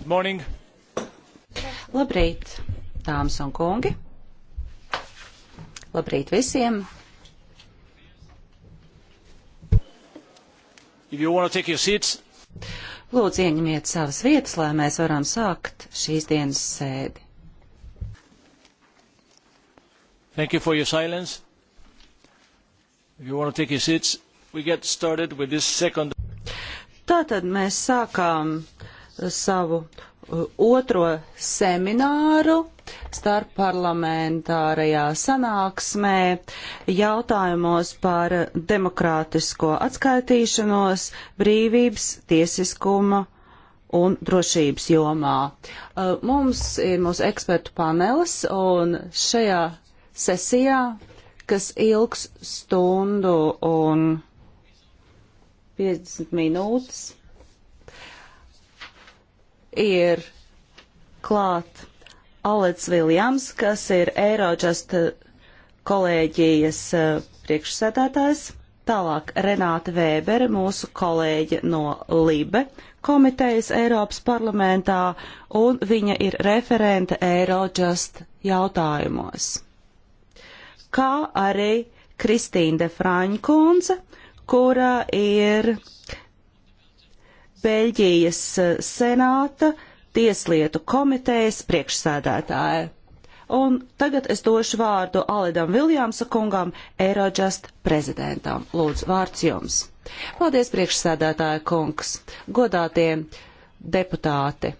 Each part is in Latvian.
Good morning. Labrīt, dāmas un kungi. Labrīt visiem. If you want to take your seats. Lūdzu, ieņemiet savas vietas, lai mēs varam sākt šīs dienas sēdi. Thank you for your silence. If you want to take your seats, we get started with this second. Tātad mēs sākām savu uh, otro semināru starp parlamentārajā sanāksmē jautājumos par demokrātisko atskaitīšanos brīvības, tiesiskuma un drošības jomā. Uh, mums ir mūsu ekspertu panelis un šajā sesijā, kas ilgs stundu un 50 minūtes ir klāt Alets Viljams, kas ir Eirodžast kolēģijas eh, priekšsēdētājs. Tālāk Renāta Vēbere, mūsu kolēģe no Libe komitejas Eiropas parlamentā, un viņa ir referente Eirodžast jautājumos. Kā arī Kristīna de Frankunze, kura ir Beļģijas e, senāta tieslietu komitejas priekšsēdētāja. Un tagad es došu vārdu Alidam Viljamsa kungam, Eirodžast prezidentam. Lūdzu, vārds jums. Paldies, priekšsēdētāja kungs, godātie deputāti.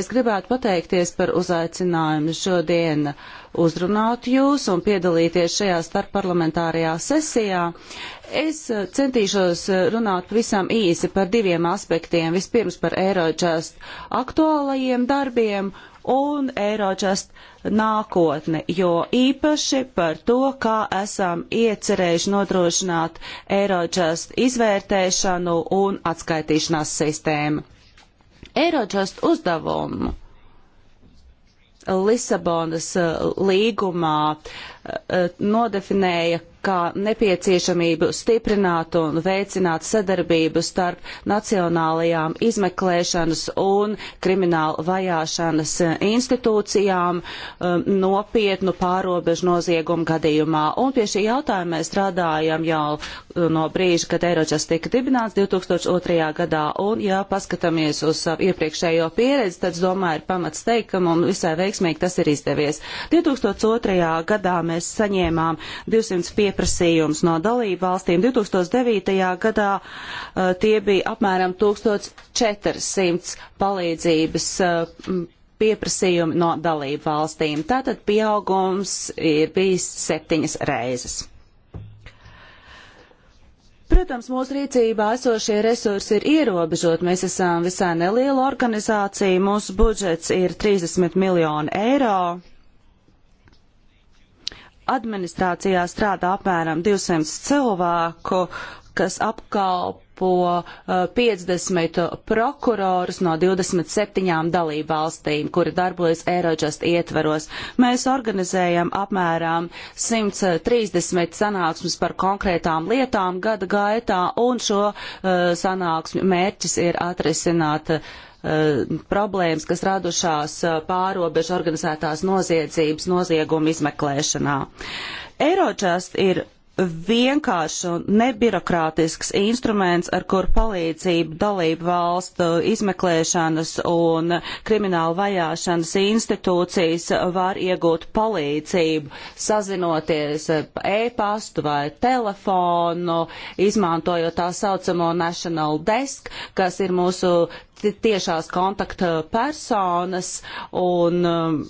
Es gribētu pateikties par uzaicinājumu šodien uzrunāt jūs un piedalīties šajā starpparlamentārajā sesijā. Es centīšos runāt pavisam īsi par diviem aspektiem. Vispirms par Eiročast aktuālajiem darbiem un Eiročast nākotne, jo īpaši par to, kā esam iecerējuši nodrošināt Eiročast izvērtēšanu un atskaitīšanās sistēmu. Eirodžast uzdevumu Lisabonas uh, līgumā Eh, nodefinēja kā nepieciešamību stiprināt un veicināt sadarbību starp nacionālajām izmeklēšanas un krimināla vajāšanas eh, institūcijām um, nopietnu pārobežu noziegumu gadījumā. Un pie šī jautājuma mēs strādājam jau no brīža, kad Eiročas tika dibināts 2002. gadā. Un, ja paskatāmies uz savu iepriekšējo pieredzi, tad, domāju, ir pamats teikt, ka mums visai veiksmīgi tas ir izdevies. 2002. gadā mēs mēs saņēmām 200 pieprasījumus no dalību valstīm. 2009. gadā uh, tie bija apmēram 1400 palīdzības uh, pieprasījumi no dalību valstīm. Tātad pieaugums ir bijis septiņas reizes. Protams, mūsu rīcībā esošie resursi ir ierobežot. Mēs esam visai neliela organizācija. Mūsu budžets ir 30 miljoni eiro administrācijā strādā apmēram 200 cilvēku, kas apkalpo 50 uh, prokurorus no 27 dalībvalstīm, kuri darbojas Eirodžast ietveros. Mēs organizējam apmēram 130 sanāksmes par konkrētām lietām gada gaitā, un šo uh, sanāksmu mērķis ir atrisināt uh, Eh, problēmas, kas radušās eh, pārobežu organizētās noziedzības noziegumu izmeklēšanā. Eiročast ir vienkāršs un nebirokrātisks instruments, ar kur palīdzību dalību valstu izmeklēšanas un kriminālu vajāšanas institūcijas var iegūt palīdzību, sazinoties e-pastu vai telefonu, izmantojot tā saucamo National Desk, kas ir mūsu tiešās kontakta personas un um,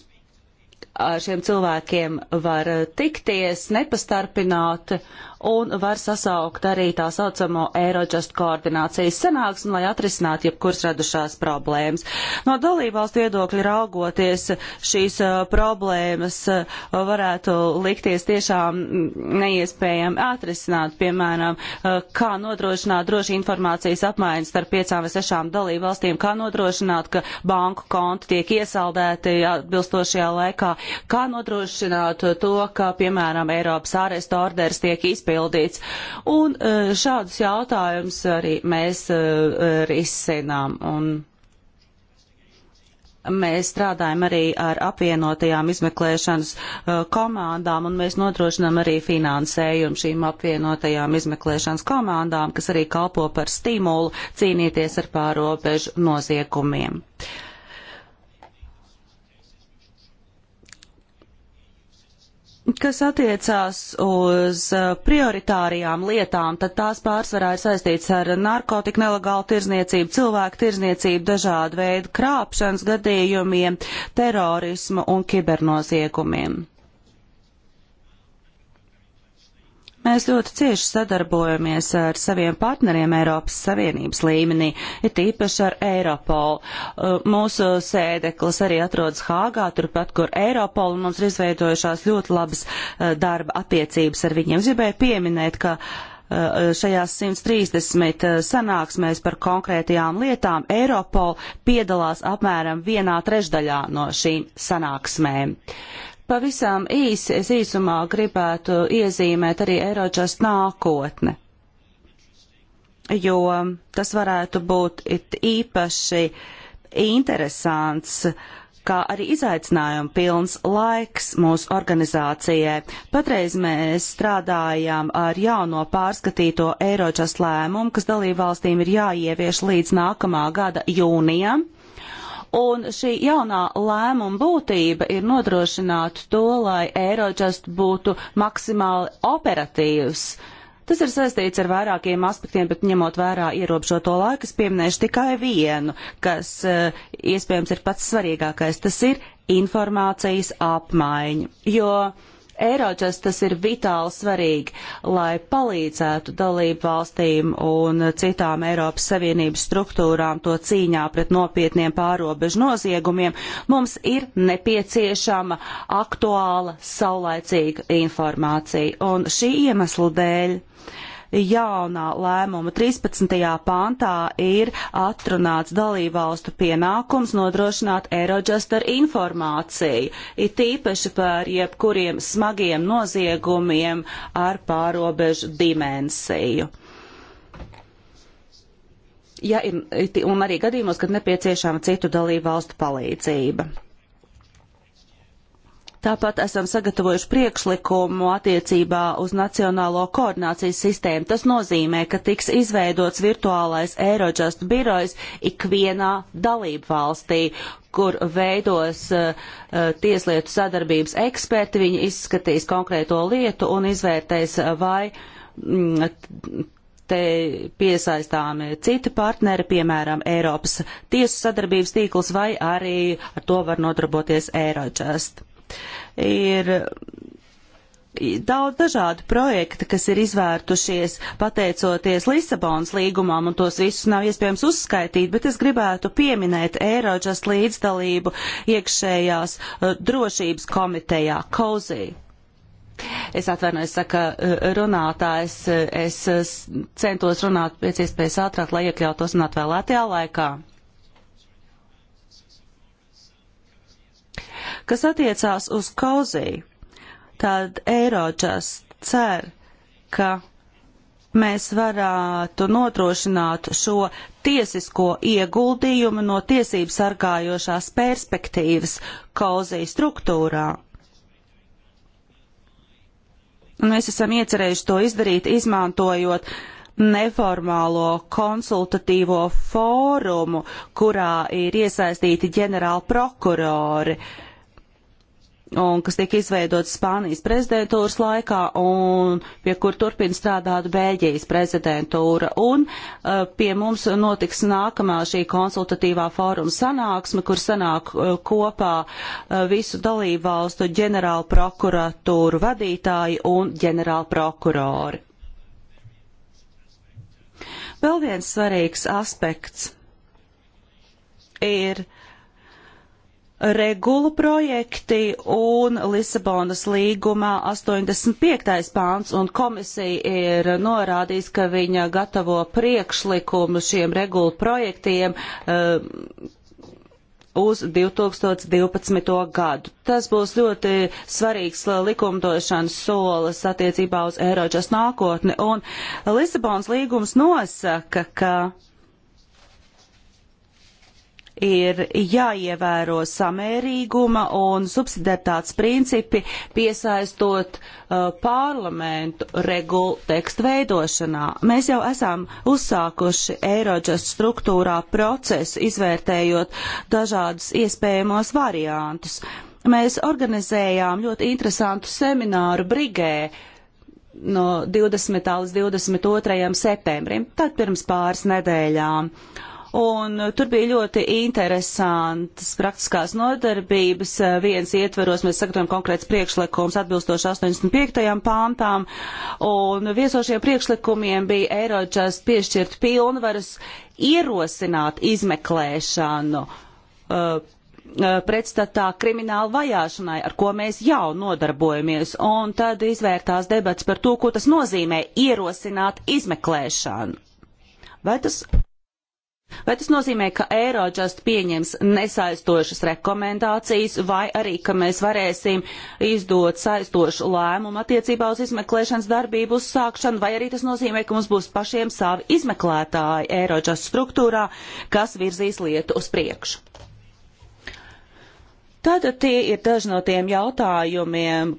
ar šiem cilvēkiem var tikties nepastarpināti un var sasaukt arī tā saucamo Eirožast koordinācijas sanāksmi, lai atrisinātu jebkuras radušās problēmas. No dalībvalstu viedokļa raugoties, šīs problēmas varētu likties tiešām neiespējami atrisināt, piemēram, kā nodrošināt droši informācijas apmaiņas starp piecām vai sešām dalībvalstīm, kā nodrošināt, ka banku konti tiek iesaldēti atbilstošajā laikā, kā nodrošināt to, ka, piemēram, Eiropas ārestu orders tiek izpildīts. Un e, šādus jautājumus arī mēs e, risinām. Un Mēs strādājam arī ar apvienotajām izmeklēšanas e, komandām, un mēs nodrošinām arī finansējumu šīm apvienotajām izmeklēšanas komandām, kas arī kalpo par stimulu cīnīties ar pārobežu noziegumiem. Uh, Kas attiecās uz uh, prioritārijām lietām, tad tās pārsvarā ir saistīts ar narkotiku nelegālu tirzniecību, cilvēku tirzniecību, dažādu veidu krāpšanas gadījumiem, terorismu un kibernoziekumiem. Mēs ļoti cieši sadarbojamies ar saviem partneriem Eiropas Savienības līmenī, ir tīpaši ar Eiropolu. Uh, mūsu sēdeklis arī atrodas Hāgā, turpat, kur Eiropola mums ir izveidojušās ļoti labas uh, darba attiecības ar viņiem. Es gribēju pieminēt, ka uh, šajās 130 sanāksmēs par konkrētajām lietām Eiropol piedalās apmēram vienā trešdaļā no šīm sanāksmēm. Uh, Pavisam īsi es īsumā gribētu iezīmēt arī Eirodžast nākotne, jo tas varētu būt īpaši interesants kā arī izaicinājumu pilns laiks mūsu organizācijai. Patreiz mēs strādājām ar jauno pārskatīto Eiročas lēmumu, kas dalībvalstīm ir jāievieš līdz nākamā gada jūnijam. Un šī jaunā lēmuma būtība ir nodrošināt to, lai Eirožast būtu maksimāli operatīvs. Tas ir saistīts ar vairākiem aspektiem, bet ņemot vērā ierobežoto laiku, es pieminēšu tikai vienu, kas eh, iespējams ir pats svarīgākais. Tas ir informācijas apmaiņa. Jo Eiroģes tas ir vitāli svarīgi, lai palīdzētu dalību valstīm un citām Eiropas Savienības struktūrām to cīņā pret nopietniem pārobežu noziegumiem. Mums ir nepieciešama aktuāla, saulaicīga informācija. Un šī iemesla dēļ. Uh, jaunā lēmuma 13. pāntā ir atrunāts dalībvalstu pienākums nodrošināt Eirodžast ar informāciju, it īpaši par jebkuriem smagiem noziegumiem ar pārobežu dimensiju ja ir, un arī gadījumos, kad nepieciešama citu dalību valstu palīdzība. Tāpat esam sagatavojuši priekšlikumu attiecībā uz Nacionālo koordinācijas sistēmu. Tas nozīmē, ka tiks izveidots virtuālais Eirodžast birojs ikvienā dalību valstī, kur veidos uh, tieslietu sadarbības eksperti. Viņi izskatīs konkrēto lietu un izvērtēs, eh, vai mm, te piesaistāmi citi partneri, piemēram, Eiropas tiesu sadarbības tīkls, vai arī ar to var nodarboties Eirožast. Ir daudz dažādu projektu, kas ir izvērtušies pateicoties Lisabonas līgumam, un tos visus nav iespējams uzskaitīt, bet es gribētu pieminēt Eirožas līdzdalību iekšējās uh, drošības komitejā, COZI. Es atvainojos, saka uh, runātājs, uh, es uh, centos runāt pēc iespējas ātrāk, lai iekļautos un atvēlētajā laikā. Kas attiecās uz kauzī, tad Eiročas cer, ka mēs varētu nodrošināt šo tiesisko ieguldījumu no tiesību sargājošās perspektīvas kauzī struktūrā. Un mēs esam iecerējuši to izdarīt, izmantojot neformālo konsultatīvo fórumu, kurā ir iesaistīti ģenerāli prokurori. Uh, un kas tika izveidots Spānijas prezidentūras laikā un pie kur turpina strādāt Bēļģijas prezidentūra. Un uh, pie mums notiks nākamā šī konsultatīvā fóruma sanāksme, kur sanāk uh, kopā uh, visu dalību valstu ģenerālu prokuratūru vadītāji un ģenerālu prokurori. Vēl viens svarīgs aspekts ir uh, regulu projekti un Lisabonas līgumā 85. pāns, un komisija ir norādījis, ka viņa gatavo priekšlikumu šiem regulu projektiem uh, uz 2012. gadu. Tas būs ļoti svarīgs likumdošanas solis attiecībā uz Eiroģas nākotni, un Lisabonas līgums nosaka, ka ir jāievēro samērīguma un subsidiaritātes principi, piesaistot uh, parlamentu regulu tekstu veidošanā. Mēs jau esam uzsākuši Eirodžas struktūrā procesu, izvērtējot dažādus iespējamos variantus. Mēs organizējām ļoti interesantu semināru Brigē, no 20. līdz 22. septembrim, tad pirms pāris nedēļām un uh, tur bija ļoti interesantas praktiskās nodarbības. Uh, viens ietveros mēs sagatavojam konkrēts priekšlikums atbilstoši 85. pāntām, un viesošiem priekšlikumiem bija Eirodžas piešķirt pilnvaras ierosināt izmeklēšanu. Uh, uh pretstatā krimināla vajāšanai, ar ko mēs jau nodarbojamies, un tad izvērtās debats par to, ko tas nozīmē ierosināt izmeklēšanu. Vai tas Vai tas nozīmē, ka Eirodžast pieņems nesaistošas rekomendācijas, vai arī, ka mēs varēsim izdot saistošu lēmumu attiecībā uz izmeklēšanas darbību uzsākšanu, vai arī tas nozīmē, ka mums būs pašiem savi izmeklētāji Eirodžast struktūrā, kas virzīs lietu uz priekšu? Tātad tie ir daži no tiem jautājumiem,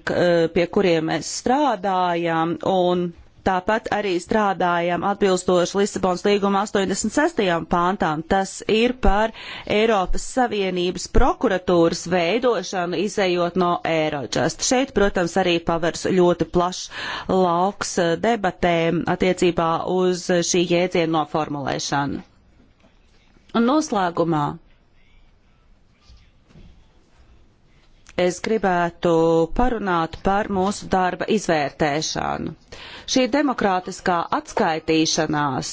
pie kuriem mēs strādājam, un Tāpat arī strādājam atbilstoši Lisabons līguma 86. pāntām. Tas ir par Eiropas Savienības prokuratūras veidošanu, izējot no Eirožast. Šeit, protams, arī pavars ļoti plašs lauks eh, debatēm attiecībā uz šī jēdzienu noformulēšanu. Un noslēgumā es gribētu parunāt par mūsu darba izvērtēšanu. Šī demokrātiskā atskaitīšanās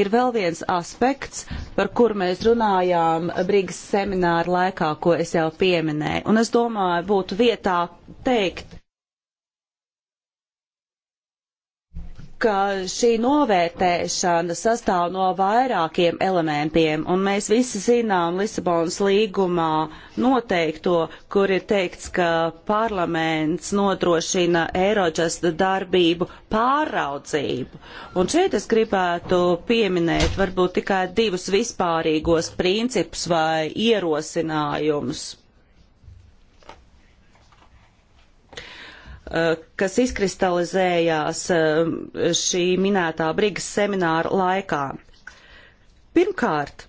ir vēl viens aspekts, par kuru mēs runājām Brīgas semināra laikā, ko es jau pieminēju. Un es domāju, būtu vietā teikt, ka šī novērtēšana sastāv no vairākiem elementiem, un mēs visi zinām Lisabonas līgumā noteikto, kur ir teikts, ka parlaments nodrošina Eirodžasta darbību pāraudzību. Un šeit es gribētu pieminēt varbūt tikai divus vispārīgos principus vai ierosinājumus. Eh, kas izkristalizējās eh, šī minētā brigas semināra laikā. Pirmkārt,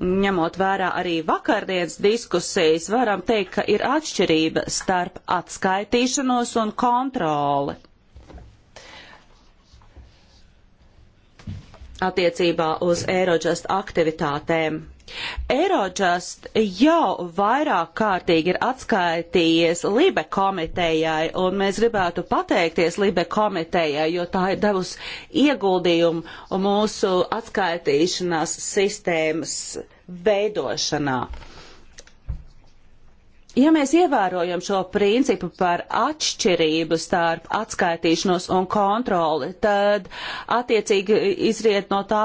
ņemot vērā arī vakardienas diskusijas, varam teikt, ka ir atšķirība starp atskaitīšanos un kontroli. attiecībā uz Eirodžast aktivitātēm. Eirožast jau vairāk kārtīgi ir atskaitījies Libe komitejai, un mēs gribētu pateikties Libe komitejai, jo tā ir devusi ieguldījumu mūsu atskaitīšanās sistēmas veidošanā. Ja mēs ievērojam šo principu par atšķirību starp atskaitīšanos un kontroli, tad attiecīgi izriet no tā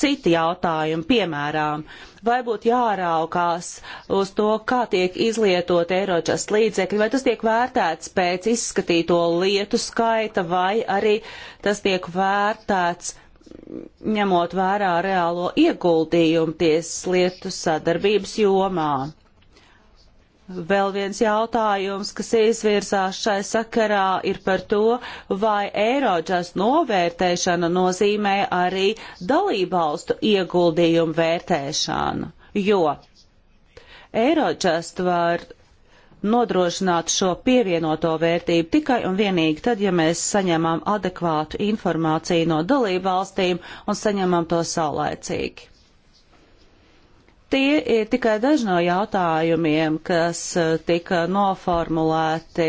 citi jautājumi, piemēram, uh, vai būtu jāraukās uz to, kā tiek izlietot Eiročast līdzekļi, vai tas tiek vērtēts pēc izskatīto lietu skaita, vai arī tas tiek vērtēts ņemot vērā reālo ieguldījumu tieslietu sadarbības jomā. Vēl viens jautājums, kas izvirzās šai sakarā, ir par to, vai Eirodžas novērtēšana nozīmē arī dalībvalstu ieguldījumu vērtēšanu, jo Eirodžas var nodrošināt šo pievienoto vērtību tikai un vienīgi tad, ja mēs saņemam adekvātu informāciju no dalībvalstīm un saņemam to saulēcīgi. Tie ir tikai daži no jautājumiem, kas eh, tika noformulēti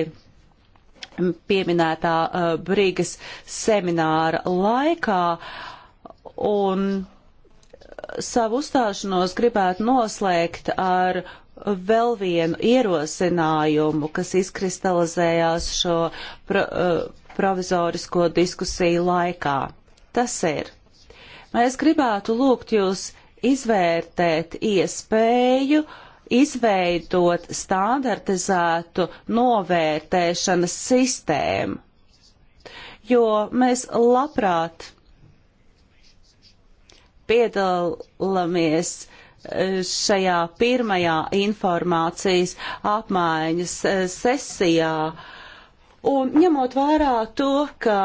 pieminētā eh, Brīgas semināra laikā. Un savu uzstāšanos gribētu noslēgt ar vēl vienu ierosinājumu, kas izkristalizējās šo pro, eh, provizorisko diskusiju laikā. Tas ir. Mēs gribētu lūgt jūs izvērtēt iespēju izveidot standartizētu novērtēšanas sistēmu, jo mēs labprāt piedalāmies eh, šajā pirmajā informācijas apmaiņas eh, sesijā. Un ņemot vērā to, ka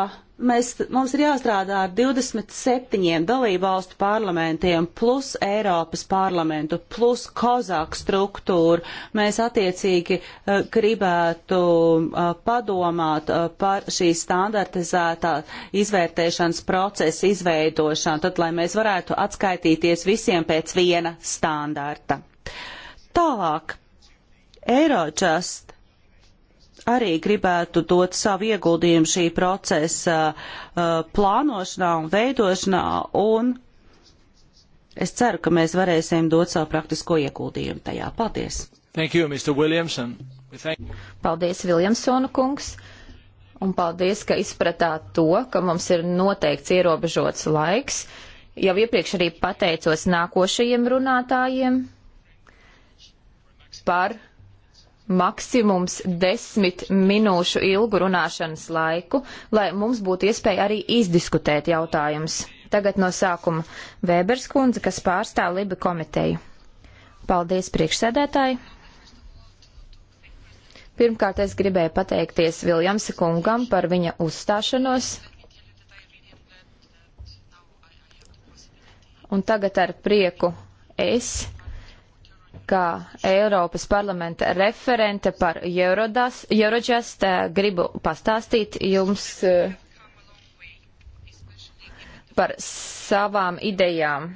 mēs, mums ir jāstrādā ar 27 dalībvalstu parlamentiem, plus Eiropas parlamentu, plus kozāk struktūru. Mēs attiecīgi uh, gribētu uh, padomāt uh, par šīs standartizētā izvērtēšanas procesa izveidošanu, tad lai mēs varētu atskaitīties visiem pēc viena standarta. Tālāk. Eirožast arī gribētu dot savu ieguldījumu šī procesa uh, plānošanā un veidošanā, un es ceru, ka mēs varēsim dot savu praktisko ieguldījumu tajā. Paldies! Thank you, Mr. Williamson. Thank you. Paldies, Viljamsona kungs, un paldies, ka izpratāt to, ka mums ir noteikts ierobežots laiks. Jau iepriekš arī pateicos nākošajiem runātājiem par maksimums desmit minūšu ilgu runāšanas laiku, lai mums būtu iespēja arī izdiskutēt jautājumus. Tagad no sākuma Vēbers kundze, kas pārstāv Libi komiteju. Paldies priekšsēdētāji! Pirmkārt, es gribēju pateikties Viljamsa kungam par viņa uzstāšanos. Un tagad ar prieku es kā Eiropas parlamenta referente par Eurodas, Eurojust eh, gribu pastāstīt jums eh, par savām idejām.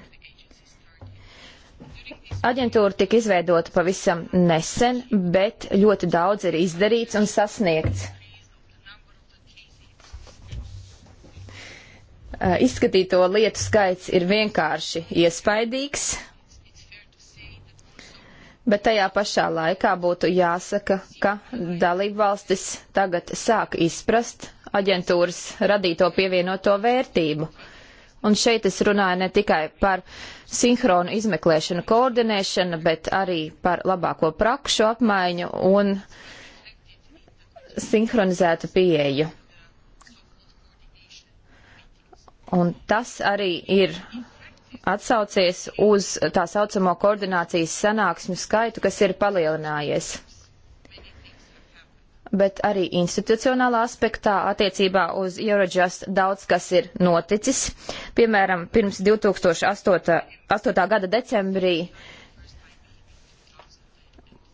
Aģentūra tika izveidota pavisam nesen, bet ļoti daudz ir izdarīts un sasniegts. Eh, izskatīto lietu skaits ir vienkārši iespaidīgs, Bet tajā pašā laikā būtu jāsaka, ka dalībvalstis tagad sāk izprast aģentūras radīto pievienoto vērtību. Un šeit es runāju ne tikai par sinhronu izmeklēšanu, koordinēšanu, bet arī par labāko prakšu apmaiņu un sinhronizētu pieeju. Un tas arī ir atsaucies uz tā saucamo koordinācijas sanāksmu skaitu, kas ir palielinājies. Bet arī institucionālā aspektā attiecībā uz Eurojust daudz kas ir noticis. Piemēram, pirms 2008. 8. gada decembrī uh,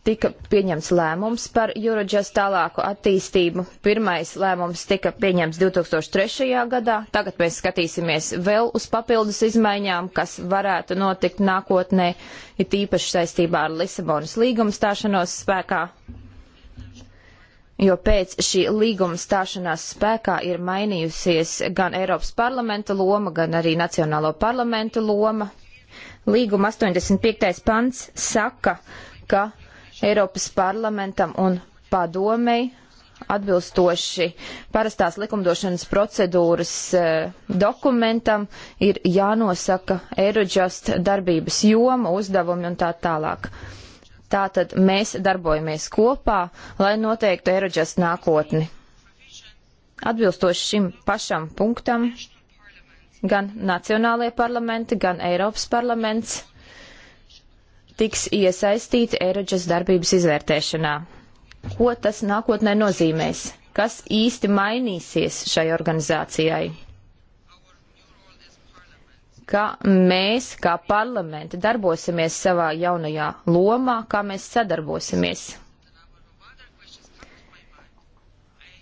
tika pieņemts lēmums par Eurojust tālāku attīstību. Pirmais lēmums tika pieņemts 2003. gadā. Tagad mēs skatīsimies vēl uz papildus izmaiņām, kas varētu notikt nākotnē, ir tīpaši saistībā ar Lisabonas līguma stāšanos spēkā. Jo pēc šī līguma stāšanās spēkā ir mainījusies gan Eiropas parlamenta loma, gan arī Nacionālo parlamentu loma. Līguma 85. pants saka, ka Eiropas parlamentam un padomei atbilstoši parastās likumdošanas procedūras e, dokumentam ir jānosaka Eirodžast darbības joma, uzdevumi un tā tālāk. Tātad mēs darbojamies kopā, lai noteiktu Eirodžast nākotni. Atbilstoši šim pašam punktam gan Nacionālajie parlamenti, gan Eiropas parlaments tiks iesaistīti Eirodžas darbības izvērtēšanā. Ko tas nākotnē nozīmēs? Kas īsti mainīsies šai organizācijai? Kā mēs, kā parlamenti, darbosimies savā jaunajā lomā, kā mēs sadarbosimies?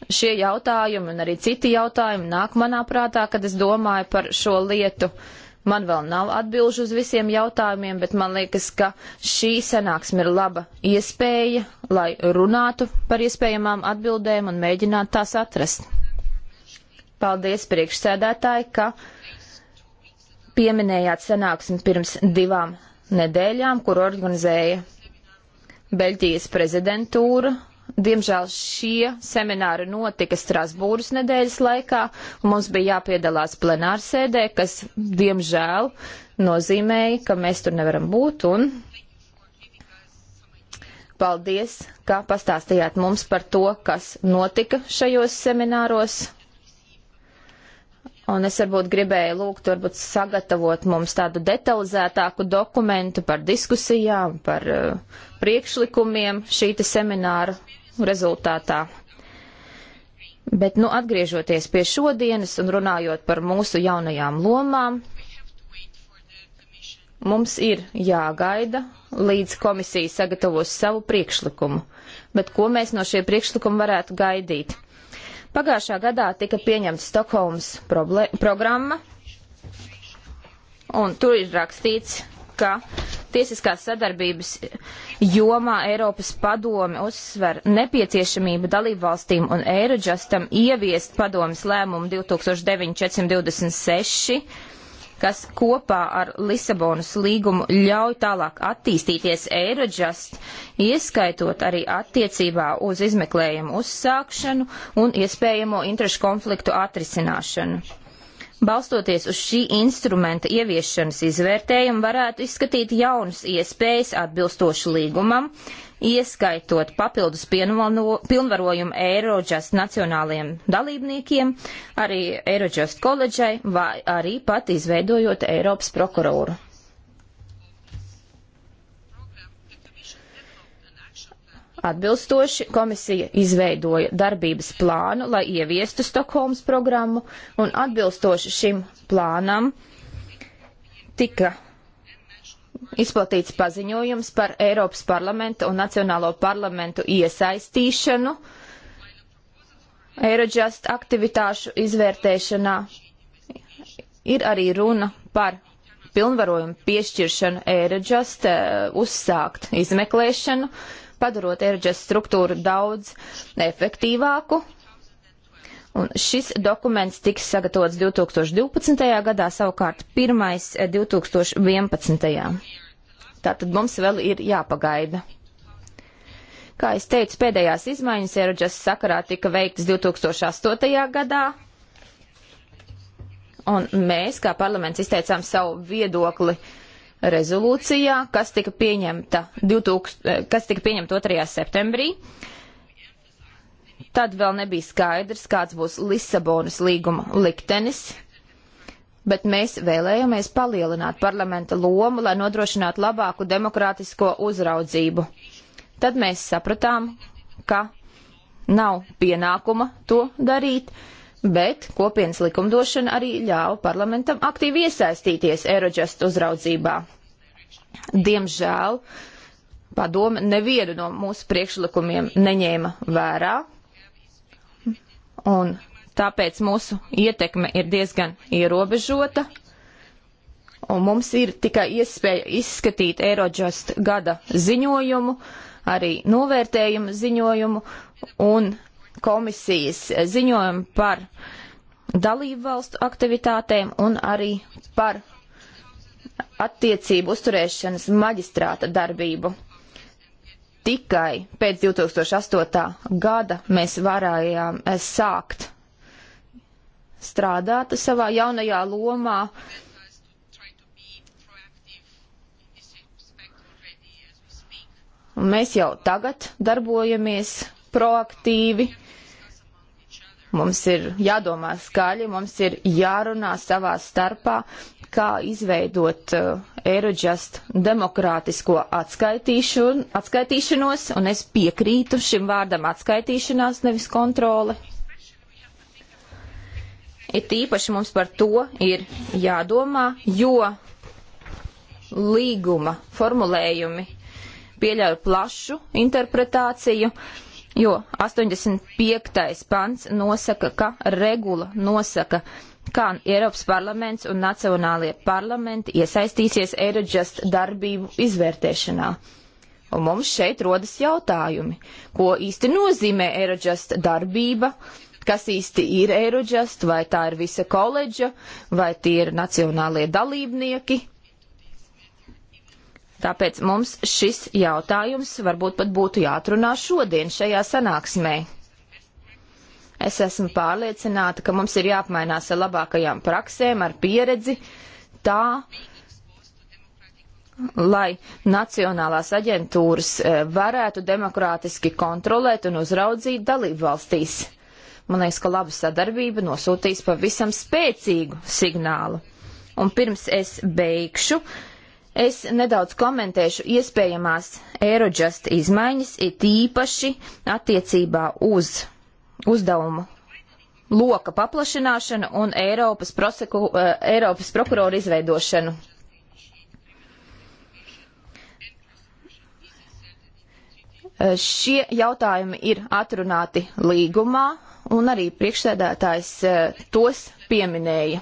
Šie jautājumi un arī citi jautājumi nāk manā prātā, kad es domāju par šo lietu. Uh, Man vēl nav atbilžu uz visiem jautājumiem, bet man liekas, ka šī sanāksme ir laba iespēja, lai runātu par iespējamām atbildēm un mēģinātu tās atrast. Paldies priekšsēdētāji, ka pieminējāt sanāksmi pirms divām nedēļām, kur organizēja Beļģijas prezidentūra Diemžēl šie semināri notika Strasbūras nedēļas laikā, un mums bija jāpiedalās plenārsēdē, kas, diemžēl, nozīmēja, ka mēs tur nevaram būt, un paldies, ka pastāstījāt mums par to, kas notika šajos semināros. Un es varbūt gribēju lūgt, varbūt sagatavot mums tādu detalizētāku dokumentu par diskusijām, par uh, priekšlikumiem šīta semināra rezultātā. Bet, nu, atgriežoties pie šodienas un runājot par mūsu jaunajām lomām, mums ir jāgaida, līdz komisija sagatavos savu priekšlikumu. Bet ko mēs no šie priekšlikumi varētu gaidīt? Pagājušā gadā tika pieņemta Stokholmas programma, un tur ir rakstīts, ka tiesiskās sadarbības jomā Eiropas padome uzsver nepieciešamību dalību valstīm un Eirodžastam ieviest padomas lēmumu 2009-426 kas kopā ar Lisabonas līgumu ļauj tālāk attīstīties Eirodžast, ieskaitot arī attiecībā uz izmeklējumu uzsākšanu un iespējamo interešu konfliktu atrisināšanu balstoties uz šī instrumenta ieviešanas izvērtējumu, varētu izskatīt jaunas iespējas atbilstoši līgumam, ieskaitot papildus pilnvarojumu Eirodžast nacionālajiem dalībniekiem, arī Eirodžast koledžai vai arī pat izveidojot Eiropas prokuroru. Atbilstoši komisija izveidoja darbības plānu, lai ieviestu Stokholmas programmu, un atbilstoši šim plānam tika izplatīts paziņojums par Eiropas parlamentu un Nacionālo parlamentu iesaistīšanu Eirodžast aktivitāšu izvērtēšanā. Ir arī runa par pilnvarojumu piešķiršanu Eirodžast eh, uzsākt izmeklēšanu padarot Erģes struktūru daudz efektīvāku. Un šis dokuments tiks sagatavots 2012. gadā, savukārt pirmais 2011. Eh, Tātad mums vēl ir jāpagaida. Kā es teicu, pēdējās izmaiņas Erģes sakarā tika veiktas 2008. gadā. Un mēs, kā parlaments, izteicām savu viedokli uh, rezolūcijā, kas tika pieņemta, 2000, eh, kas tika pieņemta 2. septembrī. Tad vēl nebija skaidrs, kāds būs Lisabonas līguma liktenis, bet mēs vēlējāmies palielināt parlamenta lomu, lai nodrošinātu labāku demokrātisko uzraudzību. Tad mēs sapratām, ka nav pienākuma to darīt, bet kopienas likumdošana arī ļāva parlamentam aktīvi iesaistīties Eirodžast uzraudzībā. Diemžēl padome nevienu no mūsu priekšlikumiem neņēma vērā, un tāpēc mūsu ietekme ir diezgan ierobežota, un mums ir tikai iespēja izskatīt Eirodžast gada ziņojumu, arī novērtējumu ziņojumu, un komisijas ziņojumu par dalību valstu aktivitātēm un arī par attiecību uzturēšanas maģistrāta darbību. Tikai pēc 2008. gada mēs varējām eh, sākt strādāt savā jaunajā lomā. Un mēs jau tagad darbojamies proaktīvi. Mums ir jādomā skaļi, mums ir jārunā savā starpā, kā izveidot uh, Eirodžast demokrātisko atskaitīšanos, un es piekrītu šim vārdam atskaitīšanās, nevis kontrole. It īpaši mums par to ir jādomā, jo līguma formulējumi pieļauj plašu interpretāciju. Uh, jo 85. pants nosaka, ka regula nosaka, kā Eiropas parlaments un nacionālie parlamenti iesaistīsies Eirodžast darbību izvērtēšanā. Un mums šeit rodas jautājumi, ko īsti nozīmē Eirodžast darbība, kas īsti ir Eirodžast, vai tā ir visa koledža, vai tie ir nacionālie dalībnieki, Tāpēc mums šis jautājums varbūt pat būtu jāatrunā šodien šajā sanāksmē. Es esmu pārliecināta, ka mums ir jāapmainās ar labākajām praksēm, ar pieredzi, tā, lai nacionālās aģentūras e, varētu demokrātiski kontrolēt un uzraudzīt dalību valstīs. Man liekas, ka laba sadarbība nosūtīs pavisam spēcīgu signālu. Un pirms es beigšu, uh, Es nedaudz komentēšu iespējamās Eirodžast izmaiņas, it īpaši attiecībā uz uzdevumu loka paplašināšanu un Eiropas, proseku, eh, Eiropas prokuroru izveidošanu. Eh, šie jautājumi ir atrunāti līgumā, un arī priekšsēdētājs eh, tos pieminēja.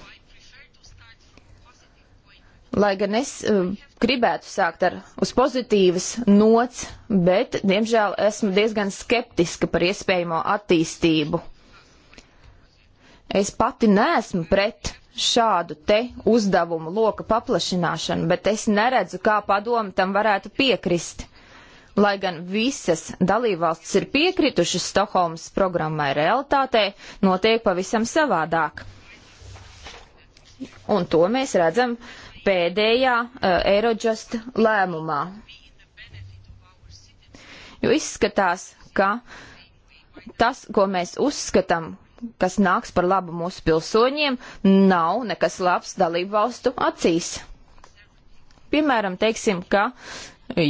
Lai gan es uh, gribētu sākt ar uz pozitīvas nots, bet, diemžēl, esmu diezgan skeptiska par iespējamo attīstību. Es pati neesmu pret šādu te uzdevumu loka paplašināšanu, bet es neredzu, kā padomu tam varētu piekrist. Lai gan visas dalībvalstis ir piekritušas Stokholmas programmai realitātei, notiek pavisam savādāk. Un to mēs redzam uh, pēdējā uh, eh, Eirodžast lēmumā. Jo izskatās, ka tas, ko mēs uzskatām, kas nāks par labu mūsu pilsoņiem, nav nekas labs dalību valstu acīs. Piemēram, teiksim, ka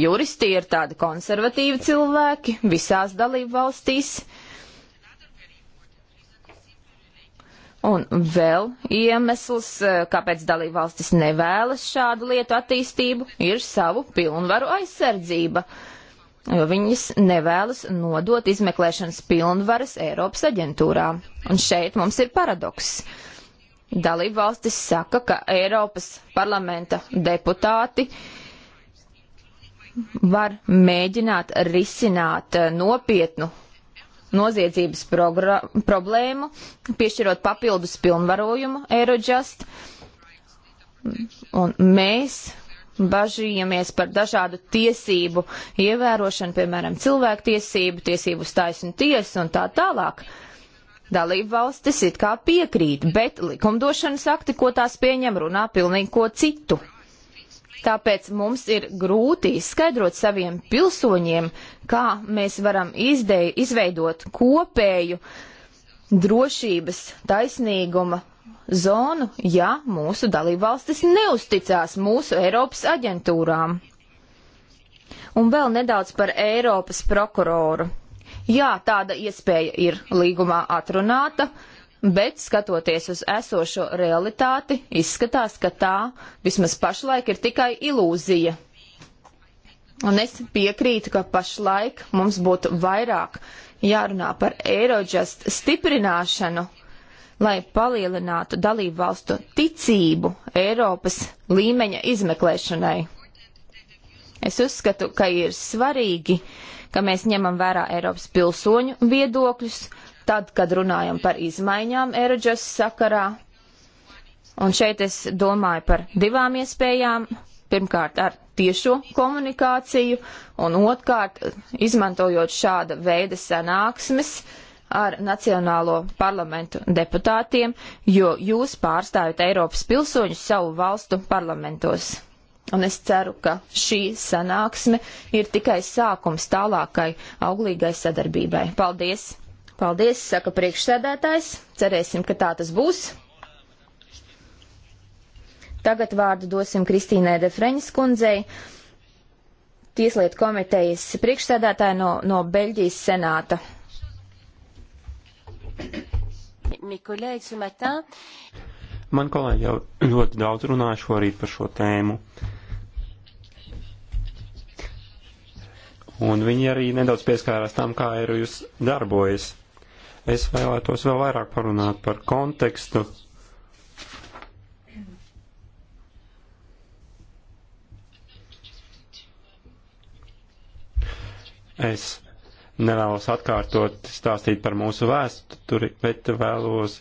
juristi ir tādi konservatīvi cilvēki visās dalību valstīs, uh, Un vēl iemesls, eh, kāpēc dalībvalstis nevēlas šādu lietu attīstību, ir savu pilnvaru aizsardzība, jo viņas nevēlas nodot izmeklēšanas pilnvaras Eiropas aģentūrā. Un šeit mums ir paradoks. Dalībvalstis saka, ka Eiropas parlamenta deputāti var mēģināt risināt eh, nopietnu noziedzības problēmu, piešķirot papildus pilnvarojumu Eirodžast. Un mēs bažījamies par dažādu tiesību ievērošanu, piemēram, cilvēktiesību, tiesību uz taisnu tiesu un tā tālāk. Dalību valstis it kā piekrīt, bet likumdošanas akti, ko tās pieņem, runā pilnīgi ko citu. Tāpēc mums ir grūti izskaidrot saviem pilsoņiem, kā mēs varam izdeju, izveidot kopēju drošības taisnīguma zonu, ja mūsu dalībvalstis neusticās mūsu Eiropas aģentūrām. Un vēl nedaudz par Eiropas prokuroru. Jā, tāda iespēja ir līgumā atrunāta, bet skatoties uz esošo realitāti, izskatās, ka tā vismaz pašlaik ir tikai ilūzija. Un es piekrītu, ka pašlaik mums būtu vairāk jārunā par Eirodžast stiprināšanu, lai palielinātu dalību valstu ticību Eiropas līmeņa izmeklēšanai. Es uzskatu, ka ir svarīgi, ka mēs ņemam vērā Eiropas pilsoņu viedokļus, tad, kad runājam par izmaiņām Eirodžas sakarā. Un šeit es domāju par divām iespējām. Pirmkārt, ar tiešo komunikāciju, un otrkārt, izmantojot šāda veida sanāksmes ar Nacionālo parlamentu deputātiem, jo jūs pārstāvjat Eiropas pilsoņus savu valstu parlamentos. Un es ceru, ka šī sanāksme ir tikai sākums tālākai auglīgai sadarbībai. Paldies! Paldies, saka priekšsēdētājs. Cerēsim, ka tā tas būs. Tagad vārdu dosim Kristīnai Defreņas kundzei, Tieslietu komitejas priekšsēdētāja no, no Beļģijas senāta. Man kolēģi jau ļoti daudz runāja šorīt par šo tēmu. Un viņi arī nedaudz pieskārās tam, kā Eirojus darbojas. Es vēlētos vēl vairāk parunāt par kontekstu. Es nevēlos atkārtot stāstīt par mūsu vēsturi, bet vēlos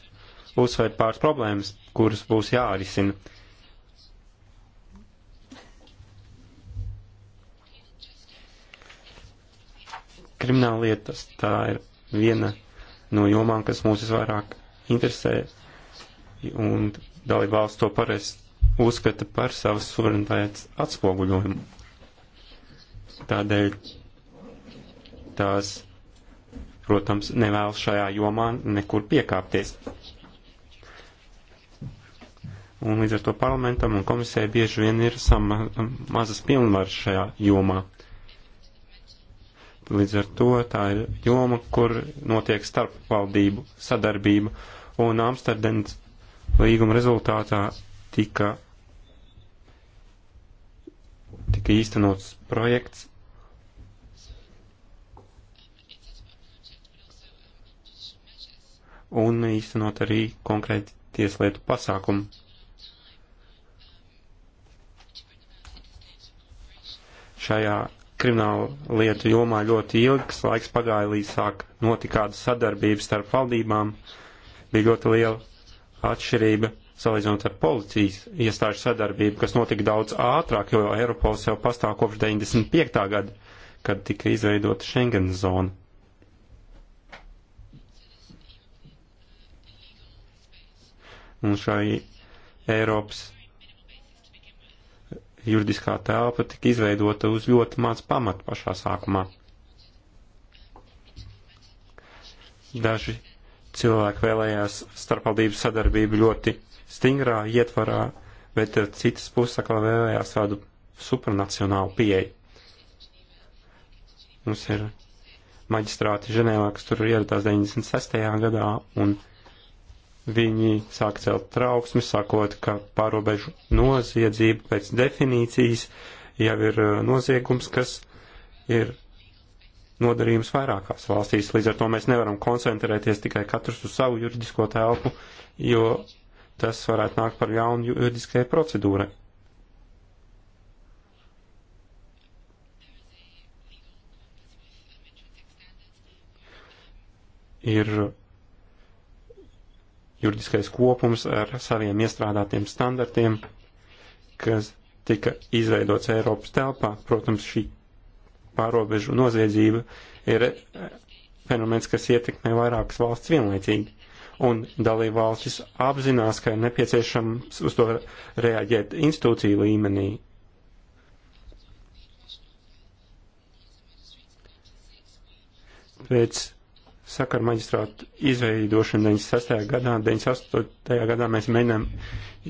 uzsvērt pāris problēmas, kuras būs jārisina. Krimināllietas tā ir viena no jomām, kas mūs visvairāk interesē, un dalība valsts to parasti uzskata par savas suverenitātes atspoguļojumu. Tādēļ tās, protams, nevēlas šajā jomā nekur piekāpties. Un līdz ar to parlamentam un komisijai bieži vien ir sam mazas pilnvaras šajā jomā. Līdz ar to tā ir joma, kur notiek starpvaldību sadarbība, un Amsterdams līguma rezultātā tika, tika īstenots projekts. Un īstenot arī konkrēti tieslietu pasākumu. Šajā krimināla lietu jomā ļoti ilgs laiks pagāja līdz sāk notikāda sadarbība starp valdībām, bija ļoti liela atšķirība salīdzinot ar policijas iestāžu sadarbību, kas notika daudz ātrāk, jo Eiropols jau pastāv kopš 95. gada, kad tika izveidota Schengen zona. Un šai Eiropas juridiskā telpa tika izveidota uz ļoti maz pamata pašā sākumā. Daži cilvēki vēlējās starpvaldības sadarbību ļoti stingrā ietvarā, bet eh, citas puses atkal vēlējās tādu supranacionālu pieeju. Mums ir maģistrāti Ženēvā, kas tur ieradās 96. gadā, un Viņi sāk celt trauksmi, sakot, ka pārobežu noziedzība pēc definīcijas jau ir uh, noziegums, kas ir nodarījums vairākās valstīs. Līdz ar to mēs nevaram koncentrēties tikai katrs uz savu juridisko telpu, jo tas varētu nākt par jaunu juridiskai procedūrai. Ir juridiskais kopums ar saviem iestrādātiem standartiem, kas tika izveidots Eiropas telpā. Protams, šī pārobežu noziedzība ir eh, fenomens, kas ietekmē vairākas valsts vienlaicīgi. Un dalībvalstis apzinās, ka ir nepieciešams uz to reaģēt institūciju līmenī. Pēc sakaru maģistrātu izveidošanu 96. gadā, 98. gadā mēs mēģinām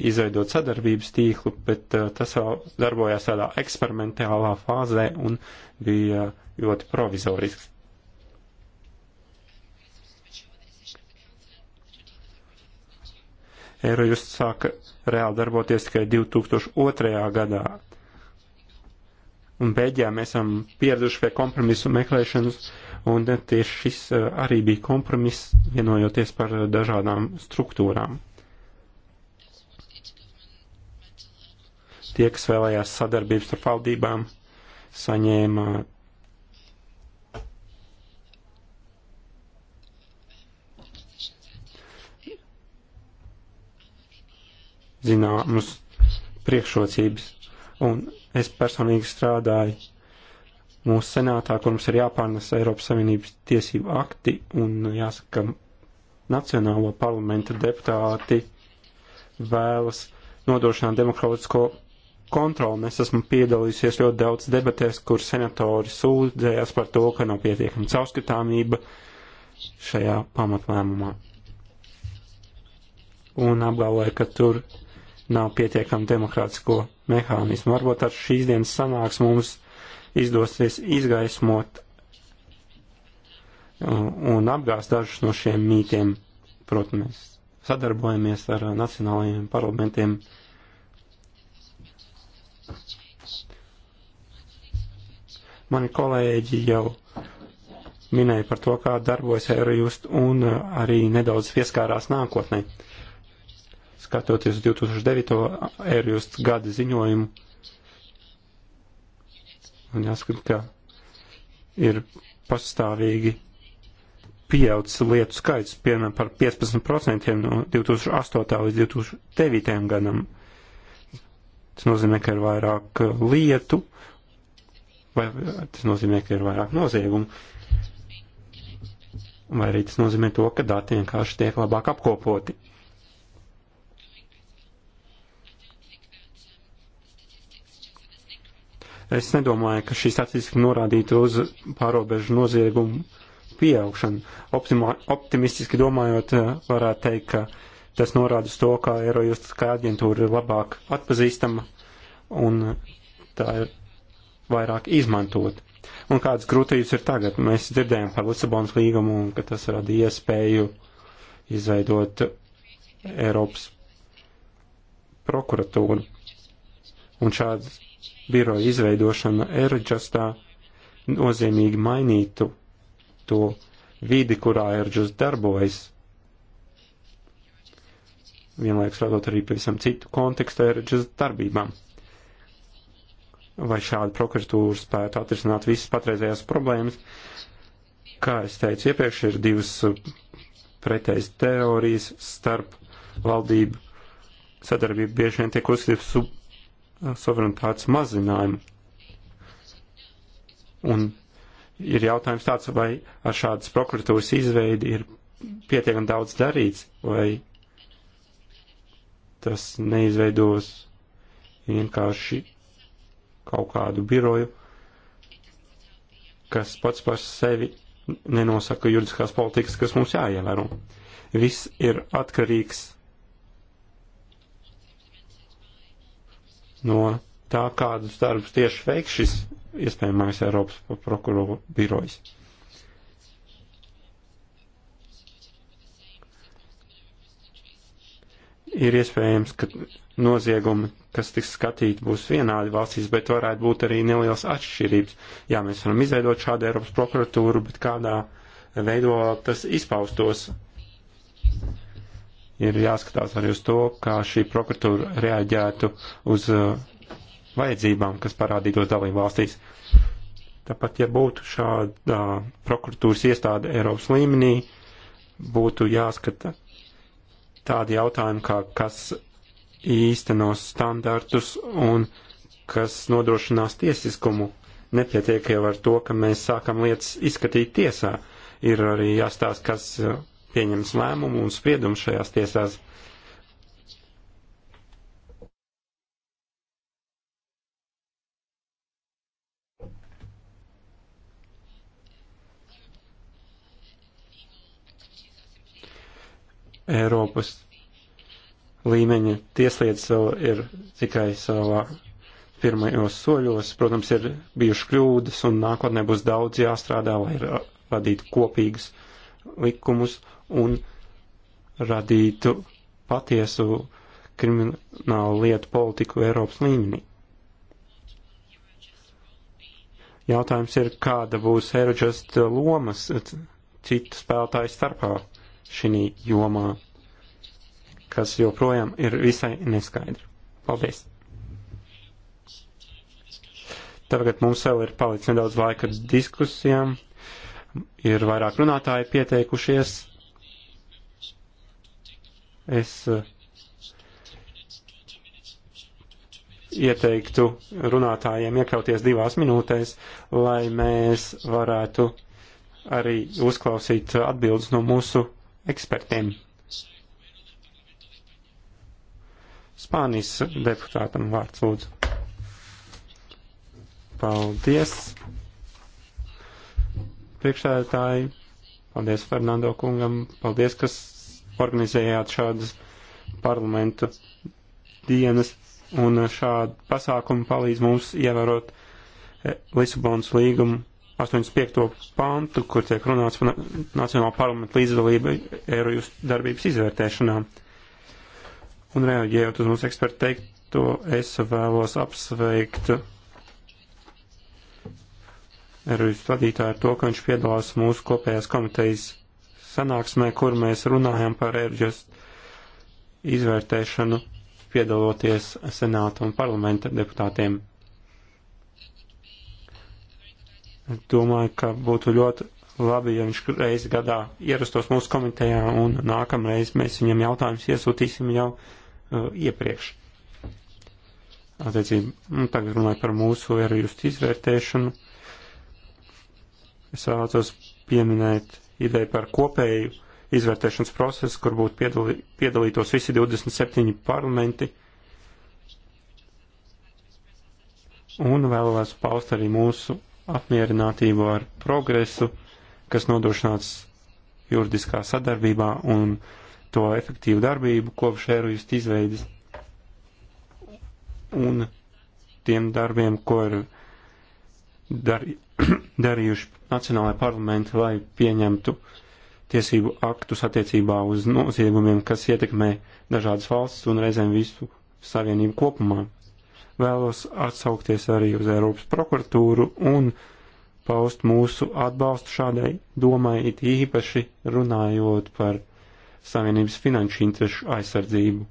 izveidot sadarbības tīklu, bet uh, tas vēl darbojās tādā eksperimentālā fāzē un bija ļoti provizorisks. Eirojust sāka reāli darboties tikai 2002. gadā. Un beigās mēs esam pieraduši pie kompromisu meklēšanas uh, Un tieši šis eh, arī bija kompromiss, vienojoties par dažādām struktūrām. Tie, kas vēlējās sadarbības ar valdībām, saņēma zināmas priekšrocības. Un es personīgi strādāju mūsu senātā, kur mums ir jāpārnes Eiropas Savienības tiesību akti un jāsaka, nacionālo parlamentu deputāti vēlas nodrošināt demokrātisko kontroli. Es esmu piedalījusies ļoti daudz debatēs, kur senatori sūdzējās par to, ka nav pietiekama caurskatāmība šajā pamatlēmumā. Un apgalvoja, ka tur nav pietiekama demokrātisko mehānismu. Varbūt ar šīs dienas sanāks mums izdosies izgaismot un apgāst dažus no šiem mītiem. Protams, mēs sadarbojamies ar nacionālajiem parlamentiem. Mani kolēģi jau minēja par to, kā darbojas Eurojust un arī nedaudz pieskārās nākotnē. Skatoties 2009. Eurojust gada ziņojumu, Un jāskat, ka ir pastāvīgi pieaudzis lietu skaits, piemēram, par 15% no 2008. līdz 2009. gadam. Tas nozīmē, ka ir vairāk uh, lietu, vai tas nozīmē, ka ir vairāk noziegumu, vai arī tas nozīmē to, ka dati vienkārši tiek labāk apkopoti. Es nedomāju, ka šī statistika norādītu uz pārobežu noziegumu pieaugšanu. Optimā, optimistiski domājot, eh, varētu teikt, ka tas norāda uz to, ka Eirojustiskā aģentūra ir labāk atpazīstama un tā ir vairāk izmantot. Un kādas grūtības ir tagad? Mēs dzirdējām par Lisabonas līgumu un ka tas rada iespēju izveidot Eiropas prokuratūru. Un šādas biroja izveidošana Eirojustā nozīmīgi mainītu to vidi, kurā Eirojust darbojas. Vienlaiks radot arī pavisam citu kontekstu Eirojust darbībām. Vai šāda prokuratūra spētu atrisināt visas patreizējās problēmas? Kā es teicu iepriekš, ir divas uh, pretējas teorijas starp valdību sadarbība bieži vien tiek uzskatīta Uh, suverenitātes mazinājumu. Un ir jautājums tāds, vai ar šādas prokuratūras izveidi ir pietiekami daudz darīts, vai tas neizveidos vienkārši kaut kādu biroju, kas pats par sevi nenosaka juridiskās politikas, kas mums jāievēro. Viss ir atkarīgs no tā, kādus darbus tieši veiks šis iespējamais Eiropas prokuroru birojs. Ir iespējams, ka noziegumi, kas tiks skatīti, būs vienādi valstīs, bet varētu būt arī nelielas atšķirības. Jā, mēs varam izveidot šādu Eiropas prokuratūru, bet kādā veido tas izpaustos ir jāskatās arī uz to, kā šī prokuratūra reaģētu uz uh, vajadzībām, kas parādītos dalību valstīs. Tāpat, ja būtu šāda prokuratūras iestāde Eiropas līmenī, būtu jāskata tādi jautājumi, kā kas īstenos standartus un kas nodrošinās tiesiskumu. Nepietiek jau ar to, ka mēs sākam lietas izskatīt tiesā. Ir arī jāstāsta, kas pieņems lēmumu un spriedumu šajās tiesās. Eiropas līmeņa tieslietas vēl ir tikai savā pirmajos soļos. Protams, ir bijuši kļūdas un nākotnē būs daudz jāstrādā, lai radītu kopīgus likumus un radītu patiesu kriminālu lietu politiku Eiropas līmenī. Jautājums ir, kāda būs Eirodžast lomas citu spēlētāju starpā šī jomā, kas joprojām ir visai neskaidra. Paldies! Tagad mums vēl ir palicis nedaudz laika diskusijām, ir vairāk runātāji pieteikušies, Es eh, ieteiktu runātājiem iekļauties divās minūtēs, lai mēs varētu arī uzklausīt atbildes no mūsu ekspertiem. Spānijas deputātam vārds lūdzu. Paldies. Priekšsēdētāji, paldies Fernando kungam, paldies, kas organizējāt šādas parlamentu dienas, un šādi pasākumi palīdz mums ievērot eh, Lisabonas līgumu 85. pantu, kur tiek runāts par Nacionālo parlamentu līdzdalību Eirojus darbības izvērtēšanā. Un reaģējot uz mūsu ekspertu teikto, es vēlos apsveikt Eirojus vadītāju ar to, ka viņš piedalās mūsu kopējās komitejas sanāksmē, kur mēs runājam par ērģest izvērtēšanu, piedaloties senāta un parlamenta deputātiem. Domāju, ka būtu ļoti labi, ja viņš reizi gadā ierastos mūsu komitejā un nākamreiz mēs viņam jautājumus iesūtīsim jau uh, iepriekš. Attiecīgi, nu, tagad runāju par mūsu erjustu izvērtēšanu. Es vēlētos pieminēt ideja par kopēju izvērtēšanas procesu, kur būtu piedalī, piedalītos visi 27 parlamenti. Un vēlos paust arī mūsu apmierinātību ar progresu, kas nodrošināts juridiskā sadarbībā un to efektīvu darbību kopš Eirojust izveidas un tiem darbiem, ko ir dar, darījuši nacionālajā parlamentā, lai pieņemtu tiesību aktus attiecībā uz noziegumiem, kas ietekmē dažādas valsts un reizēm visu savienību kopumā. Vēlos atsaukties arī uz Eiropas prokuratūru un paust mūsu atbalstu šādai domai, it īpaši runājot par savienības finanšu interešu aizsardzību.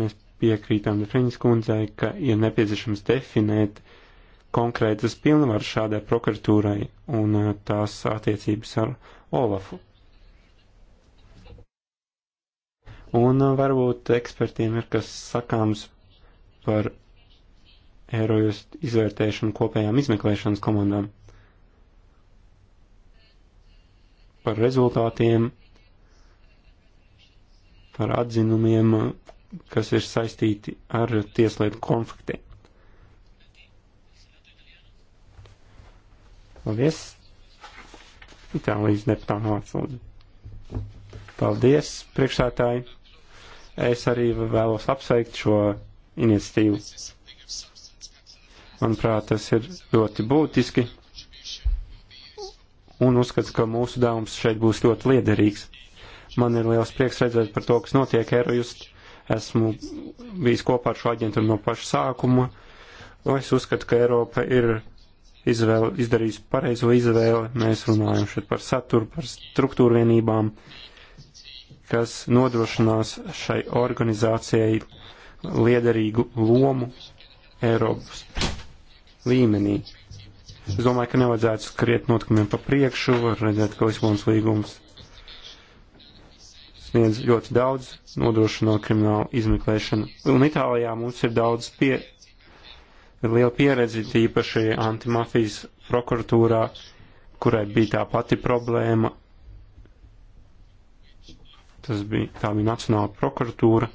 Mēs piekrītām Defriņas kundzei, ka ir nepieciešams definēt uh, konkrētas pilnvaras šādai prokuratūrai un uh, tās attiecības ar Olafu. Un uh, varbūt ekspertiem ir kas sakāms par Eiropas izvērtēšanu kopējām izmeklēšanas komandām, par rezultātiem, par atzinumiem, uh, kas ir saistīti ar tieslietu konfliktiem. Paldies. Itālijas deputāta vārds lūdzu. Paldies, priekšsētāji. Es arī vēlos apsveikt šo iniciatīvu. Manuprāt, tas ir ļoti būtiski. Un uzskatu, ka mūsu dāvums šeit būs ļoti liederīgs. Man ir liels prieks redzēt par to, kas notiek Eirojust. Esmu bijis kopā ar šo aģentūru no paša sākuma. Es uzskatu, ka Eiropa ir izvēle, izdarījusi pareizo izvēli. Mēs runājam šeit par saturu, par struktūru vienībām, kas nodrošinās šai organizācijai liederīgu lomu Eiropas līmenī. Es domāju, ka nevajadzētu skriet notikumiem pa priekšu, var redzēt, ka Lisbonas līgums sniedz ļoti daudz, nodrošino kriminālu izmeklēšanu. Un Itālijā mums ir daudz pie ir liela pieredze tīpaši antimafijas prokuratūrā, kurai bija tā pati problēma. Tas bija, tā bija Nacionāla prokuratūra,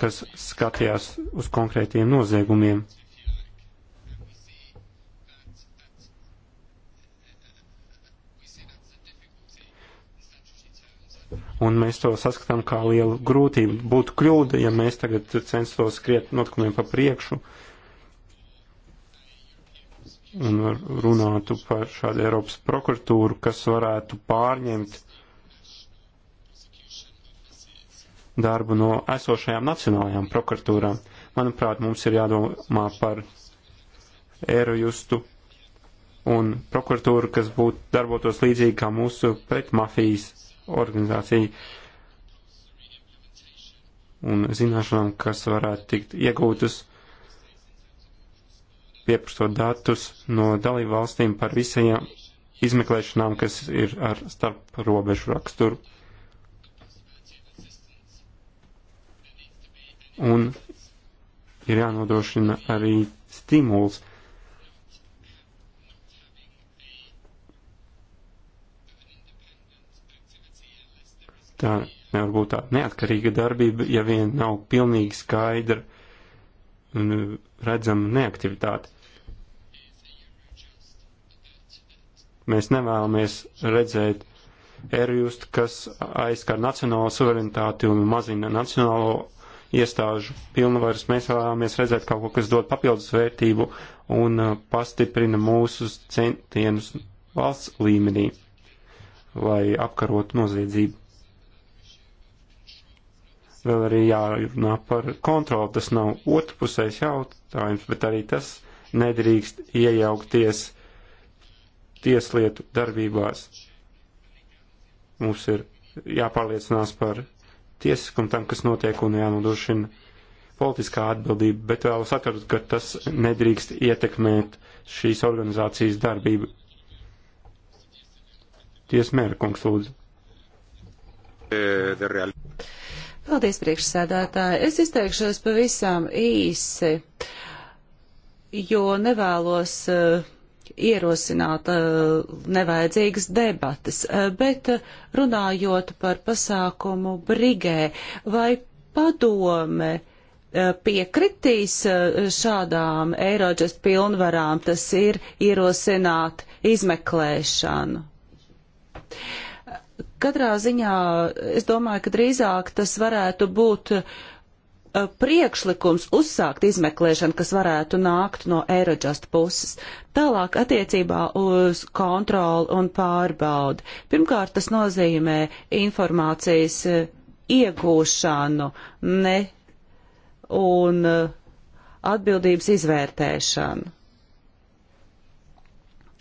kas skatījās uz konkrētiem noziegumiem. un mēs to saskatām kā lielu grūtību. Būtu kļūda, ja mēs tagad censtos skriet notikumiem pa priekšu, uh, un runātu par šādu Eiropas prokuratūru, kas varētu pārņemt darbu no esošajām nacionālajām prokuratūrām. Manuprāt, mums ir jādomā par Eirojustu un prokuratūru, kas būtu darbotos līdzīgi kā mūsu pretmafijas organizācija un zināšanām, kas varētu tikt iegūtas pieprasot datus no dalību valstīm par visajām izmeklēšanām, kas ir ar starp robežu raksturu. Un ir jānodrošina arī stimuls. Tā nevar būt tāda neatkarīga darbība, ja vien nav pilnīgi skaidra Uh, redzama neaktivitāte. Mēs nevēlamies redzēt ērjust, kas aizskar nacionālo suverenitāti un mazina nacionālo iestāžu pilnvaras. Mēs vēlamies redzēt kaut ko, kas dod papildus vērtību un uh, pastiprina mūsu centienus valsts līmenī, lai apkarotu noziedzību vēl arī jārunā par kontroli. Tas nav otrpusējs jautājums, bet arī tas nedrīkst iejaukties tieslietu darbībās. Mums ir jāpārliecinās par tiesiskumu tam, kas notiek un jānodrošina politiskā atbildība, bet vēlos atkārtot, ka tas nedrīkst ietekmēt šīs organizācijas darbību. Tiesmēra kungs lūdzu. Eh, Paldies, priekšsēdētāji. Es izteikšos pavisam īsi, jo nevēlos uh, ierosināt uh, nevajadzīgas debatas, uh, bet uh, runājot par pasākumu brigē, vai padome piekritīs šādām Eiroģest pilnvarām, tas ir ierosināt izmeklēšanu. Uh, Katrā ziņā es domāju, ka drīzāk tas varētu būt uh, priekšlikums uzsākt izmeklēšanu, kas varētu nākt no Eirodžast puses. Tālāk attiecībā uz kontroli un pārbaudi. Pirmkārt, tas nozīmē informācijas uh, iegūšanu ne, un uh, atbildības izvērtēšanu.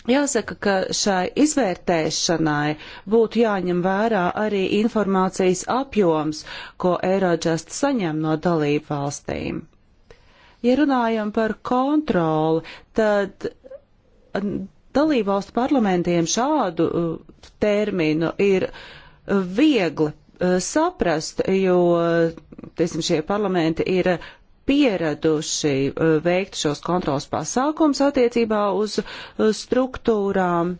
Jāsaka, ka šai izvērtēšanai būtu jāņem vērā arī informācijas apjoms, ko Eirodžast saņem no dalību valstīm. Ja runājam par kontroli, tad dalību valstu parlamentiem šādu uh, terminu ir viegli uh, saprast, jo, teiksim, šie parlamenti ir pieraduši uh, veikt šos kontrols pasākums attiecībā uz uh, struktūrām,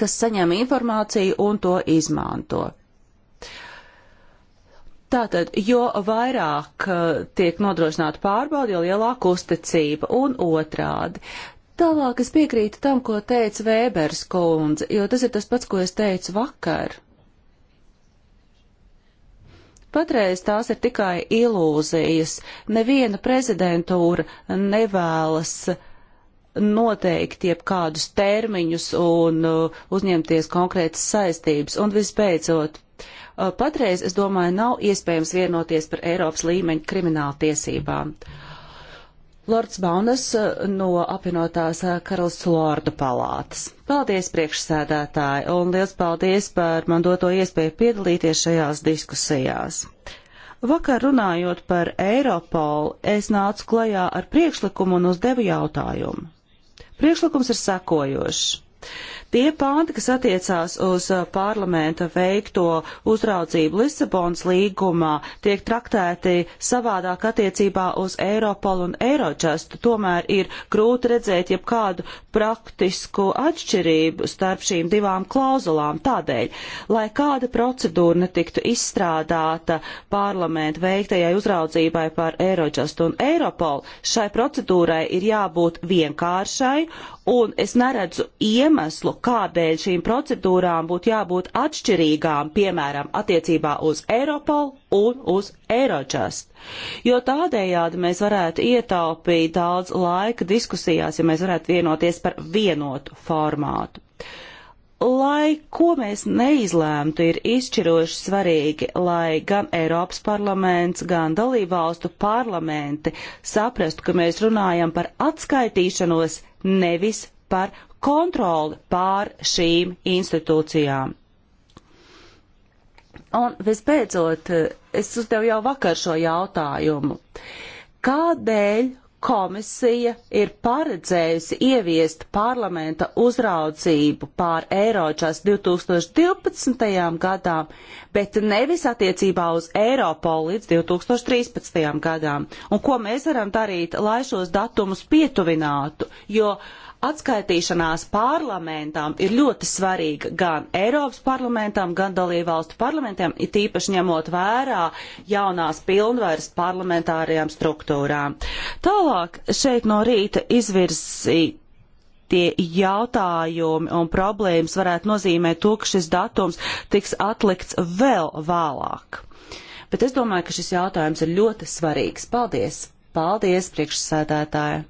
kas saņem informāciju un to izmanto. Tātad, jo vairāk uh, tiek nodrošināta pārbauda, jo lielāka uzticība un otrādi. Tālāk es piekrītu tam, ko teica Vēbers kundze, jo tas ir tas pats, ko es teicu vakar. Patreiz tās ir tikai ilūzijas. Neviena prezidentūra nevēlas noteikt jeb kādus termiņus un uh, uzņemties konkrētas saistības. Un visbeidzot, uh, patreiz, es domāju, nav iespējams vienoties par Eiropas līmeņa krimināla tiesībām. Uh, Lords Baunas eh, no apvienotās eh, Karalists Lordu palātas. Paldies priekšsēdētāji un liels paldies par man doto iespēju piedalīties šajās diskusijās. Vakar runājot par Eiropolu, es nācu klajā ar priekšlikumu un uzdevu jautājumu. Priekšlikums ir sekojošs. Tie pānti, kas attiecās uz uh, parlamenta veikto uzraudzību Lisabonas līgumā, tiek traktēti savādāk attiecībā uz Eiropolu un Eirojustu. Tomēr ir grūti redzēt jebkādu praktisku atšķirību starp šīm divām klauzulām. Tādēļ, lai kāda procedūra netiktu izstrādāta parlamenta veiktajai uzraudzībai par Eirojustu un Eiropolu, šai procedūrai ir jābūt vienkāršai, un es neredzu iemeslu, kādēļ šīm procedūrām būtu jābūt atšķirīgām, piemēram, attiecībā uz Eiropolu un uz Eirojust. Jo tādējādi mēs varētu ietaupīt daudz laika diskusijās, ja mēs varētu vienoties par vienotu formātu. Lai ko mēs neizlēmtu, ir izšķiroši svarīgi, lai gan Eiropas parlaments, gan dalībvalstu parlamenti saprastu, ka mēs runājam par atskaitīšanos, nevis par kontroli pār šīm institūcijām. Un visbeidzot, es uzdevu jau vakar šo jautājumu. Kādēļ komisija ir paredzējusi ieviest parlamenta uzraudzību pār Eiročās 2012. gadām, bet nevis attiecībā uz Eiropolu līdz 2013. gadām. Un ko mēs varam darīt, lai šos datumus pietuvinātu, jo atskaitīšanās parlamentām ir ļoti svarīga gan Eiropas parlamentām, gan dalībvalstu parlamentiem, it īpaši ņemot vērā jaunās pilnvaras parlamentārajām struktūrām. Tālāk šeit no rīta izvirsīt tie jautājumi un problēmas varētu nozīmēt to, ka šis datums tiks atlikts vēl vēlāk. Bet es domāju, ka šis jautājums ir ļoti svarīgs. Paldies! Paldies, priekšsēdētāji!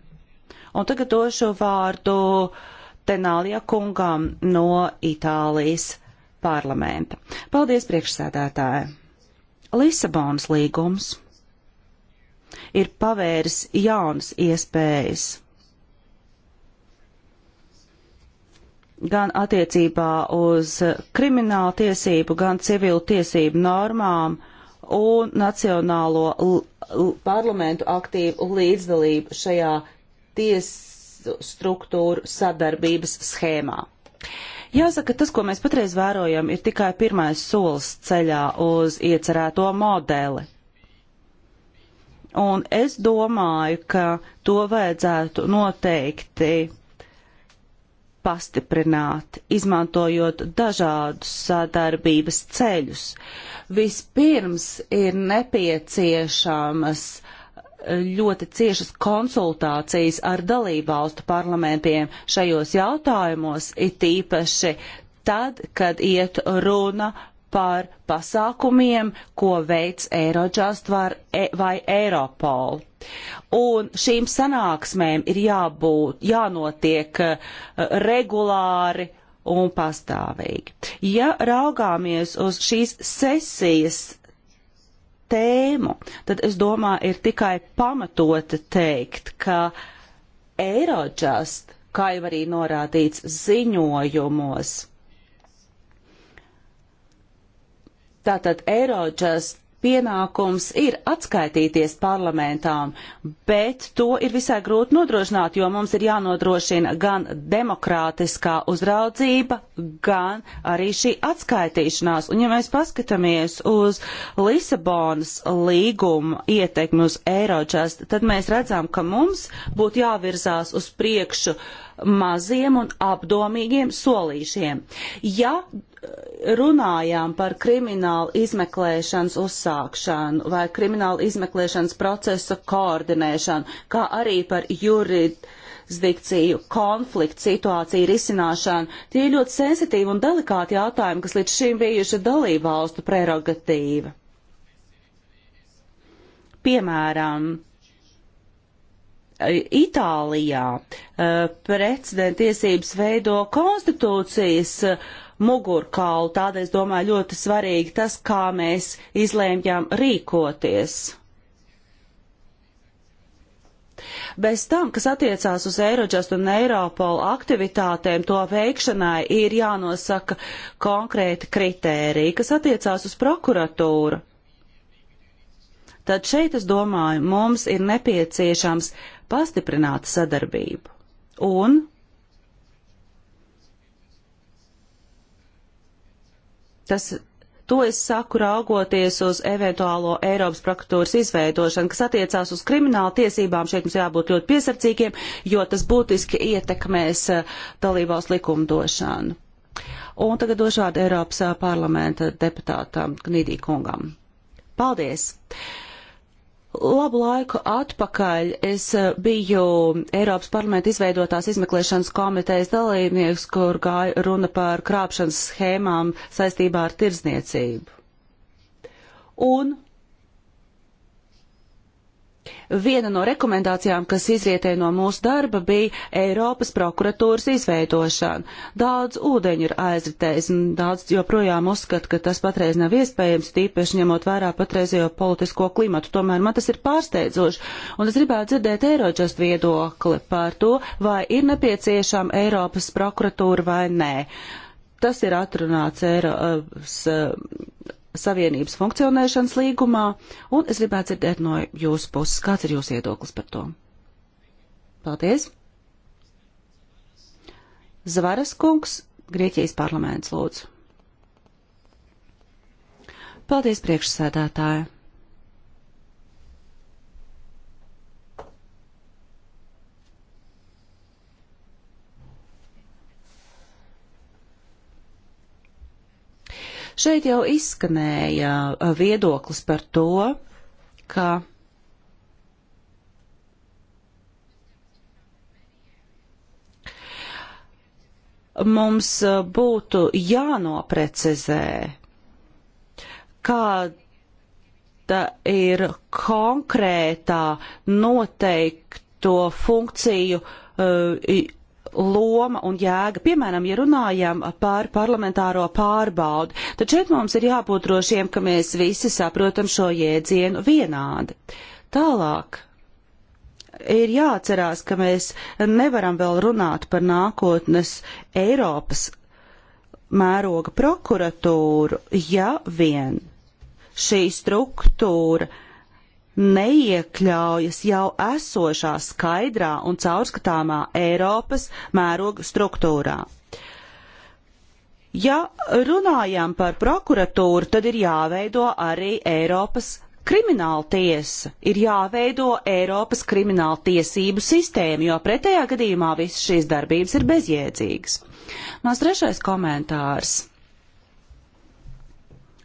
Un tagad došu vārdu Tenālija kungam no Itālijas parlamenta. Paldies, priekšsēdētāji! Lisabonas līgums ir pavēris jaunas iespējas gan attiecībā uz kriminālu tiesību, gan civilu tiesību normām un nacionālo parlamentu aktīvu līdzdalību šajā tiesu struktūru sadarbības schēmā. Jāsaka, tas, ko mēs patreiz vērojam, ir tikai pirmais solis ceļā uz iecerēto modeli. Un es domāju, ka to vajadzētu noteikti pastiprināt, izmantojot dažādus sadarbības ceļus. Vispirms ir nepieciešamas ļoti ciešas konsultācijas ar dalībvalstu parlamentiem šajos jautājumos, it īpaši tad, kad iet runa par pasākumiem, ko veids Eirodžast e vai Eiropol. Un šīm sanāksmēm ir jābūt, jānotiek e, regulāri un pastāvīgi. Ja raugāmies uz šīs sesijas tēmu, tad es domāju, ir tikai pamatoti teikt, ka Eirodžast, kā jau arī norādīts ziņojumos, Tātad Eirodžas pienākums ir atskaitīties parlamentām, bet to ir visai grūti nodrošināt, jo mums ir jānodrošina gan demokrātiskā uzraudzība, gan arī šī atskaitīšanās. Un ja mēs paskatāmies uz Lisabonas līgumu ietekmi uz Eiročast, tad mēs redzam, ka mums būtu jāvirzās uz priekšu maziem un apdomīgiem solīšiem. Ja runājām par kriminālu izmeklēšanas uzsākšanu vai kriminālu izmeklēšanas procesa koordinēšanu, kā arī par jurisdikciju, konfliktu situāciju risināšanu, tie ir ļoti sensitīvi un delikāti jautājumi, kas līdz šim bijuši dalību valstu prerogatīva. Piemēram, Itālijā eh, precedentiesības veido konstitūcijas uh, mugurkaulu. Tādēļ es domāju ļoti svarīgi tas, kā mēs izlēmjam rīkoties. Bez tam, kas attiecās uz Eirodžast un Eiropolu aktivitātēm, to veikšanai ir jānosaka konkrēti kritēriji, kas attiecās uz prokuratūru. Tad šeit, es domāju, mums ir nepieciešams pastiprināt sadarbību un Tas, to es saku raugoties uz eventuālo Eiropas prokuratūras izveidošanu, kas attiecās uz kriminālu tiesībām. Šeit mums jābūt ļoti piesardzīgiem, jo tas būtiski ietekmēs eh, dalībās likumdošanu. Un tagad došu vārdu Eiropas eh, parlamenta deputātam Knīdī kungam. Paldies! Uh, Labu laiku atpakaļ es eh, biju Eiropas parlamenta izveidotās izmeklēšanas komitejas dalībnieks, kur gāja runa par krāpšanas schēmām saistībā ar tirzniecību. Un Viena no rekomendācijām, kas izrietēja no mūsu darba, bija Eiropas prokuratūras izveidošana. Daudz ūdeņu ir aizritējis, un daudz joprojām uzskata, ka tas patreiz nav iespējams, tīpaši ņemot vērā patreizējo politisko klimatu. Tomēr man tas ir pārsteidzoši, un es gribētu dzirdēt Eirodžast viedokli par to, vai ir nepieciešama Eiropas prokuratūra vai nē. Tas ir atrunāts Eiropas Savienības funkcionēšanas līgumā, un es gribētu dzirdēt no jūsu puses, kāds ir jūsu iedoklis par to. Paldies! Zvaras kungs, Grieķijas parlaments lūdzu. Paldies priekšsēdētāji! Šeit jau izskanēja uh, viedoklis par to, ka mums uh, būtu jānoprecizē, kāda ir konkrētā noteikto funkciju uh, loma un jēga. Piemēram, ja runājam par parlamentāro pārbaudu, tad šeit mums ir jābūt drošiem, ka mēs visi saprotam šo jēdzienu vienādi. Tālāk. Ir jāatcerās, ka mēs nevaram vēl runāt par nākotnes Eiropas mēroga prokuratūru, ja vien šī struktūra uh, neiekļaujas jau esošā skaidrā un caurskatāmā Eiropas mēroga struktūrā. Ja runājam par prokuratūru, tad ir jāveido arī Eiropas krimināla tiesa, ir jāveido Eiropas krimināla tiesību sistēma, jo pretējā gadījumā visas šīs darbības ir bezjēdzīgas. Mans trešais komentārs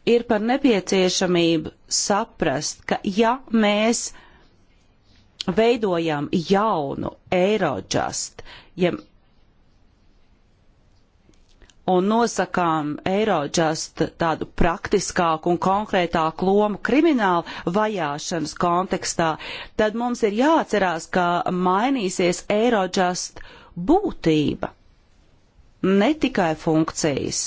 ir par nepieciešamību saprast, ka ja mēs veidojam jaunu Eirodžast, ja un nosakām Eirodžast tādu praktiskāku un konkrētāku lomu kriminālu vajāšanas kontekstā, tad mums ir jāatcerās, ka mainīsies Eirodžast būtība, ne tikai funkcijas.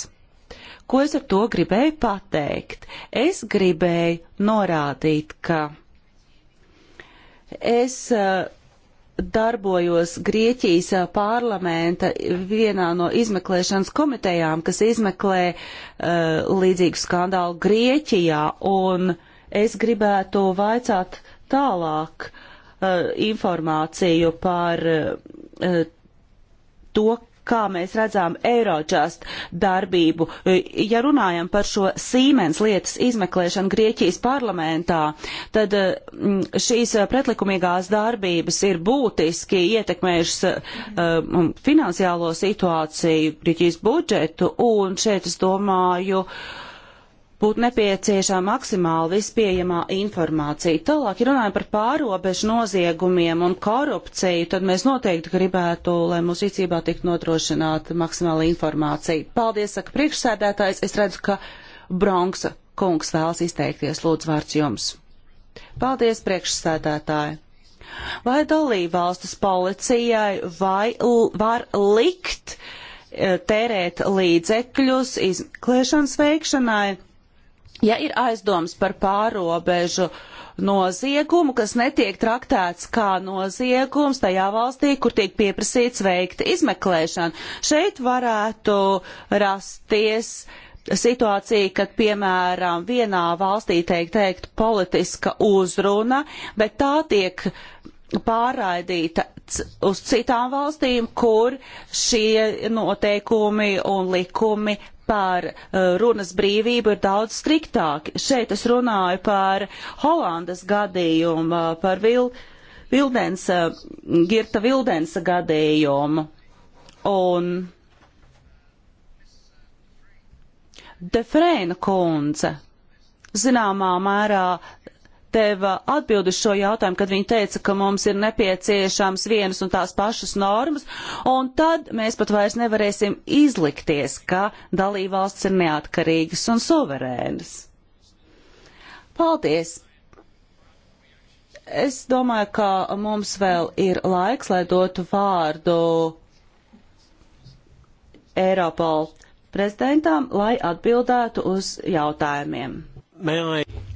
Ko es ar to gribēju pateikt? Es gribēju norādīt, ka es eh, darbojos Grieķijas eh, parlamenta vienā no izmeklēšanas komitejām, kas izmeklē uh, līdzīgu skandālu Grieķijā, un es gribētu vaicāt tālāk uh, informāciju par uh, to, kā mēs redzam Eirožast darbību. E, ja runājam par šo Siemens lietas izmeklēšanu Grieķijas parlamentā, tad e, šīs e, pretlikumīgās darbības ir būtiski ietekmējušas um, finansiālo situāciju, Grieķijas budžetu, un šeit es domāju, uh, būtu nepieciešama maksimāli vispieejamā informācija. Tālāk, ja runājam par pārobežu noziegumiem un korupciju, tad mēs noteikti gribētu, lai mūsu rīcībā tiktu nodrošināta maksimāla informācija. Paldies, saka priekšsēdētājs. Es redzu, ka Bronksa kungs vēlas izteikties. Lūdzu, vārds jums. Paldies, priekšsēdētāji. Vai dalībvalstis policijai vai var likt e, tērēt līdzekļus izmeklēšanas veikšanai? Ja ir aizdoms par pārobežu noziegumu, kas netiek traktēts kā noziegums tajā valstī, kur tiek pieprasīts veikt izmeklēšanu, šeit varētu rasties situācija, kad, piemēram, vienā valstī tiek teikt politiska uzruna, bet tā tiek pārraidīta uz citām valstīm, kur šie noteikumi un likumi par eh, runas brīvību ir daudz striktāk. Šeit es runāju par Holandas gadījumu, eh, par Vil, Vildensa, Girta Vildensa gadījumu. Un Defrēna kundze zināmā mērā deva atbildi šo jautājumu, kad viņa teica, ka mums ir nepieciešams vienas un tās pašas normas, un tad mēs pat vairs nevarēsim izlikties, ka dalībvalsts ir neatkarīgas un suverēnas. Paldies! Es domāju, ka mums vēl ir laiks, lai dotu vārdu Eiropol prezidentām, lai atbildētu uz jautājumiem.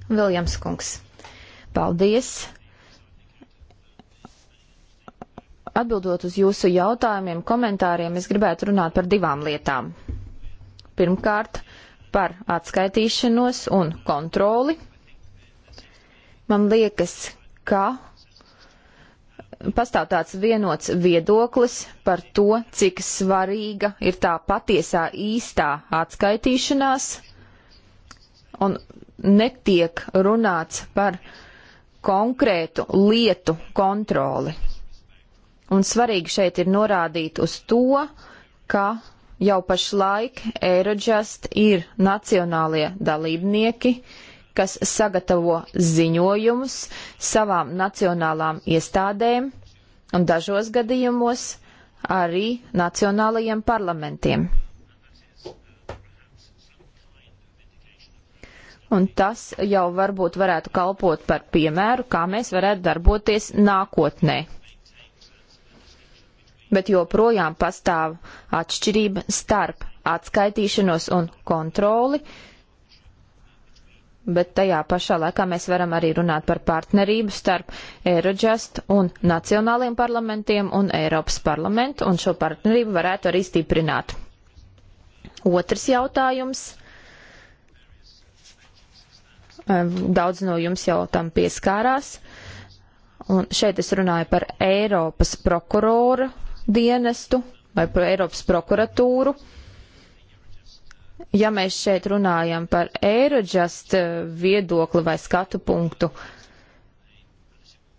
Viljams Kungs. Paldies! Atbildot uz jūsu jautājumiem, komentāriem, es gribētu runāt par divām lietām. Pirmkārt, par atskaitīšanos un kontroli. Man liekas, ka pastāv tāds vienots viedoklis par to, cik svarīga ir tā patiesā īstā atskaitīšanās, un netiek runāts par uh, konkrētu lietu kontroli. Un svarīgi šeit ir norādīt uz to, ka jau pašlaik Eirodžast ir nacionālie dalībnieki, kas sagatavo ziņojumus savām nacionālām iestādēm un dažos gadījumos arī nacionālajiem parlamentiem. un tas jau varbūt varētu kalpot par piemēru, kā mēs varētu darboties nākotnē. Bet joprojām pastāv atšķirība starp atskaitīšanos un kontroli, bet tajā pašā laikā mēs varam arī runāt par partnerību starp Eurojust un nacionāliem parlamentiem un Eiropas parlamentu, un šo partnerību varētu arī stiprināt. Otrs jautājums Ehm, daudz no jums jau tam pieskārās. Un šeit es runāju par Eiropas prokuroru dienestu vai par Eiropas prokuratūru. Ja mēs šeit runājam par Eirodžast eh, viedokli vai skatu punktu,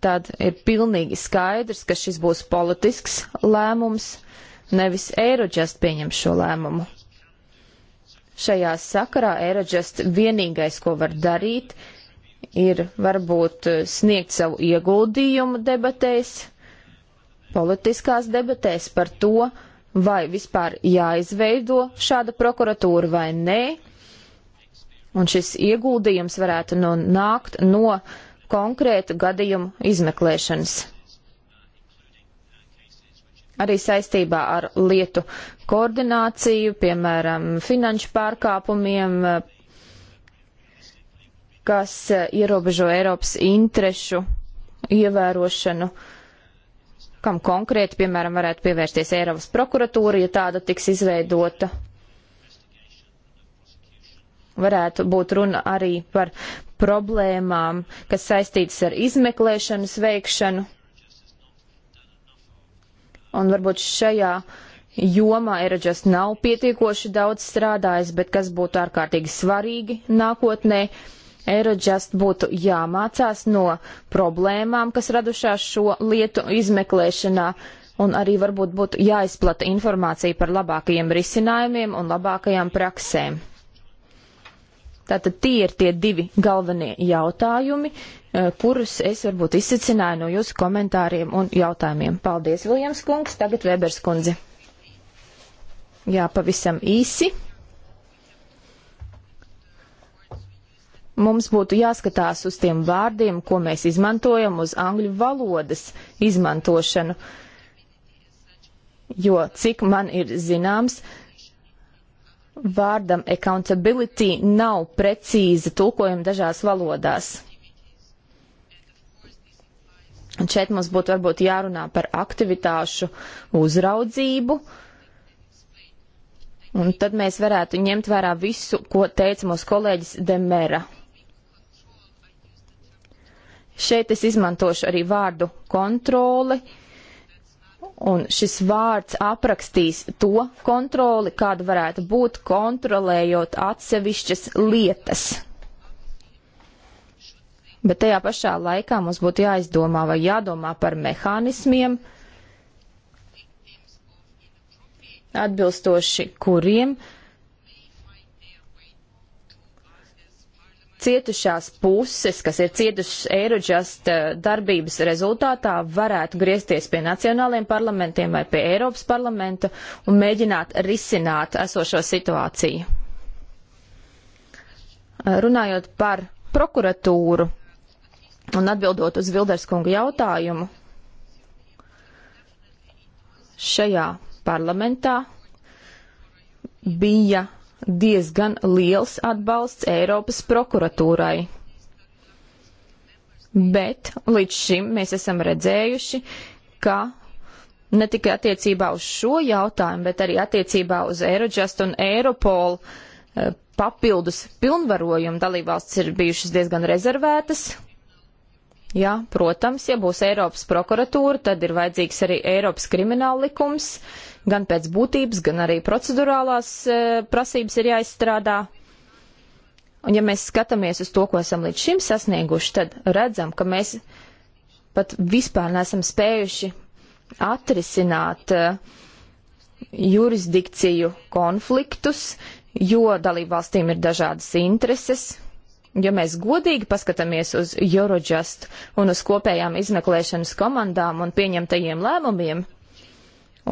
tad ir pilnīgi skaidrs, ka šis būs politisks lēmums, nevis Eirodžast pieņem šo lēmumu. Šajā sakarā Eirodžast vienīgais, ko var darīt, ir varbūt sniegt savu ieguldījumu debatēs, politiskās debatēs par to, vai vispār jāizveido šāda prokuratūra vai nē. Un šis ieguldījums varētu nākt no konkrētu gadījumu izmeklēšanas arī saistībā ar lietu koordināciju, piemēram, finanšu pārkāpumiem, kas ierobežo Eiropas interešu ievērošanu, kam konkrēti, piemēram, varētu pievērsties Eiropas prokuratūra, ja tāda tiks izveidota. Varētu būt runa arī par problēmām, kas saistītas ar izmeklēšanas veikšanu, un varbūt šajā jomā Eirodžas nav pietiekoši daudz strādājis, bet kas būtu ārkārtīgi svarīgi nākotnē. Eirodžast būtu jāmācās no problēmām, kas radušās šo lietu izmeklēšanā, un arī varbūt būtu jāizplata informācija par labākajiem risinājumiem un labākajām praksēm. Tātad tie ir tie divi galvenie jautājumi, eh, kurus es varbūt izsicināju no jūsu komentāriem un jautājumiem. Paldies, Viljams kungs, tagad Vēbers kundze. Jā, pavisam īsi. Mums būtu jāskatās uz tiem vārdiem, ko mēs izmantojam, uz angļu valodas izmantošanu. Jo, cik man ir zināms, uh, vārdam accountability nav precīza tulkojuma dažās valodās. Un šeit mums būtu varbūt jārunā par aktivitāšu uzraudzību. Un tad mēs varētu ņemt vērā visu, ko teica mūsu kolēģis Demera. Šeit es izmantošu arī vārdu kontroli. Uh, Un šis vārds aprakstīs to kontroli, kāda varētu būt kontrolējot atsevišķas lietas. Bet tajā pašā laikā mums būtu jāizdomā vai jādomā par mehānismiem, atbilstoši kuriem uh, cietušās puses, kas ir cietušas Eirodžast eh, darbības rezultātā, varētu griezties pie nacionāliem parlamentiem vai pie Eiropas parlamenta un mēģināt risināt esošo situāciju. Eh, runājot par prokuratūru un atbildot uz Vilderskunga jautājumu, šajā parlamentā bija diezgan liels atbalsts Eiropas prokuratūrai. Bet līdz šim mēs esam redzējuši, ka ne tikai attiecībā uz šo jautājumu, bet arī attiecībā uz Eirojust un Eiropolu eh, papildus pilnvarojumu dalībvalsts ir bijušas diezgan rezervētas, Jā, protams, ja būs Eiropas prokuratūra, tad ir vajadzīgs arī Eiropas krimināla likums, gan pēc būtības, gan arī procedurālās e, prasības ir jāizstrādā. Un ja mēs skatāmies uz to, ko esam līdz šim sasnieguši, tad redzam, ka mēs pat vispār nesam spējuši atrisināt e, jurisdikciju konfliktus, jo dalībvalstīm ir dažādas intereses, Ja mēs godīgi paskatāmies uz Eurojust un uz kopējām izmeklēšanas komandām un pieņemtajiem lēmumiem,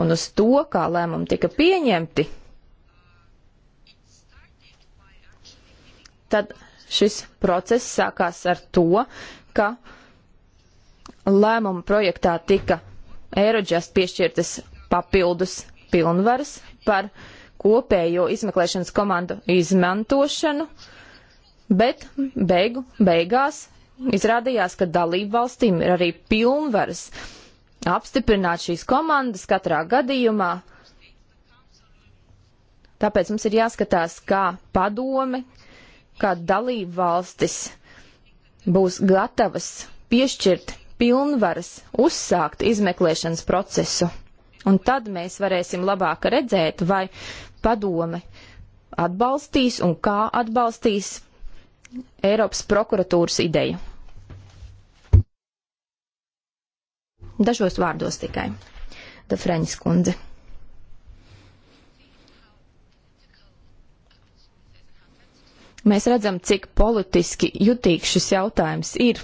un uz to, kā lēmumi tika pieņemti, tad šis process sākās ar to, ka lēmuma projektā tika Eirodžast piešķirtas papildus pilnvaras par kopējo izmeklēšanas komandu izmantošanu, uh, bet beigu, beigās izrādījās, ka dalību valstīm ir arī pilnvaras apstiprināt šīs komandas katrā gadījumā. Tāpēc mums ir jāskatās, kā padome, kā dalību valstis būs gatavas piešķirt pilnvaras uzsākt izmeklēšanas procesu. Un tad mēs varēsim labāk redzēt, vai padome atbalstīs un kā atbalstīs Eiropas prokuratūras ideju. Dažos vārdos tikai. Dafreņas kundze. Mēs redzam, cik politiski jutīgs šis jautājums ir.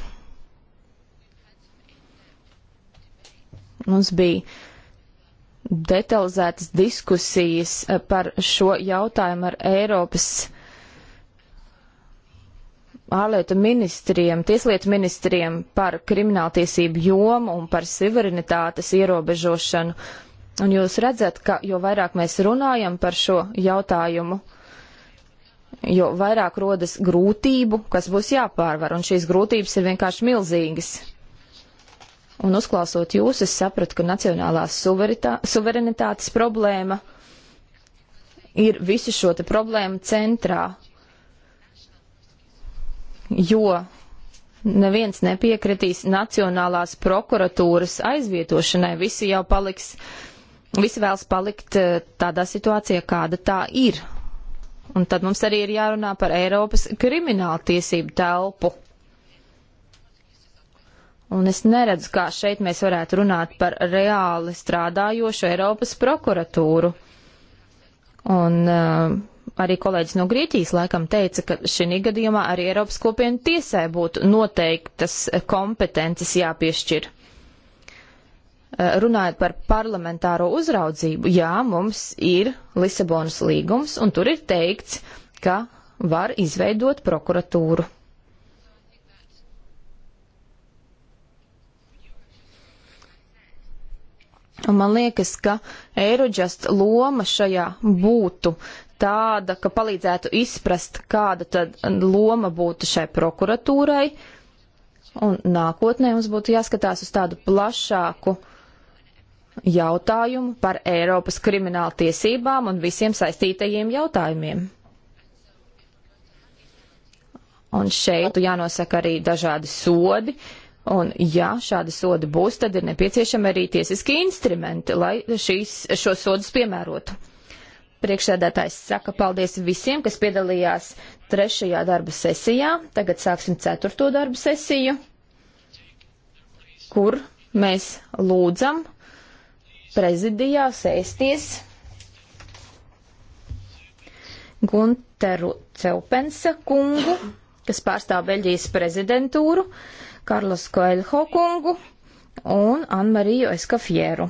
Mums bija detalizētas diskusijas par šo jautājumu ar Eiropas ārlietu ministriem, tieslietu ministriem par krimināltiesību jomu un par suverenitātes ierobežošanu. Un jūs redzat, ka jo vairāk mēs runājam par šo jautājumu, jo vairāk rodas grūtību, kas būs jāpārvar, un šīs grūtības ir vienkārši milzīgas. Un uzklausot jūs, es sapratu, ka nacionālā suverenitātes problēma ir visu šo te problēmu centrā, jo neviens nepiekritīs Nacionālās prokuratūras aizvietošanai. Visi jau paliks, visi vēlas palikt eh, tādā situācijā, kāda tā ir. Un tad mums arī ir jārunā par Eiropas kriminālu tiesību telpu. Un es neredzu, kā šeit mēs varētu runāt par reāli strādājošu Eiropas prokuratūru. Un uh, arī kolēģis no Grieķijas laikam teica, ka šī gadījumā arī Eiropas kopienu tiesai būtu noteiktas kompetences jāpiešķir. Eh, runājot par parlamentāro uzraudzību, jā, mums ir Lisabonas līgums, un tur ir teikts, ka var izveidot prokuratūru. Un man liekas, ka Eirodžast loma šajā būtu tāda, ka palīdzētu izprast, kāda tad loma būtu šai prokuratūrai, un nākotnē mums būtu jāskatās uz tādu plašāku jautājumu par Eiropas kriminālu tiesībām un visiem saistītajiem jautājumiem. Un šeit jānosaka arī dažādi sodi, Un, ja šādi sodi būs, tad ir nepieciešami arī tiesiski instrumenti, lai šīs, šos sodus piemērotu. Priekšsēdētājs saka paldies visiem, kas piedalījās trešajā darba sesijā. Tagad sāksim ceturto darba sesiju, kur mēs lūdzam prezidijā sēsties Gunteru Ceupensa kungu, kas pārstāv Beļģijas prezidentūru, Karlos Koelho kungu un Anmariju Eskafieru.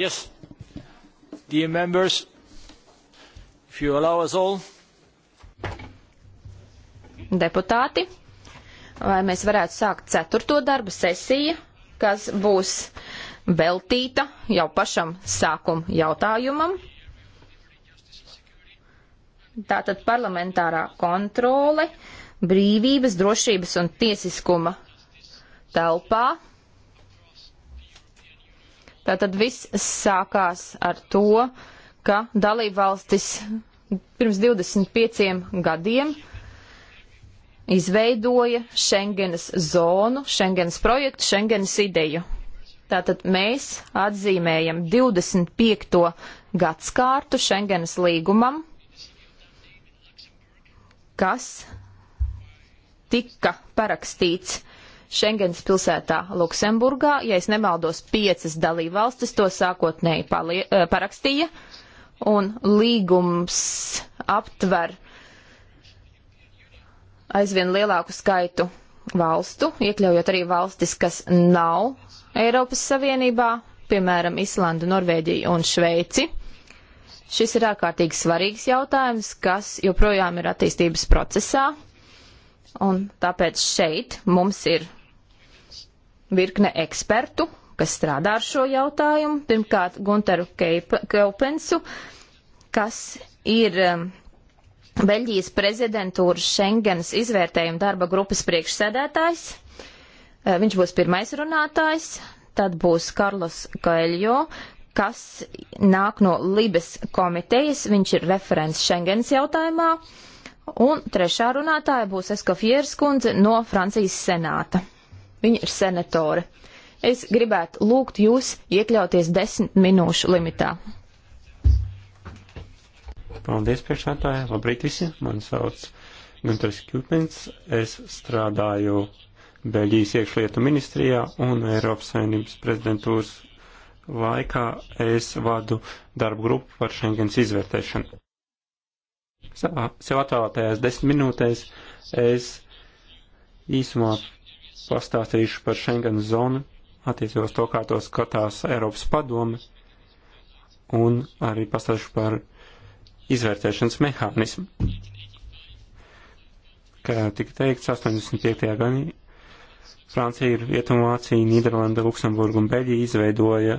Yes. Dear members, if you allow us all. Deputāti, vai mēs varētu sākt ceturto darba sesiju, kas būs veltīta jau pašam sākuma jautājumam. Tātad parlamentārā kontrole brīvības, drošības un tiesiskuma telpā Tātad viss sākās ar to, ka dalībvalstis pirms 25 gadiem izveidoja Schengenas zonu, Schengenas projektu, Schengenas ideju. Tātad mēs atzīmējam 25. gadskārtu Schengenas līgumam, kas tika parakstīts Šengens pilsētā Luksemburgā, ja es nemaldos, piecas dalībvalstis to sākotnēji eh, parakstīja, un līgums aptver aizvien lielāku skaitu valstu, iekļaujot arī valstis, kas nav Eiropas Savienībā, piemēram, Islandu, Norvēģiju un Šveici. Šis ir ārkārtīgi svarīgs jautājums, kas joprojām ir attīstības procesā, un tāpēc šeit mums ir virkne ekspertu, kas strādā ar šo jautājumu. Pirmkārt, Gunteru Kaupensu, kas ir um, Beļģijas prezidentūras Schengens izvērtējuma darba grupas priekšsēdētājs. Uh, viņš būs pirmais runātājs, tad būs Karlos Kaļjo, kas nāk no Libes komitejas, viņš ir referents Schengens jautājumā, un trešā runātāja būs Eskofieras kundze no Francijas senāta. Viņa ir senatore. Es gribētu lūgt jūs iekļauties desmit minūšu limitā. Paldies, priekšētāji. Labrīt visi. Man sauc Gunters Kjūpins. Es strādāju Beļģijas iekšlietu ministrijā un Eiropas saimnības prezidentūras laikā es vadu darbu grupu par Schengens izvērtēšanu. Savā sev atvēlētajās desmit minūtēs es īsumā pastāstīšu par Schengen zonu, attiecībos to, kā to skatās Eiropas padome, un arī pastāstīšu par izvērtēšanas mehānismu. Kā tika teikts, 85. gadī Francija, Rietumvācija, Nīderlanda, Luksemburga un Beļģija izveidoja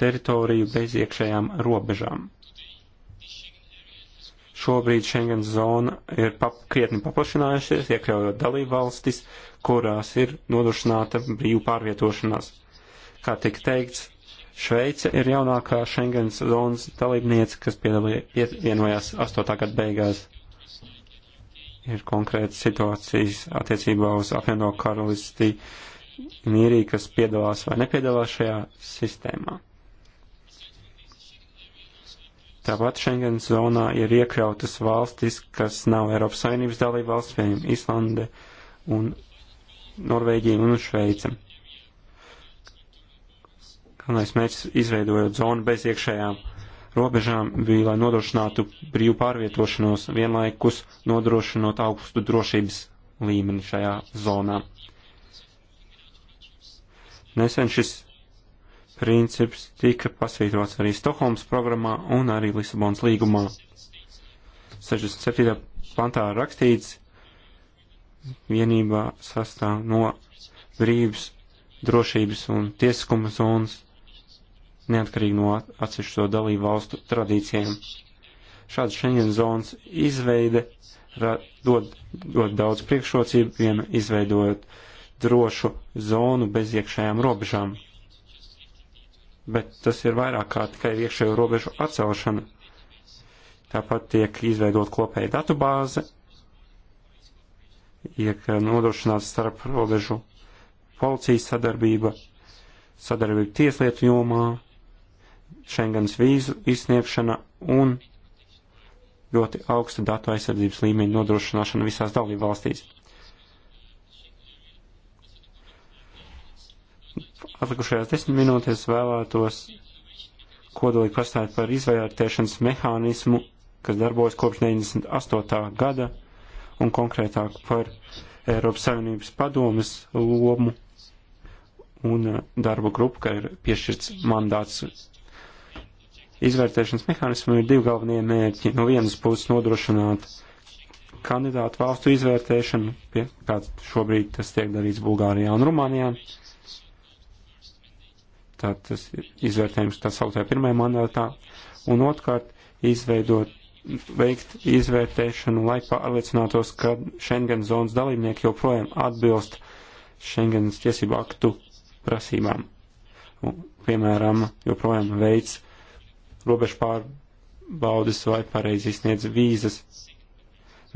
teritoriju bez iekšējām robežām. Šobrīd Schengen zona ir pap krietni paplašinājušies, iekļaujot dalībvalstis, kurās ir nodrošināta brīva pārvietošanās. Kā tika teikts, Šveice ir jaunākā Schengens zonas dalībniece, kas pievienojās 8. gada beigās. Ir konkrēta situācijas attiecībā uz apvieno karalisti Nīrī, kas piedalās vai nepiedalās šajā sistēmā. Tāpat Schengens zonā ir iekļautas valstis, kas nav Eiropas Savienības dalība valsts, piemēram, Islande un Norvēģija un Šveica. Galvenais mērķis izveidojot zonu bez iekšējām robežām bija, lai nodrošinātu brīvu pārvietošanos, vienlaikus nodrošinot augstu drošības līmeni šajā zonā. Nesen šis princips tika pasvītrots arī Stokholmas programmā un arī Lisabonas līgumā. 67. pantā rakstīts, vienībā sastāv no brīvības, drošības un tiesiskuma zonas, neatkarīgi no atsevišķo dalību valstu tradīcijiem. Šāda Schengen zonas izveide dod, dod daudz priekšrocību, piemēram, izveidojot drošu zonu bez iekšējām robežām. Bet tas ir vairāk kā tikai iekšējo robežu atcelšana. Tāpat tiek izveidot kopēja datubāze, iek eh, nodrošināts starp robežu policijas sadarbība, sadarbība tieslietu jomā, Schengens vīzu izsniegšana un ļoti augsta datu aizsardzības līmeņa nodrošināšana visās dalību valstīs. Atlikušajās desmit minūtēs vēlētos kodolīgi pastāstīt par izvērtēšanas mehānismu, kas darbojas kopš 98. gada un konkrētāk par Eiropas Savienības padomes lomu un eh, darba grupu, ka ir piešķirts mandāts. Izvērtēšanas mehānismam ir divi galvenie mērķi. No vienas puses nodrošināt kandidātu valstu izvērtēšanu, pie, kā šobrīd tas tiek darīts Bulgārijā un Rumānijā. Tā tas ir izvērtējums tā sauktā pirmajā mandātā. Un otrkārt, izveidot veikt izvērtēšanu, lai pārliecinātos, ka Schengen zonas dalībnieki joprojām atbilst Schengenas tiesību aktu prasībām. Un, piemēram, joprojām veids robežu pārbaudes vai pareizi sniedz vīzas.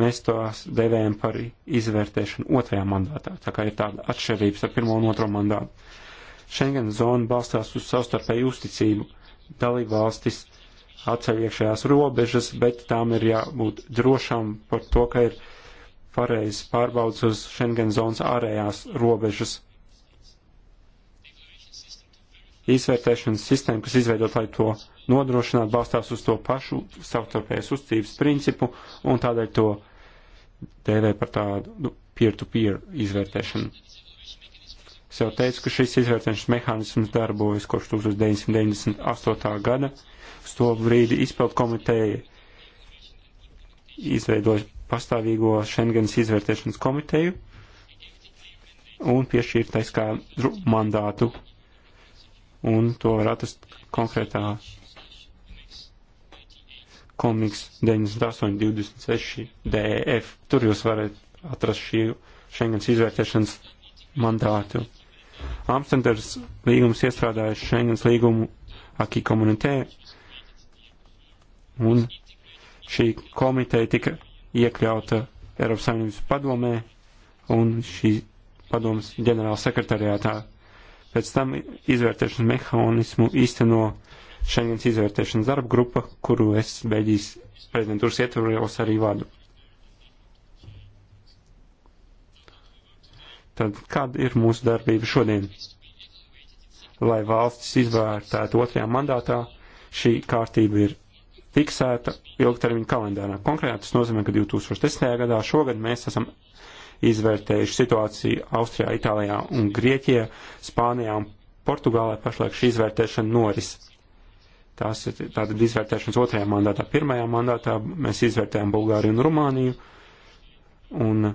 Mēs tos devējam par izvērtēšanu otrajā mandātā, tā kā ir tāda atšķirības ar pirmo un otro mandātu. Schengen zona balstās uz savstarpēju uzticību. Dalībvalstis valstis atceļ iekšējās robežas, bet tām ir jābūt drošām par to, ka ir pareizi pārbaudas uz Schengen zonas ārējās robežas. Izvērtēšanas sistēma, kas izveidot, lai to nodrošinātu, balstās uz to pašu savtarpējas uzticības principu un tādēļ to dēvē par tādu nu, peer-to-peer -peer izvērtēšanu. Es jau teicu, ka šis izvērtēšanas mehānisms darbojas kopš 1998. gada uz to brīdi izpildu komiteja izveidoja pastāvīgo Schengens izvērtēšanas komiteju un piešķīra taiskā mandātu, un to var atrast konkrētā komiks 9826 DEF. Tur jūs varat atrast šī Schengens izvērtēšanas mandātu. Amsterdams līgums iestrādājas Schengens līgumu Aki komunitē, Un šī komiteja tika iekļauta Eiropas Savienības padomē un šī padomas ģenerāla sekretariātā. Pēc tam izvērtēšanas mehānismu īsteno Šengens izvērtēšanas darba grupa, kuru es Beļģijas prezidentūras ietvaros arī vadu. Tad kāda ir mūsu darbība šodien? Lai valstis izvērtētu otrajā mandātā, šī kārtība ir fiksēta ilgtermiņa kalendārā. Konkrēti tas nozīmē, ka 2010. gadā šogad mēs esam izvērtējuši situāciju Austrijā, Itālijā un Grieķijā, Spānijā un Portugālē pašlaik šī izvērtēšana noris. Tās ir tātad izvērtēšanas otrajā mandātā. Pirmajā mandātā mēs izvērtējām Bulgāriju un Rumāniju, un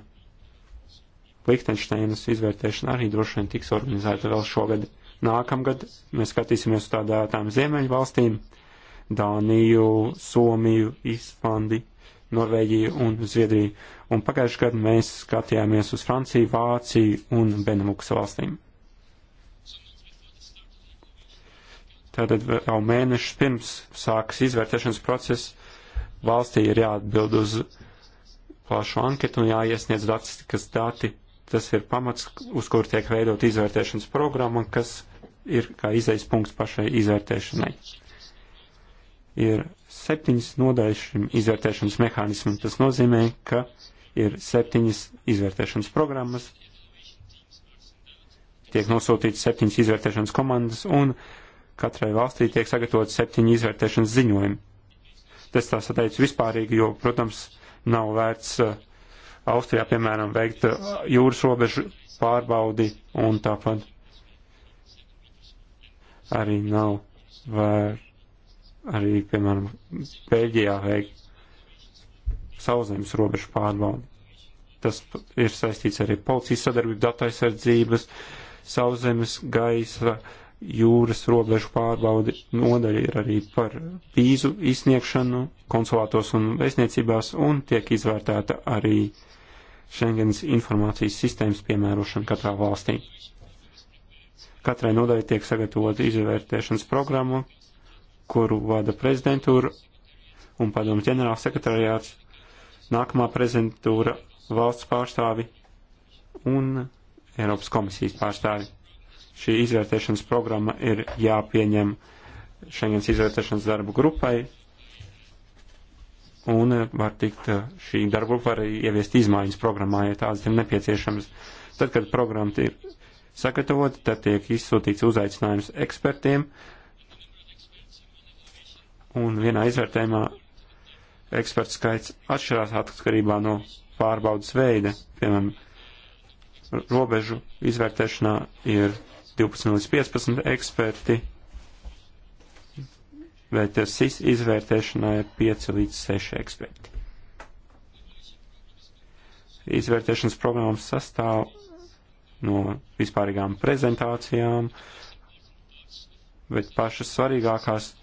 Lichtensteinas izvērtēšana arī droši vien tiks organizēta vēl šogad. Nākamgad mēs skatīsimies uz tādām ziemeļu valstīm, uh, Dāniju, Somiju, Islandi, Norvēģiju un Zviedriju. Un pagājušajā gadā mēs skatījāmies uz Franciju, Vāciju un Beneluksa valstīm. Tātad jau mēnešus pirms sākas izvērtēšanas process valstī ir jāatbild uz plašu anketu un jāiesniedz statistikas dati. Tas ir pamats, uz kur tiek veidot izvērtēšanas programma, kas ir kā izejas punkts pašai izvērtēšanai ir septiņas nodaļas šim izvērtēšanas mehānismam. Tas nozīmē, ka ir septiņas izvērtēšanas programmas, tiek nosūtīts septiņas izvērtēšanas komandas un katrai valstī tiek sagatavot septiņi izvērtēšanas ziņojumi. Tas tā sateicu vispārīgi, jo, protams, nav vērts uh, Austrijā, piemēram, veikt uh, jūras robežu pārbaudi un tāpat arī nav vērts arī, piemēram, Beļģijā veikt sauszemes robežu pārbaudi. Tas ir saistīts arī policijas sadarbību, datu aizsardzības, sauszemes, gaisa, jūras robežu pārbaudi. Nodaļa ir arī par vīzu izsniegšanu konsulātos un vēstniecībās un tiek izvērtēta arī Schengens informācijas sistēmas piemērošana katrā valstī. Katrai nodaļai tiek sagatavota izvērtēšanas programma, kuru vada prezidentūra un padomu ģenerāls sekretariāts, nākamā prezidentūra valsts pārstāvi un Eiropas komisijas pārstāvi. Šī izvērtēšanas programma ir jāpieņem Schengens izvērtēšanas darbu grupai, un var tikt eh, šī darba grupa arī ieviest izmaiņas programmā, ja tādas ir nepieciešamas. Tad, kad programma ir sagatavota, tad tiek izsūtīts uzaicinājums ekspertiem, un vienā izvērtējumā eksperts skaits atšķirās atkarībā no pārbaudas veida. Piemēram, robežu izvērtēšanā ir 12 līdz 15 eksperti, bet SIS izvērtēšanā ir 5 līdz 6 eksperti. Izvērtēšanas programmas sastāv no vispārīgām prezentācijām, bet pašas svarīgākās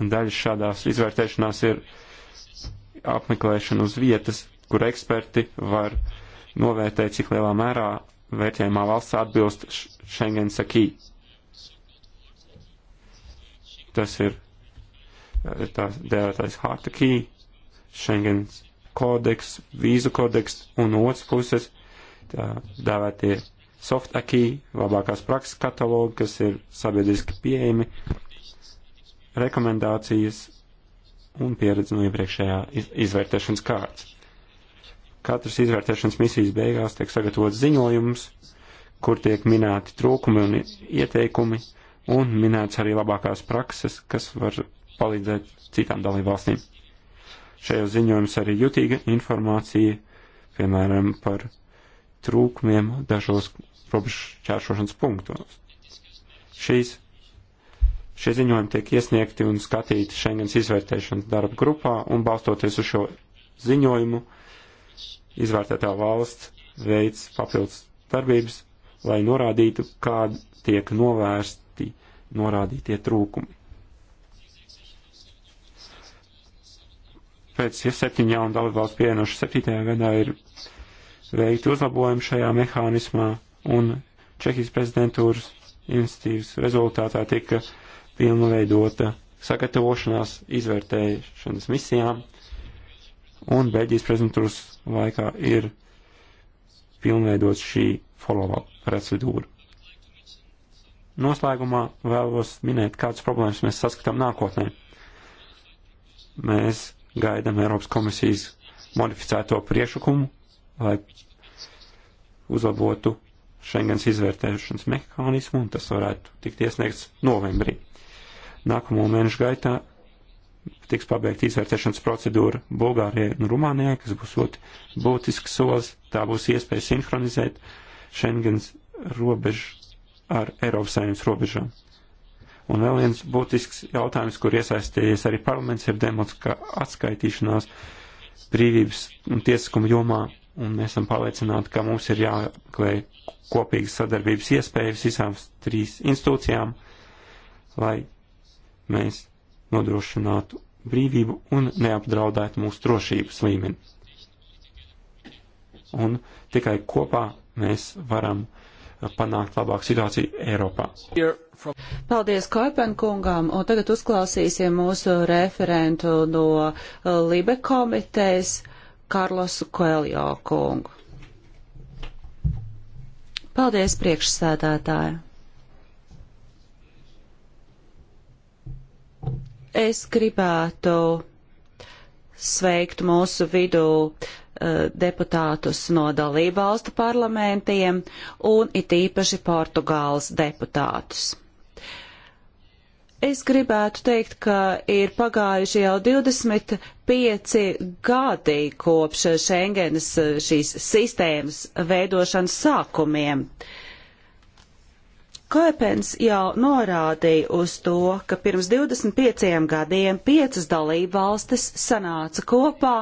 Daļa šādās izvērtēšanās ir apmeklēšana uz vietas, kur eksperti var novērtēt, cik lielā mērā vērtējumā valsts atbilst Schengen sakī. Tas ir eh, tā dēvētais harta key, Schengen kodeks, vīzu kodeks un no otras puses tā dēvētie soft akī, labākās prakses katalogi, kas ir sabiedriski pieejami rekomendācijas un pieredzi no iepriekšējā izvērtēšanas kārtas. Katras izvērtēšanas misijas beigās tiek sagatavots ziņojums, kur tiek minēti trūkumi un ieteikumi, un minēts arī labākās prakses, kas var palīdzēt citām dalībvalstīm. Šajos ziņojums arī jutīga informācija, piemēram, par trūkumiem dažos robežu čēršošanas punktos. Šīs Šie ziņojumi tiek iesniegti un skatīti Schengens izvērtēšanas darba grupā, un balstoties uz šo ziņojumu, izvērtētā valsts veids papildus darbības, lai norādītu, kādi tiek novērsti norādītie trūkumi. Pēc ja septiņu jaunu dalību valstu pievienošu septītajā gadā ir veikti uzlabojumi šajā mehānismā, un Čehijas prezidentūras institīvas rezultātā tika uh, pilnveidota sagatavošanās izvērtēšanas misijām, un Beļģijas prezidentūras laikā ir pilnveidot šī follow-up procedūra. Noslēgumā vēlos minēt, kādas problēmas mēs saskatām nākotnē. Mēs gaidām Eiropas komisijas modificēto priešakumu, lai uzlabotu Schengens izvērtēšanas mehānismu, un tas varētu tikt iesniegts novembrī. Nākamo mēnešu gaitā tiks pabeigta izvērtēšanas procedūra Bulgārijai un Rumānijai, kas būs ļoti būtisks solis. Tā būs iespēja sinhronizēt Schengens robežu ar Eiropas saimnes robežām. Un vēl viens būtisks jautājums, kur iesaistījies arī parlaments, ir demots, ka atskaitīšanās brīvības un tiesiskuma jomā, un mēs esam pārliecināti, ka mums ir jāmeklē kopīgas sadarbības iespējas visām trīs institūcijām, lai mēs nodrošinātu brīvību un neapdraudētu mūsu drošības līmeni. Un tikai kopā mēs varam panākt labāku situāciju Eiropā. Paldies Koipenkungam, un tagad uzklausīsim mūsu referentu no Libe komitejas Karlosu Koeljo kungu. Paldies priekšsēdētāju! Es gribētu sveikt mūsu vidū uh, deputātus no dalībvalstu parlamentiem un it īpaši Portugāles deputātus. Es gribētu teikt, ka ir pagājuši jau 25 gadi kopš Schengenas eh, šīs sistēmas veidošanas sākumiem. Uh, Kaipens jau norādīja uz to, ka pirms 25 gadiem piecas dalībvalstis sanāca kopā,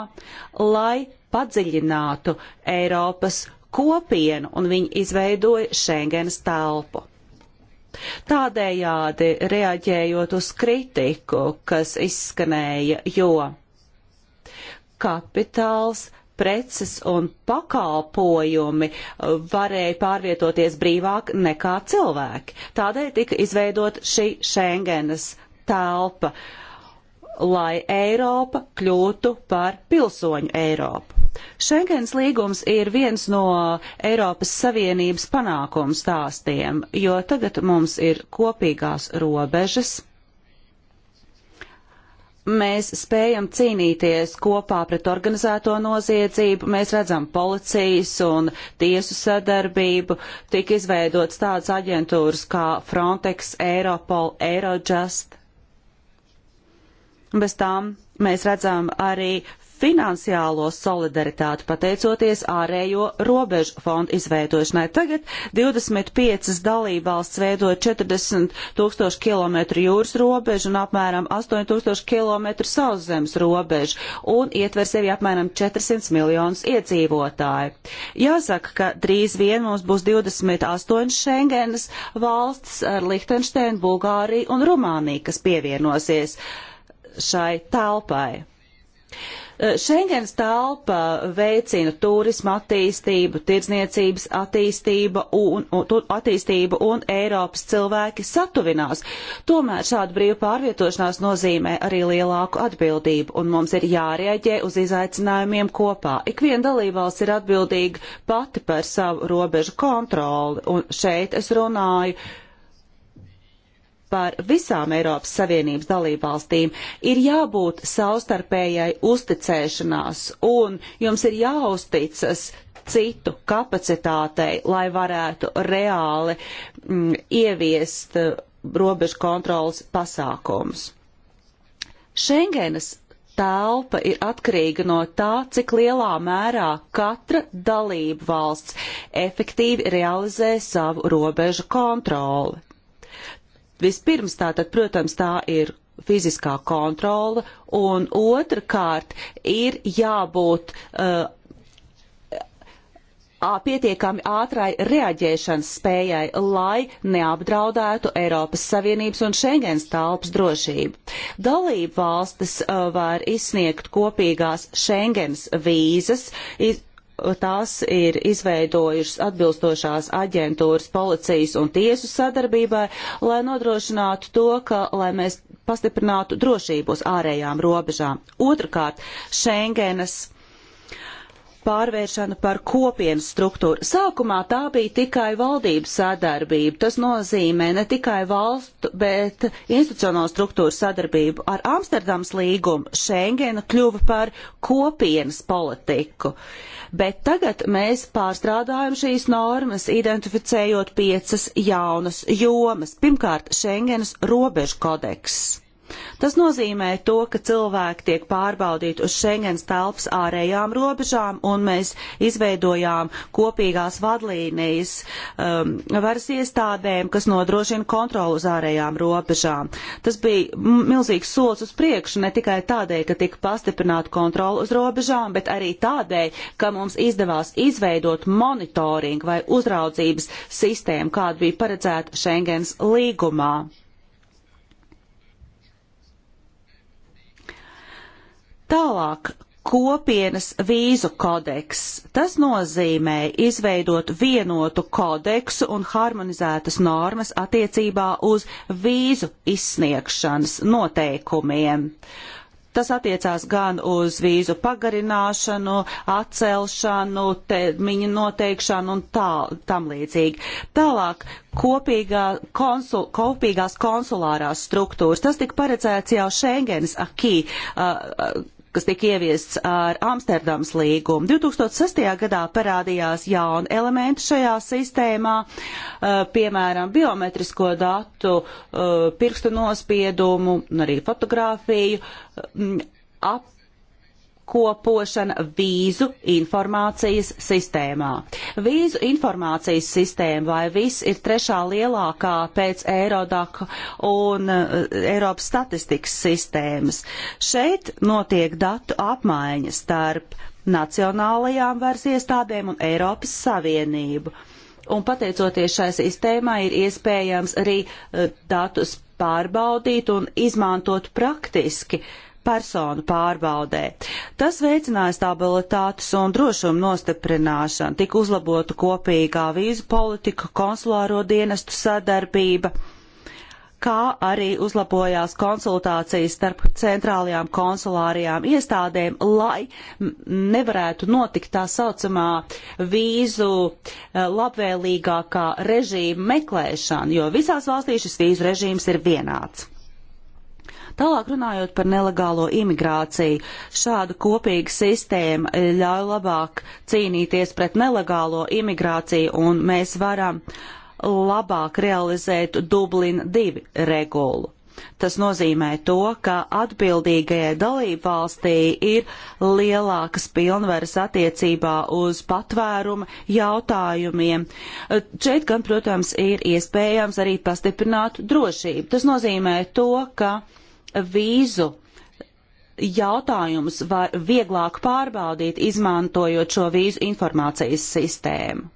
lai padziļinātu Eiropas kopienu un viņi izveidoja Schengenas telpu. Tādējādi reaģējot uz kritiku, kas izskanēja, jo kapitāls preces un pakalpojumi uh, varēja pārvietoties brīvāk nekā cilvēki. Tādēļ tika izveidot šī Schengenas telpa, lai Eiropa kļūtu par pilsoņu Eiropu. Schengens līgums ir viens no Eiropas Savienības panākumu stāstiem, jo tagad mums ir kopīgās robežas mēs spējam cīnīties kopā pret organizēto noziedzību, mēs redzam policijas un tiesu sadarbību, tiek izveidots tādas aģentūras kā Frontex, Europol, Eurojust. Bez tām mēs redzam arī finansiālo solidaritāti pateicoties ārējo robežu fondu izveidošanai. Tagad 25 dalībvalsts veido 40 tūkstošu kilometru jūras robežu un apmēram 8 tūkstošu kilometru sauszemes robežu un ietver sevi apmēram 400 miljonus iedzīvotāju. Jāsaka, ka drīz vien mums būs 28 Schengenas valsts ar Lihtensteinu, Bulgāriju un Rumāniju, kas pievienosies šai telpai. Šengens eh, telpa veicina turismu attīstību, tirdzniecības attīstību un, un, attīstību un Eiropas cilvēki satuvinās. Tomēr šāda brīva pārvietošanās nozīmē arī lielāku atbildību un mums ir jārēģē uz izaicinājumiem kopā. Ikviena dalībvalsts ir atbildīga pati par savu robežu kontroli un šeit es runāju par visām Eiropas Savienības dalībvalstīm, ir jābūt savstarpējai uzticēšanās, un jums ir jāuzticas citu kapacitātei, lai varētu reāli mm, ieviest eh, robežu kontrolas pasākumus. Šengenas telpa ir atkarīga no tā, cik lielā mērā katra dalība valsts efektīvi realizē savu robežu kontroli. Vispirms tātad, protams, tā ir fiziskā kontrola, un otrkārt ir jābūt uh, pietiekami ātrai reaģēšanas spējai, lai neapdraudētu Eiropas Savienības un Schengens telpas drošību. Dalību valstis uh, var izsniegt kopīgās Schengens vīzas, iz, tās ir izveidojušas atbilstošās aģentūras policijas un tiesu sadarbībai, lai nodrošinātu to, ka, lai mēs pastiprinātu drošību uz ārējām robežām. Otrakārt, Schengenas pārvēršanu par kopienas struktūru. Sākumā tā bija tikai valdības sadarbība. Tas nozīmē ne tikai valstu, bet institucionālu struktūru sadarbību. Ar Amsterdams līgumu Schengena kļuva par kopienas politiku. Bet tagad mēs pārstrādājam šīs normas, identificējot piecas jaunas jomas. Pirmkārt, Schengenas robežu kodeks Tas nozīmē to, ka cilvēki tiek pārbaudīti uz Schengens telpas ārējām robežām, un mēs izveidojām kopīgās vadlīnijas um, varas iestādēm, kas nodrošina kontrolu uz ārējām robežām. Tas bija milzīgs solis uz priekšu ne tikai tādēļ, ka tika pastiprināta kontrola uz robežām, bet arī tādēļ, ka mums izdevās izveidot monitoringu vai uzraudzības sistēmu, kāda bija paredzēta Schengens līgumā. Tālāk kopienas vīzu kodeks. Tas nozīmē izveidot vienotu kodeksu un harmonizētas normas attiecībā uz vīzu izsniegšanas noteikumiem. Tas attiecās gan uz vīzu pagarināšanu, atcelšanu, termiņu noteikšanu un tā, tam līdzīgi. Tālāk kopīgā konsul, kopīgās konsulārās struktūras. Tas tika paredzēts jau Schengens akī. Uh, uh, kas tika ieviests ar Amsterdams līgumu. 2006. gadā parādījās jauni elementi šajā sistēmā, eh, piemēram, biometrisko datu, eh, pirkstu nospiedumu un arī fotografiju mm, ap apkopošana vīzu informācijas sistēmā. Vīzu informācijas sistēma vai viss ir trešā lielākā pēc Eirodak un eh, Eiropas statistikas sistēmas. Šeit notiek datu apmaiņa starp nacionālajām varas iestādēm un Eiropas Savienību. Un pateicoties šai sistēmai ir iespējams arī eh, datus pārbaudīt un izmantot praktiski uh, personu pārbaudē. Tas veicināja stabilitātes un drošumu nostiprināšanu, tika uzlabota kopīgā vīzu politika, konsulāro dienestu sadarbība kā arī uzlabojās konsultācijas starp centrālajām konsulārajām iestādēm, lai nevarētu notikt tā saucamā vīzu eh, labvēlīgākā režīma meklēšana, jo visās valstīs šis vīzu režīms ir vienāds. Tālāk runājot par nelegālo imigrāciju, šāda kopīga sistēma eh, ļauj labāk cīnīties pret nelegālo imigrāciju un mēs varam labāk realizēt Dublin 2 regulu. Tas nozīmē to, ka atbildīgajai dalībvalstī ir lielākas pilnvaras attiecībā uz patvērumu jautājumiem. Šeit gan, protams, ir iespējams arī pastiprināt drošību. Tas nozīmē to, ka vīzu jautājumus var vieglāk pārbaudīt, izmantojot šo vīzu informācijas sistēmu.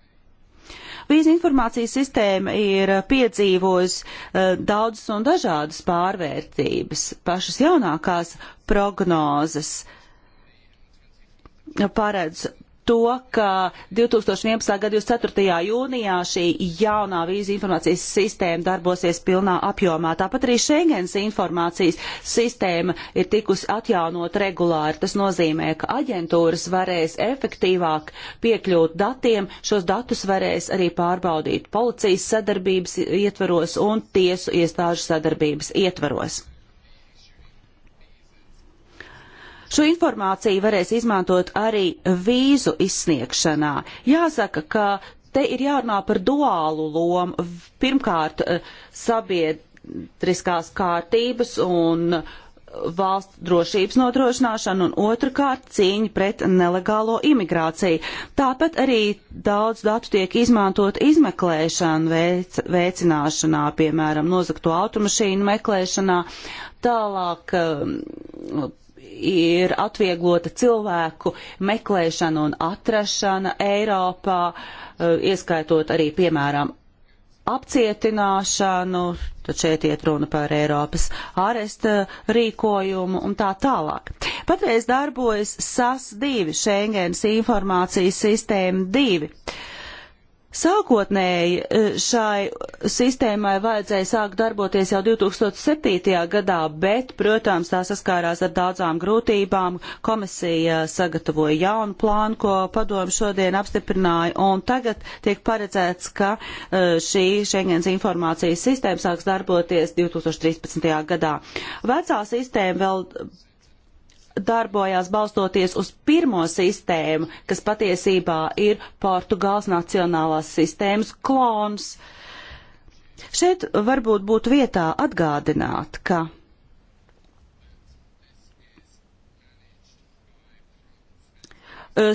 Vīza informācijas sistēma ir piedzīvojusi uh, eh, daudzas un dažādas pārvērtības. Pašas jaunākās prognozes paredz to, ka 2011. gada 24. jūnijā šī jaunā vīzu informācijas sistēma darbosies pilnā apjomā. Tāpat arī Schengens informācijas sistēma ir tikusi atjaunot regulāri. Tas nozīmē, ka aģentūras varēs efektīvāk piekļūt datiem. Šos datus varēs arī pārbaudīt policijas sadarbības ietvaros un tiesu iestāžu sadarbības ietvaros. Šo informāciju varēs izmantot arī vīzu izsniegšanā. Jāsaka, ka te ir jārunā par duālu lomu. Pirmkārt, eh, sabiedriskās kārtības un eh, valsts drošības nodrošināšanu un otrkārt cīņa pret nelegālo imigrāciju. Tāpat arī daudz datu tiek izmantot izmeklēšanu veic, veicināšanā, piemēram, nozakto automašīnu meklēšanā, tālāk eh, ir atvieglota cilvēku meklēšana un atrašana Eiropā, eh, ieskaitot arī, piemēram, apcietināšanu, tad šeit iet runa par Eiropas aresta rīkojumu un tā tālāk. Patreiz darbojas SAS2, Schengens informācijas sistēma 2. Sākotnēji e, šai sistēmai vajadzēja sākt darboties jau 2007. gadā, bet, protams, tā saskārās ar daudzām grūtībām. Komisija sagatavoja jaunu plānu, ko padomu šodien apstiprināja, un tagad tiek paredzēts, ka e, šī Schengens informācijas sistēma sāks darboties 2013. gadā. Vecā sistēma vēl darbojās balstoties uz pirmo sistēmu, kas patiesībā ir Portugāles nacionālās sistēmas klons. Šeit varbūt būtu vietā atgādināt, ka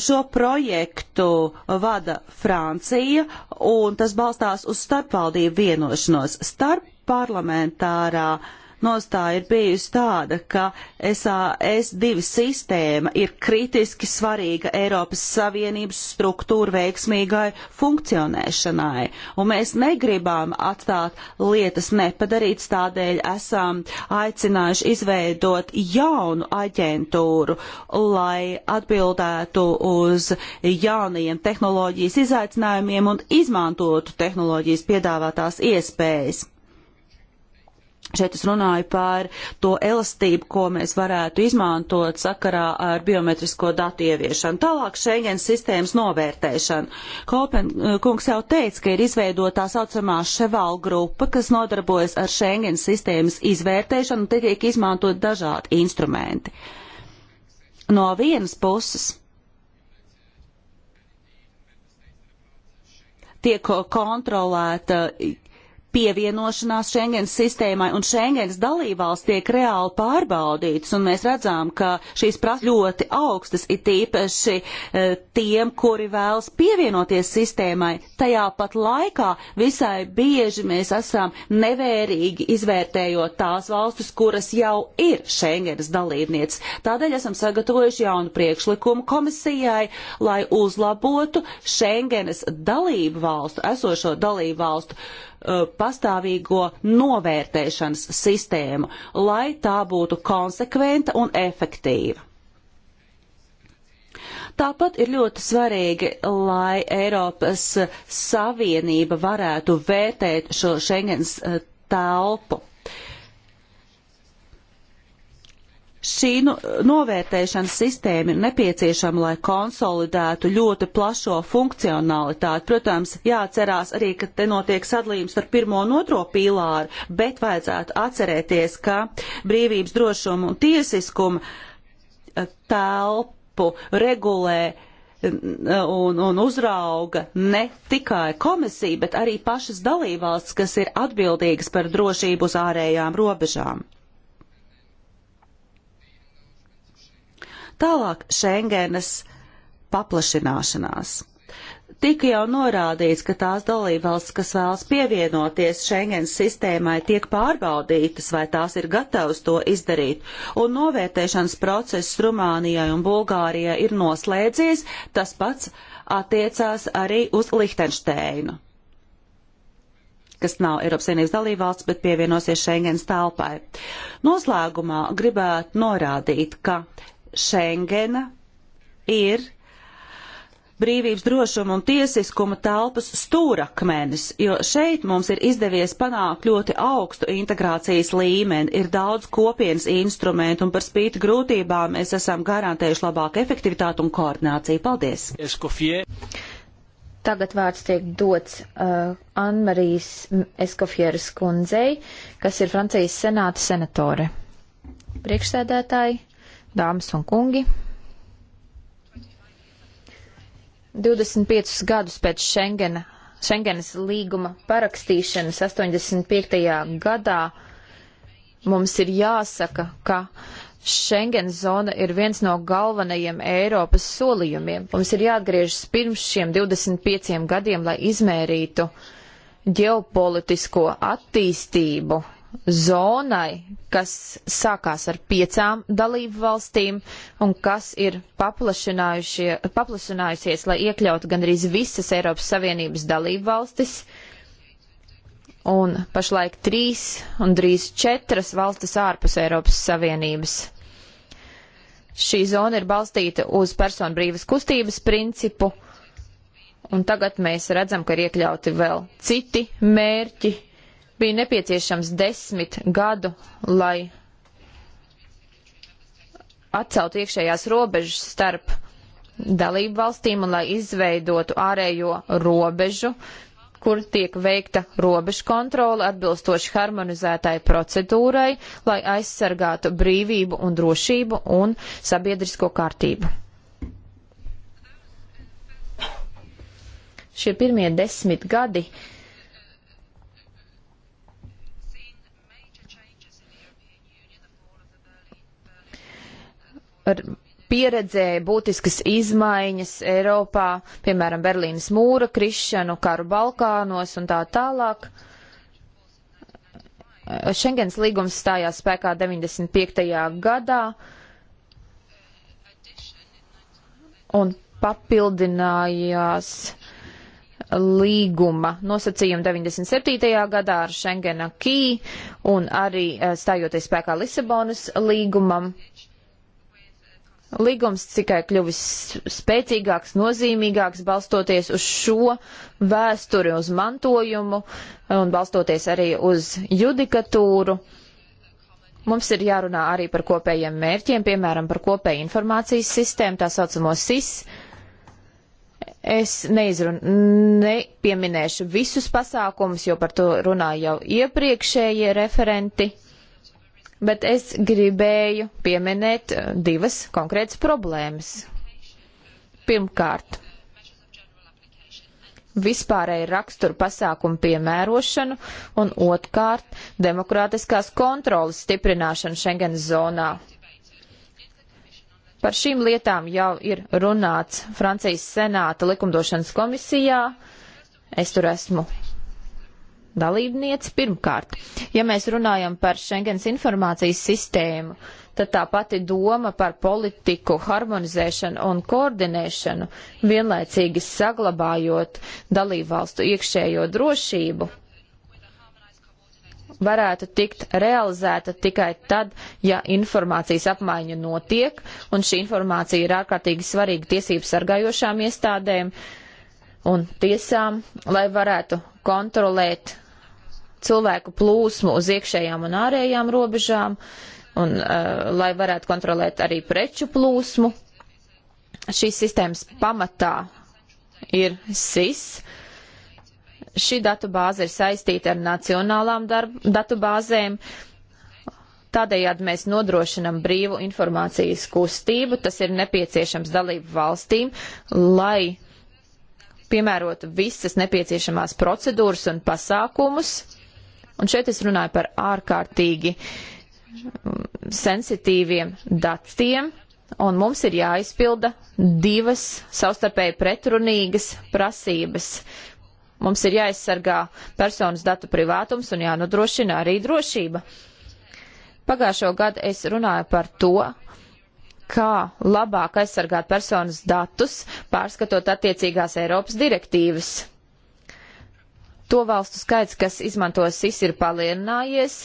šo projektu vada Francija, un tas balstās uz starpvaldību vienošanos. Starp parlamentārā uh, nostāja ir bijusi tāda, ka SAS2 sistēma ir kritiski svarīga Eiropas Savienības struktūra veiksmīgai funkcionēšanai, un mēs negribām atstāt lietas nepadarītas, tādēļ esam aicinājuši izveidot jaunu aģentūru, lai atbildētu uz jaunajiem tehnoloģijas izaicinājumiem un izmantotu tehnoloģijas piedāvātās iespējas. Šeit es runāju par to elastību, ko mēs varētu izmantot sakarā ar biometrisko datu ieviešanu. Tālāk Schengen sistēmas novērtēšana. Kopen eh, kungs jau teica, ka ir izveidota tā saucamā Cheval grupa, kas nodarbojas ar Schengen sistēmas izvērtēšanu un te tiek izmantot dažādi instrumenti. No vienas puses tiek kontrolēta pievienošanās Schengens sistēmai, un Schengens dalībvalsts tiek reāli pārbaudītas, un mēs redzam, ka šīs prasības ļoti augstas, ir tīpaši e, tiem, kuri vēlas pievienoties sistēmai. Tajā pat laikā visai bieži mēs esam nevērīgi izvērtējot tās valstis, kuras jau ir Schengens dalībnieces. Tādēļ esam sagatavojuši jaunu priekšlikumu komisijai, lai uzlabotu Schengenes dalību valstu, esošo dalību valstu Uh, pastāvīgo novērtēšanas sistēmu, lai tā būtu konsekventa un efektīva. Tāpat ir ļoti svarīgi, lai Eiropas Savienība varētu vērtēt šo Schengens uh, telpu. Šī nu, novērtēšanas sistēma ir nepieciešama, lai konsolidētu ļoti plašo funkcionalitāti. Protams, jāatcerās arī, ka te notiek sadalījums ar pirmo un otro pīlāru, bet vajadzētu atcerēties, ka brīvības drošuma un tiesiskuma eh, telpu regulē eh, un, un uzrauga ne tikai komisija, bet arī pašas dalībvalsts, kas ir atbildīgas par drošību uz ārējām robežām. Tālāk Schengenas paplašināšanās. Tika jau norādīts, ka tās dalībvalsts, kas vēlas pievienoties Schengens sistēmai, tiek pārbaudītas, vai tās ir gatavas to izdarīt, un novērtēšanas process Rumānijai un Bulgārijai ir noslēdzies, tas pats attiecās arī uz Lihtenšteinu, kas nav Eiropas Savienības dalībvalsts, bet pievienosies Schengens telpai. Noslēgumā gribētu norādīt, ka Schengena ir brīvības, drošuma un tiesiskuma telpas stūrakmenis, jo šeit mums ir izdevies panākt ļoti augstu integrācijas līmeni, ir daudz kopienas instrumentu un par spīti grūtībām mēs esam garantējuši labāku efektivitātu un koordināciju. Paldies! Eskofie. Tagad vārds tiek dots uh, Anmarijas Eskofieras kundzei, kas ir Francijas senāta senatore. Priekšsēdētāji, dāmas un kungi. 25 gadus pēc Schengena, Schengenas līguma parakstīšanas 85. gadā mums ir jāsaka, ka Schengen zona ir viens no galvenajiem Eiropas solījumiem. Mums ir jāatgriežas pirms šiem 25 gadiem, lai izmērītu ģeopolitisko attīstību zonai, kas sākās ar piecām dalību valstīm un kas ir paplašinājusies, lai iekļautu gandrīz visas Eiropas Savienības dalību valstis. Un pašlaik trīs un drīz četras valstis ārpus Eiropas Savienības. Šī zona ir balstīta uz personu brīvas kustības principu, un tagad mēs redzam, ka ir iekļauti vēl citi mērķi, bija nepieciešams desmit gadu, lai atcelt iekšējās robežas starp dalību valstīm un lai izveidotu ārējo robežu, kur tiek veikta robežu kontrole atbilstoši harmonizētai procedūrai, lai aizsargātu brīvību un drošību un sabiedrisko kārtību. Šie pirmie desmit gadi uh, pieredzēja būtiskas izmaiņas Eiropā, piemēram, Berlīnas mūra krišanu, karu Balkānos un tā tālāk. Šengens līgums stājās spēkā 95. gadā un papildinājās līguma nosacījumu 97. gadā ar Schengena Kī un arī eh, stājoties spēkā Lisabonas līgumam. Līgums tikai kļuvis spēcīgāks, nozīmīgāks, balstoties uz šo vēsturi, uz mantojumu un balstoties arī uz judikatūru. Mums ir jārunā arī par kopējiem mērķiem, piemēram, par kopēju informācijas sistēmu, tā saucamo SIS. Es neizrun, nepieminēšu visus pasākumus, jo par to runāja jau iepriekšējie referenti bet es gribēju pieminēt eh, divas konkrētas problēmas. Pirmkārt, vispārēju raksturu pasākumu piemērošanu un otrkārt, demokrātiskās kontrolas stiprināšanu Schengen zonā. Par šīm lietām jau ir runāts Francijas Senāta likumdošanas komisijā. Es tur esmu dalībniece pirmkārt. Ja mēs runājam par Schengens informācijas sistēmu, tad tā pati doma par politiku harmonizēšanu un koordinēšanu, vienlaicīgi saglabājot dalībvalstu iekšējo drošību, varētu tikt realizēta tikai tad, ja informācijas apmaiņa notiek, un šī informācija ir ārkārtīgi svarīga tiesību sargājošām iestādēm un tiesām, lai varētu kontrolēt cilvēku plūsmu uz iekšējām un ārējām robežām, un uh, lai varētu kontrolēt arī preču plūsmu. Šīs sistēmas pamatā ir SIS. Šī datubāze ir saistīta ar nacionālām datubāzēm. Tādējādi mēs nodrošinam brīvu informācijas kustību. Tas ir nepieciešams dalību valstīm, lai piemērot visas nepieciešamās procedūras un pasākumus, Un šeit es runāju par ārkārtīgi mm, sensitīviem datiem, un mums ir jāizpilda divas savstarpēji pretrunīgas prasības. Mums ir jāaizsargā personas datu privātums un jānodrošina arī drošība. Pagājušo gadu es runāju par to, kā labāk aizsargāt personas datus, pārskatot attiecīgās Eiropas direktīvas to valstu skaits, kas izmanto SIS, ir palielinājies.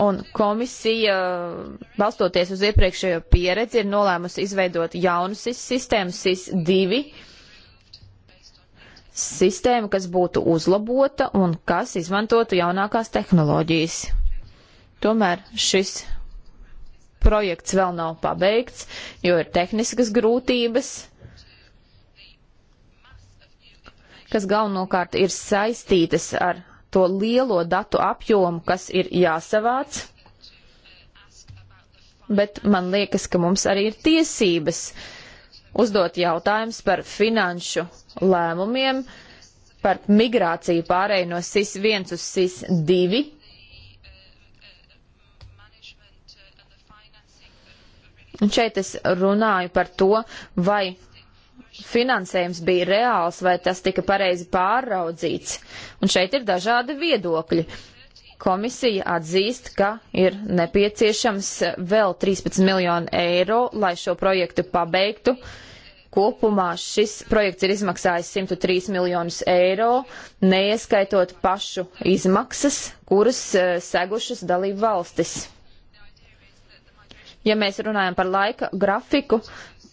Un komisija, balstoties uz iepriekšējo pieredzi, ir nolēmusi izveidot jaunu SIS sistēmu, SIS 2, sistēmu, kas būtu uzlabota un kas izmantotu jaunākās tehnoloģijas. Tomēr šis projekts vēl nav pabeigts, jo ir tehniskas grūtības kas galvenokārt ir saistītas ar to lielo datu apjomu, kas ir jāsavāc. Bet man liekas, ka mums arī ir tiesības uzdot jautājumus par finanšu lēmumiem, par migrāciju pārēj no SIS 1 uz SIS 2. Un šeit es runāju par to, vai finansējums bija reāls, vai tas tika pareizi pāraudzīts. Un šeit ir dažādi viedokļi. Komisija atzīst, ka ir nepieciešams vēl 13 miljonu eiro, lai šo projektu pabeigtu. Kopumā šis projekts ir izmaksājis 103 miljonus eiro, neieskaitot pašu izmaksas, kuras uh, segušas dalību valstis. Ja mēs runājam par laika grafiku,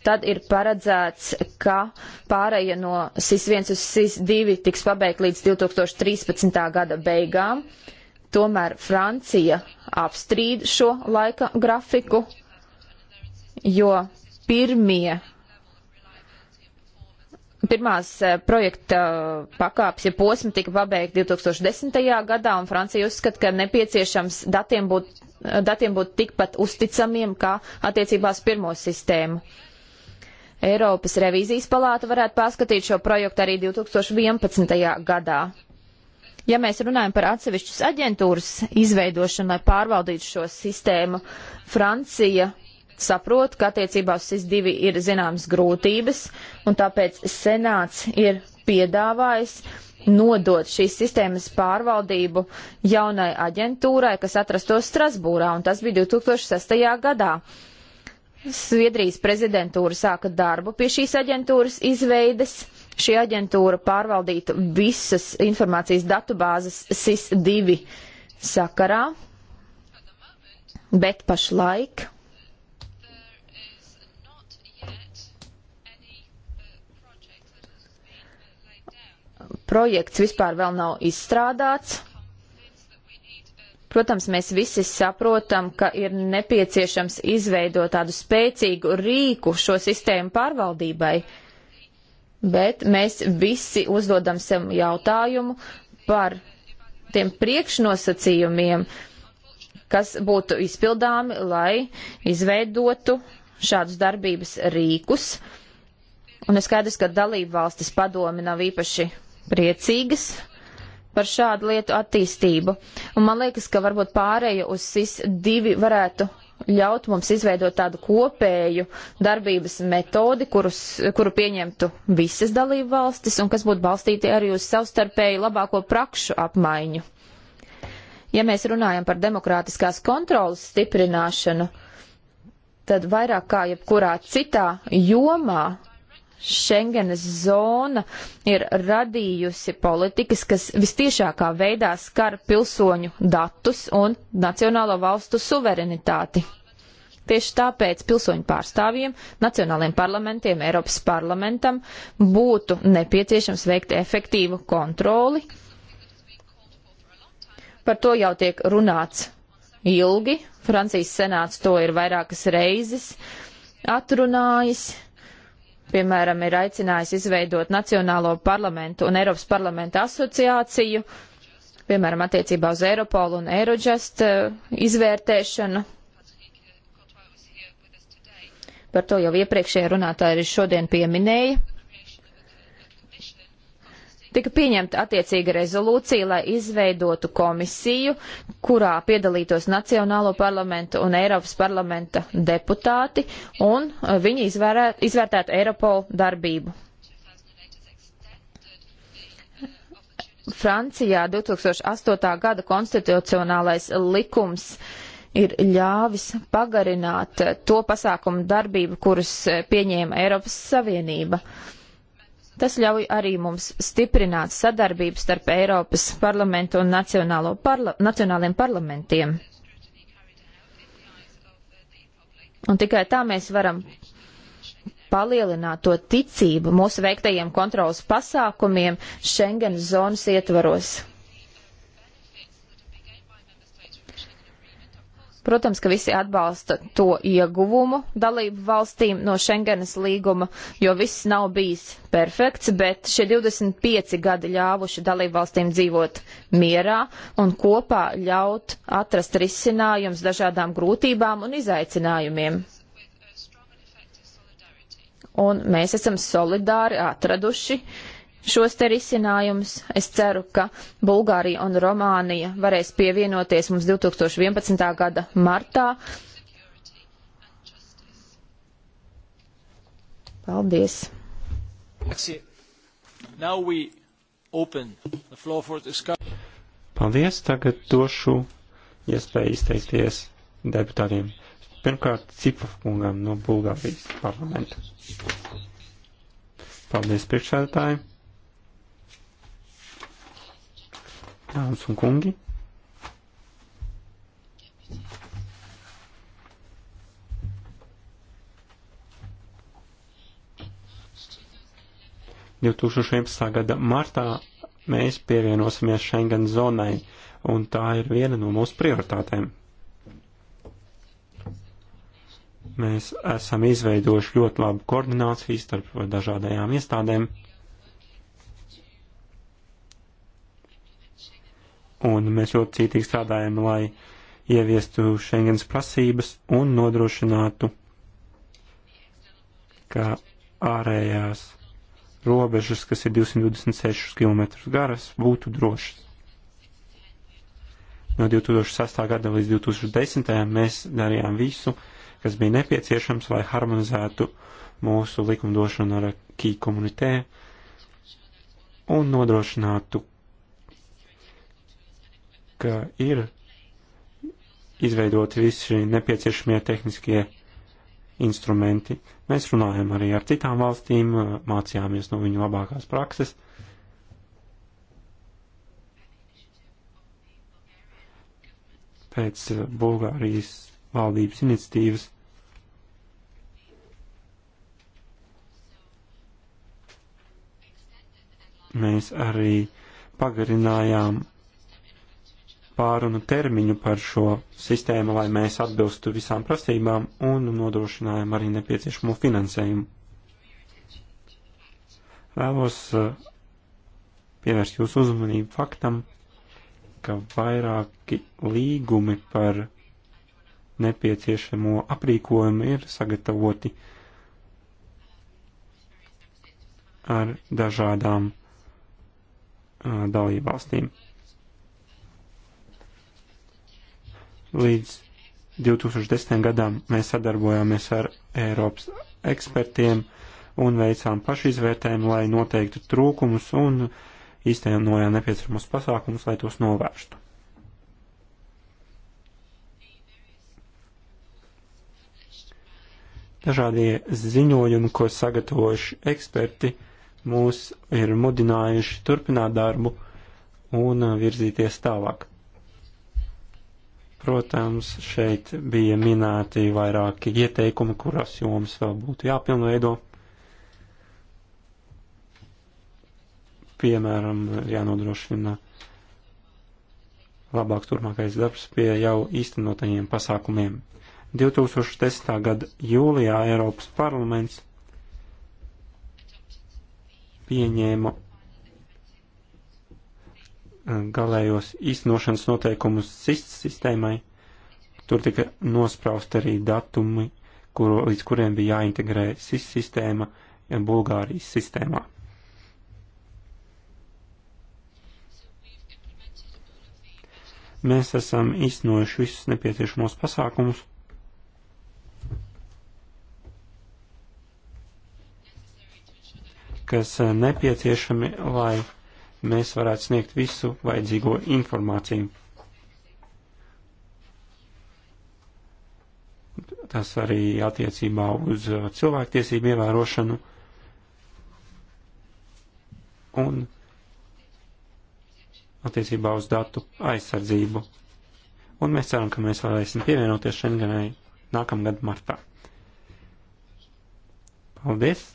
tad ir paredzēts, ka pāreja no SIS1 uz SIS2 tiks pabeigta līdz 2013. gada beigām. Tomēr Francija apstrīd šo laika grafiku, jo pirmie Pirmās eh, projekta pakāpes, ja posmi tika pabeigti 2010. gadā, un Francija uzskata, ka nepieciešams datiem būt, eh, datiem būt tikpat uzticamiem kā attiecībās pirmo sistēmu. Eiropas revīzijas palāta varētu paskatīt šo projektu arī 2011. gadā. Ja mēs runājam par atsevišķas aģentūras izveidošanu, lai pārvaldītu šo sistēmu, Francija saprot, ka attiecībā uz SIS-2 ir zināmas grūtības, un tāpēc senāts ir piedāvājis nodot šīs sistēmas pārvaldību jaunai aģentūrai, kas atrastos Strasbūrā, un tas bija 2006. gadā. Sviedrijas prezidentūra sāka darbu pie šīs aģentūras izveides. Šī aģentūra pārvaldītu visas informācijas datubāzes SIS-2 sakarā, bet pašlaik projekts vispār vēl nav izstrādāts. Protams, mēs visi saprotam, ka ir nepieciešams izveidot tādu spēcīgu rīku šo sistēmu pārvaldībai, bet mēs visi uzdodam sev jautājumu par tiem priekšnosacījumiem, kas būtu izpildāmi, lai izveidotu šādus darbības rīkus. Un ir skaidrs, ka dalību valstis padomi nav īpaši priecīgas par šādu lietu attīstību. Un man liekas, ka varbūt pārēju uz SIS divi varētu ļaut mums izveidot tādu kopēju darbības metodi, kurus, kuru pieņemtu visas dalību valstis un kas būtu balstīti arī uz savstarpēju labāko prakšu apmaiņu. Ja mēs runājam par demokrātiskās kontrolas stiprināšanu, tad vairāk kā jebkurā citā jomā Schengenes zona ir radījusi politikas, kas vistiešākā veidā skar pilsoņu datus un nacionālo valstu suverenitāti. Tieši tāpēc pilsoņu pārstāvjiem, nacionāliem parlamentiem, Eiropas parlamentam būtu nepieciešams veikt efektīvu kontroli. Par to jau tiek runāts ilgi. Francijas senāts to ir vairākas reizes atrunājis piemēram, ir aicinājis izveidot Nacionālo parlamentu un Eiropas parlamenta asociāciju, piemēram, attiecībā uz Eiropolu un Eirojust eh, izvērtēšanu. Par to jau iepriekšējā runātāja arī šodien pieminēja. Tika pieņemta attiecīga rezolūcija, lai izveidotu komisiju, kurā piedalītos Nacionālo parlamentu un Eiropas parlamenta deputāti, un uh, viņi izvērē, izvērtētu Eiropolu darbību. Francijā 2008. gada konstitucionālais likums ir ļāvis pagarināt to pasākumu darbību, kurus pieņēma Eiropas Savienība. Uh, Tas ļauj arī mums stiprināt sadarbību starp Eiropas parlamentu un parla nacionāliem parlamentiem. Un tikai tā mēs varam palielināt to ticību mūsu veiktajiem kontrolas pasākumiem Schengen zonas ietvaros. Protams, ka visi atbalsta to ieguvumu dalību valstīm no Schengenas līguma, jo viss nav bijis perfekts, bet šie 25 gadi ļāvuši dalību valstīm dzīvot mierā un kopā ļaut atrast risinājums dažādām grūtībām un izaicinājumiem un mēs esam solidāri atraduši šos te risinājumus. Es ceru, ka Bulgārija un Romānija varēs pievienoties mums 2011. gada martā. Paldies! Paldies! Tagad došu iespēju izteikties deputātiem. Pirmkārt, Cipavkungam no Bulgārijas parlamenta. Paldies priekšsēdētājiem! Dāmas un kungi. gada martā mēs pievienosimies Schengen zonai, un tā ir viena no mūsu prioritātēm. Mēs esam izveidojuši ļoti labu koordināciju starp dažādajām iestādēm. un mēs ļoti cītīgi strādājam, lai ieviestu Schengens prasības un nodrošinātu, ka ārējās robežas, kas ir 226 km garas, būtu drošas. No 2006. gada līdz 2010. mēs darījām visu, kas bija nepieciešams, lai harmonizētu mūsu likumdošanu ar kī komunitē un nodrošinātu, ka ir izveidoti visi nepieciešamie tehniskie instrumenti. Mēs runājam arī ar citām valstīm, mācījāmies no viņu labākās prakses. Pēc Bulgārijas valdības iniciatīvas mēs arī pagarinājām pārunu termiņu par šo sistēmu, lai mēs atbilstu visām prasībām un nodrošinājām arī nepieciešamo finansējumu. Vēlos eh, pievērst jūsu uzmanību faktam, ka vairāki līgumi par nepieciešamo aprīkojumu ir sagatavoti ar dažādām eh, dalībvalstīm. Līdz 2010. gadam mēs sadarbojāmies ar Eiropas ekspertiem un veicām pašizvērtējumu, lai noteiktu trūkumus un īstenojām nepieciešamos pasākumus, lai tos novērstu. Dažādie ziņojumi, ko sagatavojuši eksperti, mūs ir mudinājuši turpināt darbu un virzīties tālāk. Protams, šeit bija minēti vairāki ieteikumi, kuras jomas vēl būtu jāpilnveido. Piemēram, jānodrošina labāks turpmākais darbs pie jau īstenotajiem pasākumiem. 2010. gada jūlijā Eiropas parlaments pieņēma galējos īstenošanas noteikumus SIST sistēmai. Tur tika nospraust arī datumi, kuru, līdz kuriem bija jāintegrē SIST sistēma ja Bulgārijas sistēmā. Mēs esam īstenojuši visus nepieciešamos pasākumus. kas eh, nepieciešami, lai mēs varētu sniegt visu vajadzīgo informāciju. Tas arī attiecībā uz uh, cilvēktiesību ievērošanu un attiecībā uz datu aizsardzību. Un mēs ceram, ka mēs varēsim pievienoties Schengenai nākamgad martā. Paldies!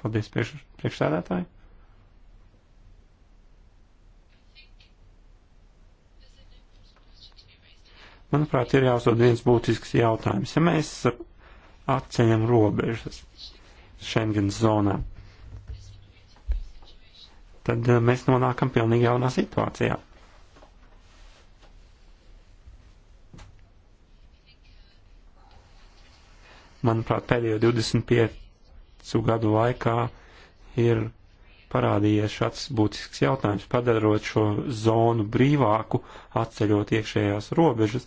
Paldies priekš, priekšsēdētāji. Manuprāt, ir jāuzdod viens būtisks jautājums. Ja mēs atceļam robežas Schengen zonā, tad eh, mēs nonākam pilnīgi jaunā situācijā. manuprāt, pēdējo 25 gadu laikā ir parādījies šāds būtisks jautājums, padarot šo zonu brīvāku, atceļot iekšējās robežas.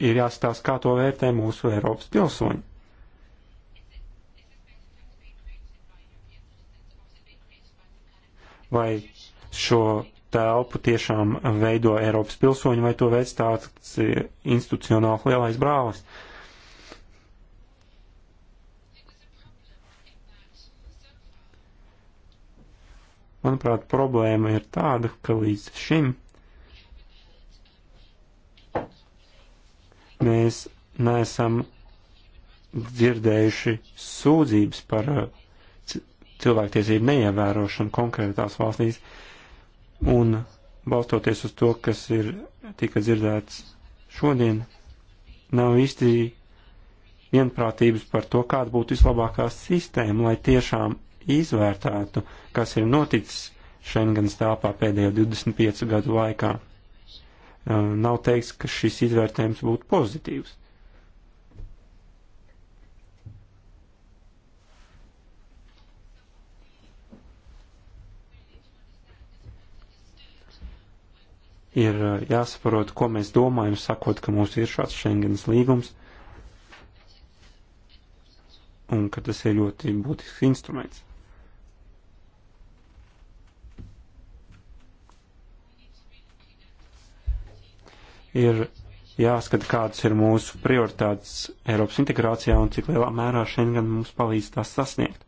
Ir jāstāsta, kā to vērtē mūsu Eiropas pilsoņi. Vai šo telpu tiešām veido Eiropas pilsoņi, vai to veids tāds eh, institucionāli lielais brālis? Uh, Manuprāt, problēma ir tāda, ka līdz šim mēs neesam dzirdējuši sūdzības par uh, cilvēktiesību neievērošanu konkrētās valstīs, un balstoties uz to, kas ir tika dzirdēts šodien, nav īsti vienprātības par to, kāda būtu vislabākā sistēma, lai tiešām izvērtētu, kas ir noticis Schengens telpā pēdējo 25 gadu laikā. Uh, nav teiks, ka šis izvērtējums būtu pozitīvs. ir uh, jāsaprot, ko mēs domājam, sakot, ka mums ir šāds Schengens līgums, un ka tas ir ļoti būtisks instruments. ir jāskata, kādas ir mūsu prioritātes Eiropas integrācijā un cik lielā mērā Schengen mums palīdz tās sasniegt.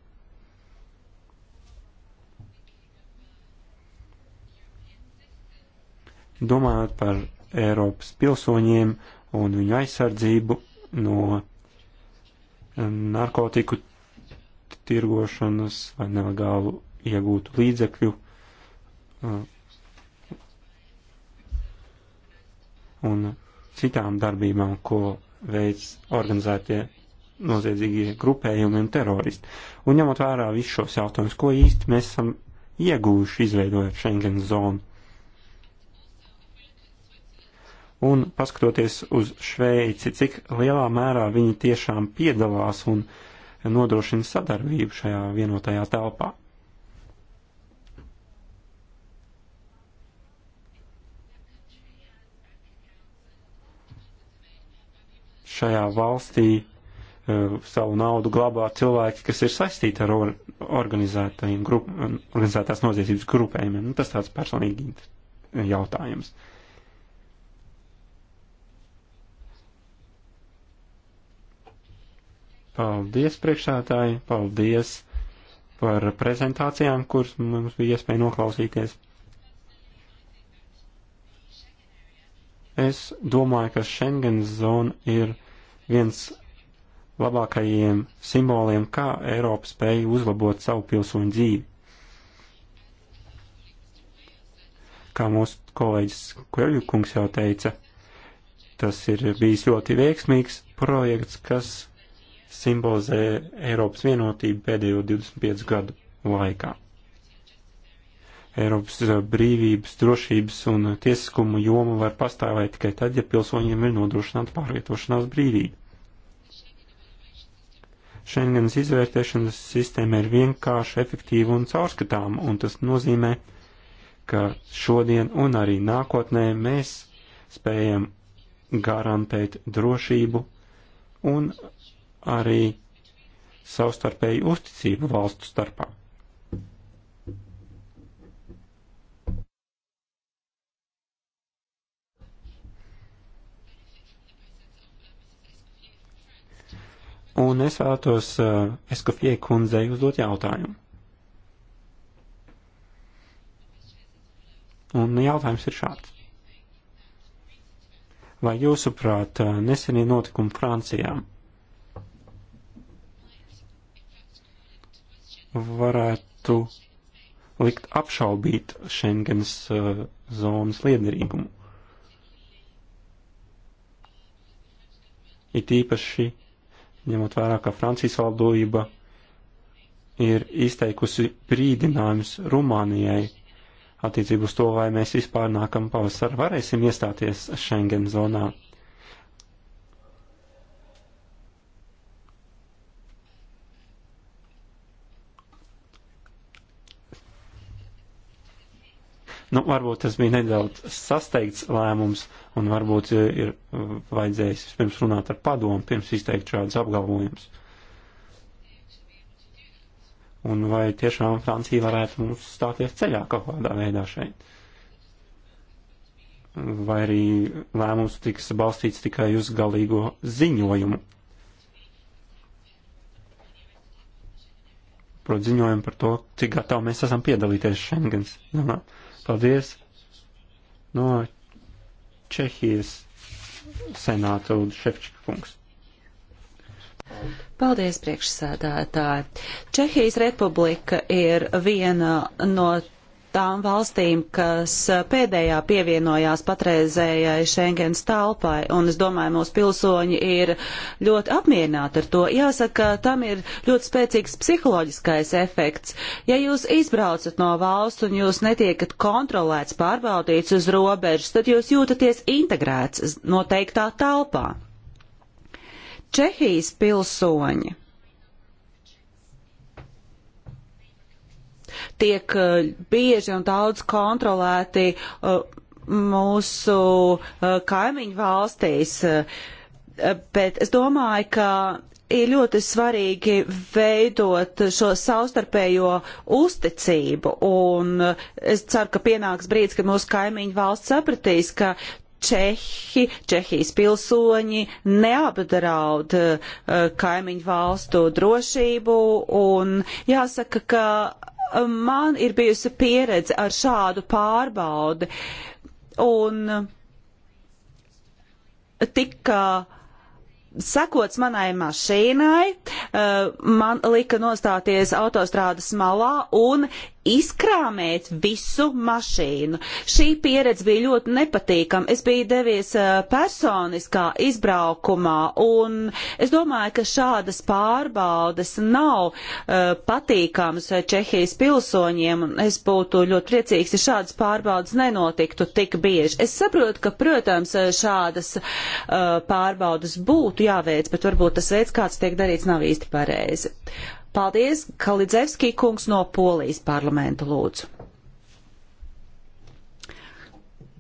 Domājot par Eiropas pilsoņiem un viņu aizsardzību no um, narkotiku tirgošanas vai nelegālu iegūtu līdzekļu uh, un citām darbībām, ko veids organizētie noziedzīgie grupējumi un teroristi. Un ņemot vērā visus šos jautājumus, ko īsti mēs esam iegūši izveidojot Schengen zonu. Un paskatoties uz Šveici, cik lielā mērā viņi tiešām piedalās un nodrošina sadarbību šajā vienotajā telpā. šajā valstī e, savu naudu glabā cilvēki, kas ir saistīti ar or organizētajiem grup organizētās noziedzības grupējumiem. Nu, tas tāds personīgi jautājums. Paldies priekšētāji, paldies par prezentācijām, kuras mums bija iespēja noklausīties. Es domāju, ka Schengen zona ir viens labākajiem simboliem, kā Eiropa spēja uzlabot savu pilsoņu dzīvi. Kā mūsu kolēģis Kveļukungs jau teica, tas ir bijis ļoti veiksmīgs projekts, kas simbolizē Eiropas vienotību pēdējo 25 gadu laikā. Eiropas brīvības, drošības un tiesiskuma joma var pastāvēt tikai tad, ja pilsoņiem ir nodrošināta pārvietošanās brīvība. Schengens izvērtēšanas sistēma ir vienkārši efektīva un caurskatām, un tas nozīmē, ka šodien un arī nākotnē mēs spējam garantēt drošību un arī savstarpēju uzticību valstu starpā. Un es vēlētos uh, eh, Eskofie kundzei uzdot jautājumu. Un jautājums ir šāds. Vai jūsuprāt, eh, nesenie notikumi Francijā varētu likt apšaubīt Schengens uh, eh, zonas liederīgumu? It īpaši ņemot vērā, ka Francijas valdība ir izteikusi brīdinājumus Rumānijai attiecību uz to, vai mēs vispār nākam pavasar varēsim iestāties Schengen zonā. Nu, varbūt tas bija nedaudz sasteigts lēmums, un varbūt eh, ir eh, vajadzējis pirms runāt ar padomu, pirms izteikt šādus apgalvojumus. Un vai tiešām Francija varētu mums stāties ceļā kaut kādā veidā šeit? Vai arī lēmums tiks balstīts tikai uz galīgo ziņojumu, proti ziņojumu par to, cik gatavi mēs esam piedalīties Schengens zonā. Ja Paldies no Čehijas senāta un Šefčika kungs. Paldies, priekšsēdētāji. Čehijas republika ir viena no tām valstīm, kas pēdējā pievienojās patreizējai Schengens talpai, un es domāju, mūsu pilsoņi ir ļoti apmierināti ar to. Jāsaka, tam ir ļoti spēcīgs psiholoģiskais efekts. Ja jūs izbraucat no valsts un jūs netiekat kontrolēts, pārbaudīts uz robežas, tad jūs jūtaties integrēts noteiktā telpā. Čehijas pilsoņi tiek eh, bieži un daudz kontrolēti eh, mūsu eh, kaimiņu valstīs. Bet es domāju, ka ir ļoti svarīgi veidot šo savstarpējo uzticību. Un es ceru, ka pienāks brīdis, kad mūsu kaimiņu valsts sapratīs, ka Čehi, Čehijas pilsoņi neapdraud kaimiņu valstu drošību un jāsaka, ka man ir bijusi pieredze ar šādu pārbaudi. Un tika sekots manai mašīnai, eh, man lika nostāties autostrādas malā un izkrāmēt visu mašīnu. Šī pieredze bija ļoti nepatīkama. Es biju devies personiskā izbraukumā, un es domāju, ka šādas pārbaudas nav uh, patīkamas Čehijas pilsoņiem, un es būtu ļoti priecīgs, ja šādas pārbaudas nenotiktu tik bieži. Es saprotu, ka, protams, šādas uh, pārbaudas būtu jāveic, bet varbūt tas veids, kāds tiek darīts, nav īsti pareizi. Uh, Paldies, Kalidzevski kungs no Polijas parlamenta lūdzu.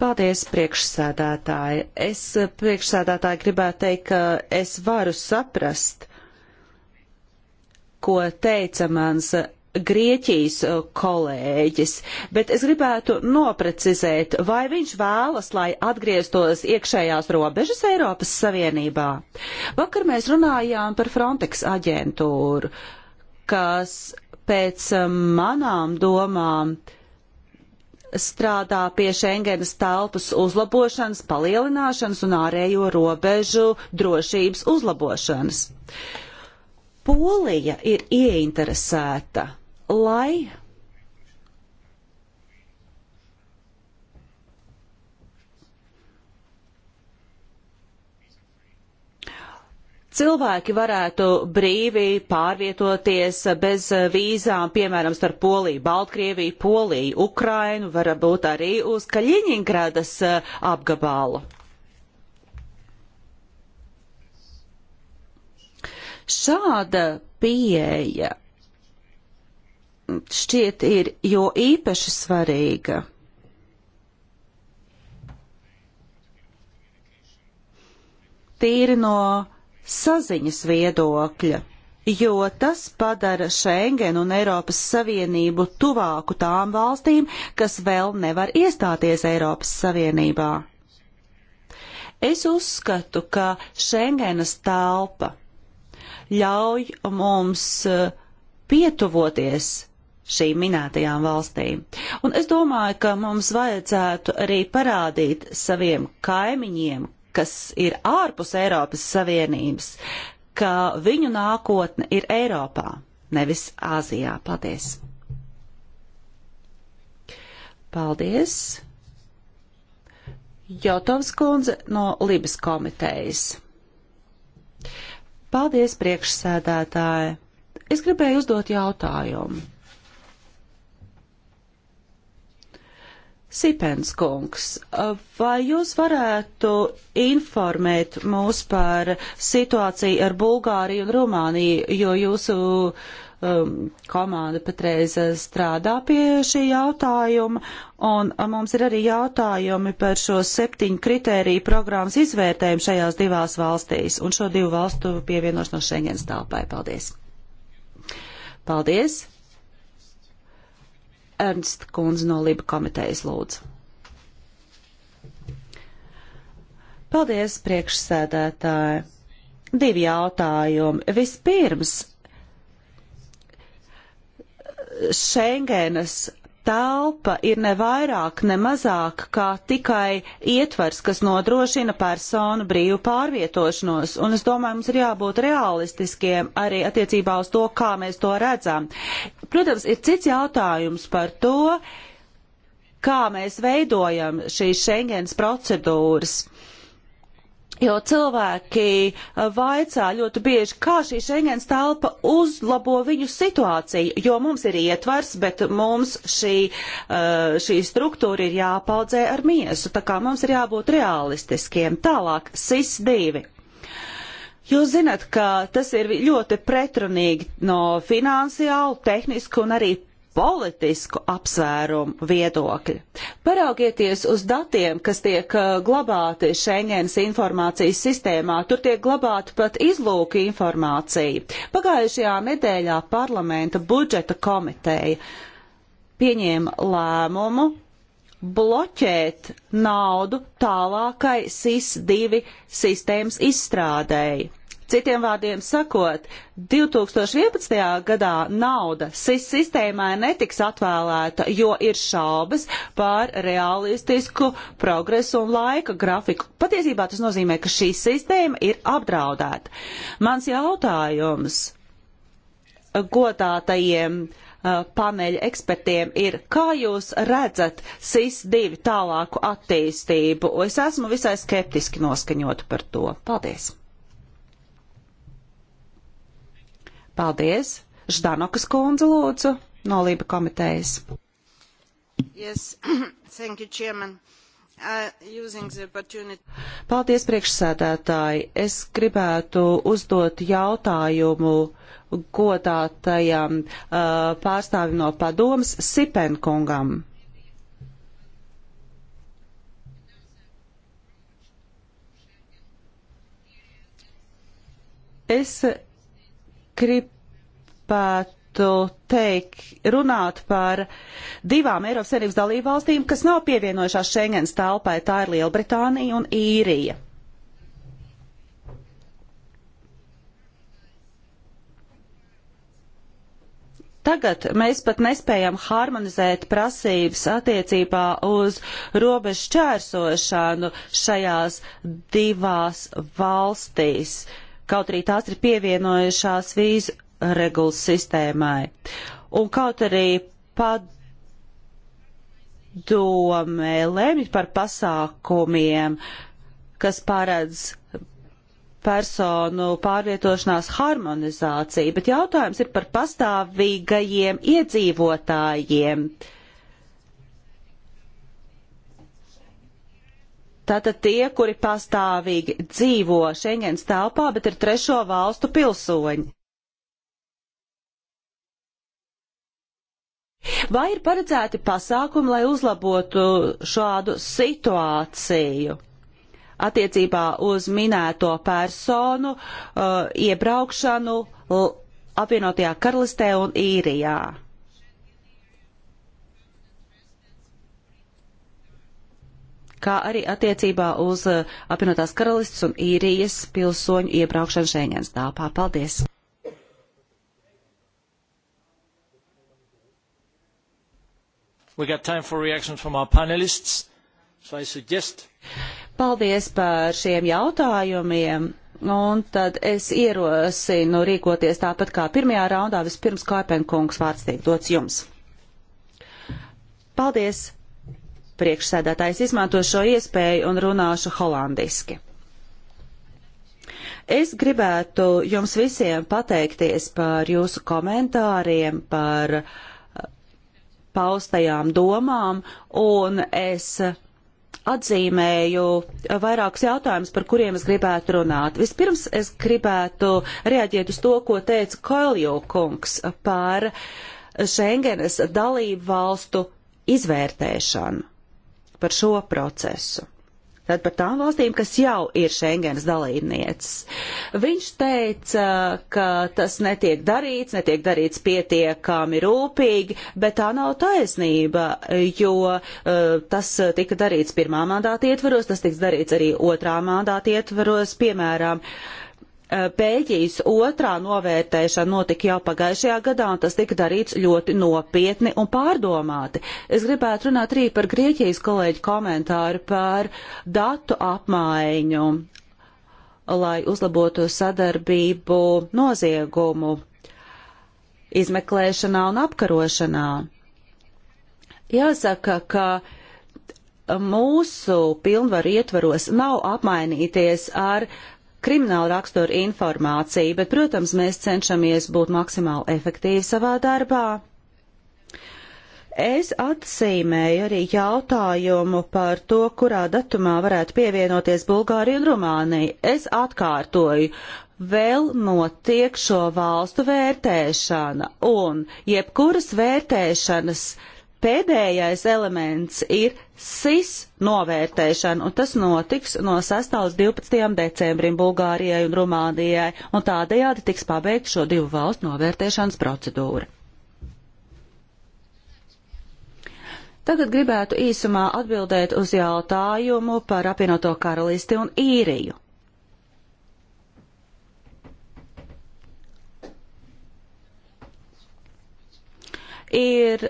Paldies, priekšsēdētāji. Es eh, priekšsēdētāji gribētu teikt, ka es varu saprast, ko teica mans eh, Grieķijas eh, kolēģis, bet es gribētu noprecizēt, vai viņš vēlas, lai atgrieztos iekšējās robežas Eiropas Savienībā. Vakar mēs runājām par Frontex aģentūru. Uh, kas pēc um, manām domām strādā pie Schengenas telpas uzlabošanas, palielināšanas un ārējo robežu drošības uzlabošanas. Polija ir ieinteresēta, lai cilvēki varētu brīvi pārvietoties bez vīzām, piemēram, starp Poliju, Baltkrieviju, Poliju, Ukrainu, varbūt arī uz Kaļiņingradas eh, apgabalu. Šāda pieeja šķiet ir jo īpaši svarīga. Tīri no saziņas viedokļa jo tas padara Schengen un Eiropas Savienību tuvāku tām valstīm, kas vēl nevar iestāties Eiropas Savienībā. Es uzskatu, ka Schengenas telpa ļauj mums eh, pietuvoties šīm minētajām valstīm. Un es domāju, ka mums vajadzētu arī parādīt saviem kaimiņiem, kas ir ārpus Eiropas Savienības, ka viņu nākotne ir Eiropā, nevis Āzijā. Paldies! Paldies! Jotovs kundze no Libas komitejas. Paldies, priekšsēdētāji! Es gribēju uzdot jautājumu. Sipens kungs, vai jūs varētu informēt mūs par situāciju ar Bulgāriju un Rumāniju, jo jūsu um, komanda patreiz strādā pie šī jautājuma, un mums ir arī jautājumi par šo septiņu kritēriju programmas izvērtējumu šajās divās valstīs un šo divu valstu pievienošanos Schengens telpai. Paldies! Paldies! Ernst Kunz no Liba komitejas lūdzu. Paldies, priekšsēdētāji. Divi jautājumi. Vispirms, Šengenas telpa ir ne vairāk, ne mazāk kā tikai ietvers, kas nodrošina personu brīvu pārvietošanos. Un es domāju, mums ir jābūt realistiskiem arī attiecībā uz to, kā mēs to redzam. Protams, ir cits jautājums par to, kā mēs veidojam šīs Schengens procedūras. Jo cilvēki eh, vaicā ļoti bieži, kā šī Schengens telpa uzlabo viņu situāciju, jo mums ir ietvers, bet mums šī, eh, šī struktūra ir jāpaudzē ar miesu, tā kā mums ir jābūt realistiskiem. Tālāk, SIS 2. Jūs zināt, ka tas ir ļoti pretrunīgi no finansiālu, tehnisku un arī politisku apsvērumu viedokļi. Paraugieties uz datiem, kas tiek uh, glabāti Schengens informācijas sistēmā. Tur tiek glabāta pat izlūka informācija. Pagājušajā nedēļā parlamenta budžeta komiteja pieņēma lēmumu bloķēt naudu tālākai SIS-2 sistēmas izstrādēji. Citiem vārdiem sakot, 2011. gadā nauda SIS sistēmai netiks atvēlēta, jo ir šaubas par realistisku progresu un laika grafiku. Patiesībā tas nozīmē, ka šī sistēma ir apdraudēta. Mans jautājums godātajiem uh, paneļa ekspertiem ir, kā jūs redzat SIS-2 tālāku attīstību? Es esmu visai skeptiski noskaņota par to. Paldies! Paldies! Ždanokas kundze lūdzu no Lība komitejas. Yes. Thank you, Chairman. Uh, Paldies, priekšsēdētāji. Es gribētu uzdot jautājumu godātajam uh, pārstāvim no padomas Sipenkungam. Es gribētu teikt, runāt par divām Eiropas Savienības dalību valstīm, kas nav pievienojušās Schengens telpai. Tā ir Lielbritānija un Īrija. Tagad mēs pat nespējam harmonizēt prasības attiecībā uz robežu čērsošanu šajās divās valstīs kaut arī tās ir pievienojušās vīzu regulas sistēmai. Un kaut arī padomē lemj par pasākumiem, kas paredz personu pārvietošanās harmonizāciju, bet jautājums ir par pastāvīgajiem iedzīvotājiem. Uh, Tātad tie, kuri pastāvīgi dzīvo Schengens telpā, bet ir trešo valstu pilsoņi. Vai ir paredzēti pasākumi, lai uzlabotu šādu situāciju? attiecībā uz minēto personu uh, iebraukšanu apvienotajā karalistē un īrijā. kā arī attiecībā uz eh, apvienotās karalistas un īrijas pilsoņu iebraukšanu Šēņēns tāpā. Paldies! We got time for reactions from our panelists, so I suggest. Paldies par šiem jautājumiem. Un tad es ierosinu rīkoties tāpat kā pirmajā raundā. Vispirms Kāpenkungs vārds tiek dots jums. Paldies! priekšsēdētājs izmanto šo iespēju un runāšu holandiski. Es gribētu jums visiem pateikties par jūsu komentāriem, par eh, paustajām domām, un es atzīmēju vairākus jautājumus, par kuriem es gribētu runāt. Vispirms es gribētu reaģēt uz to, ko teica Koeljo kungs par Schengenes dalību valstu izvērtēšanu par šo procesu. Tad par tām valstīm, kas jau ir Schengens dalībnieces. Viņš teica, ka tas netiek darīts, netiek darīts pietiekami rūpīgi, bet tā nav taisnība, jo uh, tas tika darīts pirmā mandāta ietvaros, tas tiks darīts arī otrā mandāta ietvaros, piemēram. Uh, Eh, Bēļģijas otrā novērtēšana notika jau pagājušajā gadā, un tas tika darīts ļoti nopietni un pārdomāti. Es gribētu runāt arī par Grieķijas kolēģi komentāru par datu apmaiņu, lai uzlabotu sadarbību noziegumu izmeklēšanā un apkarošanā. Jāsaka, ka mūsu pilnvaru ietvaros nav apmainīties ar krimināla rakstura informāciju, bet, protams, mēs cenšamies būt maksimāli efektīvi savā darbā. Es atzīmēju arī jautājumu par to, kurā datumā varētu pievienoties Bulgārija un Rumānija. Es atkārtoju, vēl notiek šo valstu vērtēšana, un jebkuras vērtēšanas uh, Pēdējais elements ir SIS novērtēšana, un tas notiks no 6. līdz 12. decembrim Bulgārijai un Rumānijai, un tādējādi tiks pabeigta šo divu valstu novērtēšanas procedūra. Tagad gribētu īsumā atbildēt uz jautājumu par apvienoto karalisti un īriju. Ir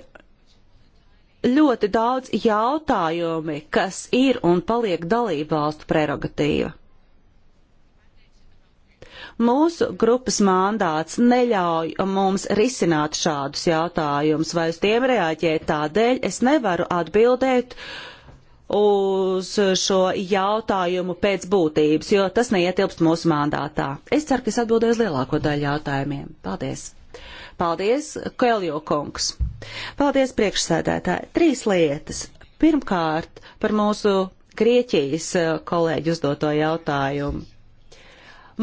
ļoti daudz jautājumi, kas ir un paliek dalību valstu prerogatīva. Mūsu grupas mandāts neļauj mums risināt šādus jautājumus, vai uz tiem reaģēt tādēļ es nevaru atbildēt uz šo jautājumu pēc būtības, jo tas neietilpst mūsu mandātā. Es ceru, ka es atbildēju uz lielāko daļu jautājumiem. Paldies! Paldies, Koeljo kungs! Paldies, priekšsēdētāji! Trīs lietas. Pirmkārt, par mūsu Grieķijas eh, kolēģi uzdoto jautājumu.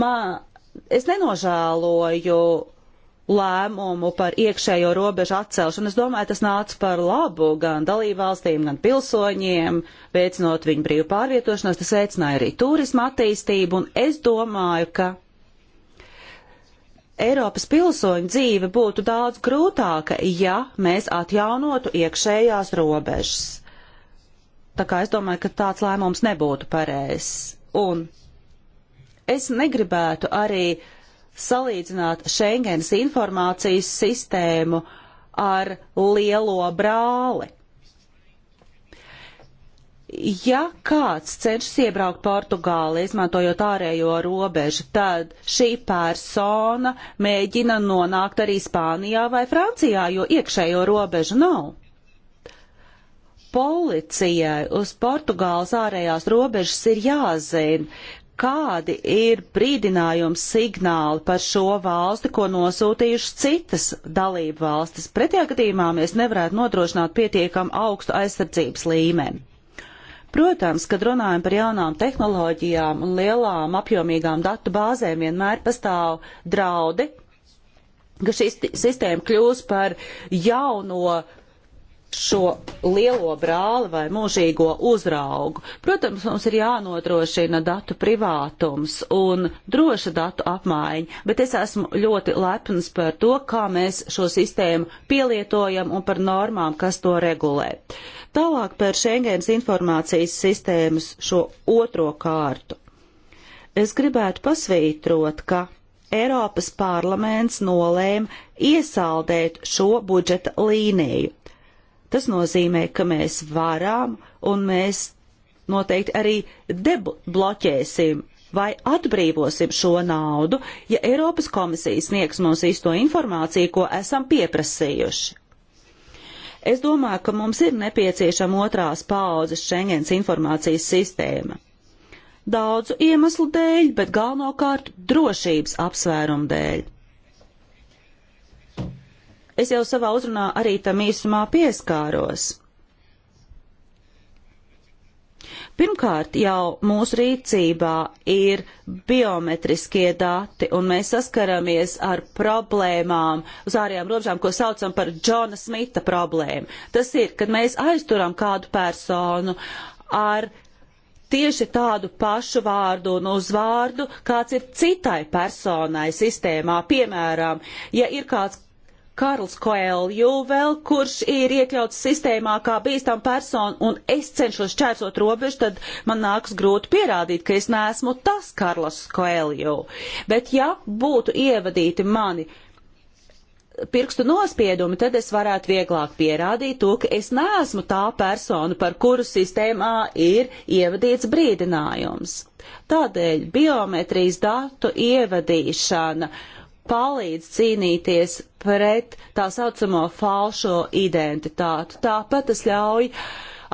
Mā, es nenožēloju lēmumu par iekšējo robežu atcelšanu. Es domāju, tas nāca par labu gan dalībvalstīm, gan pilsoņiem, veicinot viņu brīvu pārvietošanos, tas veicināja arī turismu attīstību, un es domāju, ka Eiropas pilsoņu dzīve būtu daudz grūtāka, ja mēs atjaunotu iekšējās robežas. Tā kā es domāju, ka tāds lēmums nebūtu pareizs. Un es negribētu arī salīdzināt Schengens informācijas sistēmu ar lielo brāli. Ja kāds cenšas iebraukt Portugāli, izmantojot ārējo robežu, tad šī persona mēģina nonākt arī Spānijā vai Francijā, jo iekšējo robežu nav. Policijai uz Portugāles ārējās robežas ir jāzina, kādi ir brīdinājums signāli par šo valsti, ko nosūtījušas citas dalību valstis. Pretējā gadījumā mēs nevarētu nodrošināt pietiekam augstu aizsardzības līmeni. Protams, kad runājam par jaunām tehnoloģijām un lielām apjomīgām datu bāzēm, vienmēr pastāv draudi, ka šī sistēma kļūs par jauno šo lielo brāli vai mūžīgo uzraugu. Protams, mums ir jānodrošina datu privātums un droša datu apmaiņa, bet es esmu ļoti lepns par to, kā mēs šo sistēmu pielietojam un par normām, kas to regulē. Tālāk par Schengens informācijas sistēmas šo otro kārtu. Es gribētu pasvītrot, ka Eiropas parlaments nolēma iesaldēt šo budžeta līniju Tas nozīmē, ka mēs varam un mēs noteikti arī debloķēsim vai atbrīvosim šo naudu, ja Eiropas komisija sniegs mums īsto informāciju, ko esam pieprasījuši. Es domāju, ka mums ir nepieciešama otrās paudzes Schengens informācijas sistēma. Daudzu iemeslu dēļ, bet galvenokārt drošības apsvērumu dēļ. Es jau savā uzrunā arī tam īsumā pieskāros. Pirmkārt, jau mūsu rīcībā ir biometriskie dati, un mēs saskaramies ar problēmām uz ārējām robežām, ko saucam par Džona Smita problēmu. Tas ir, kad mēs aizturam kādu personu ar tieši tādu pašu vārdu un uzvārdu, kāds ir citai personai sistēmā. Piemēram, ja ir kāds Karls Koelju vēl, kurš ir iekļauts sistēmā kā bīstam personu, un es cenšos čērsot robežu, tad man nāks grūti pierādīt, ka es neesmu tas Karls Koelju. Bet ja būtu ievadīti mani pirkstu nospiedumi, tad es varētu vieglāk pierādīt to, ka es neesmu tā persona, par kuru sistēmā ir ievadīts brīdinājums. Tādēļ biometrijas datu ievadīšana uh, palīdz cīnīties pret tā saucamo falšo identitātu. Tāpat tas ļauj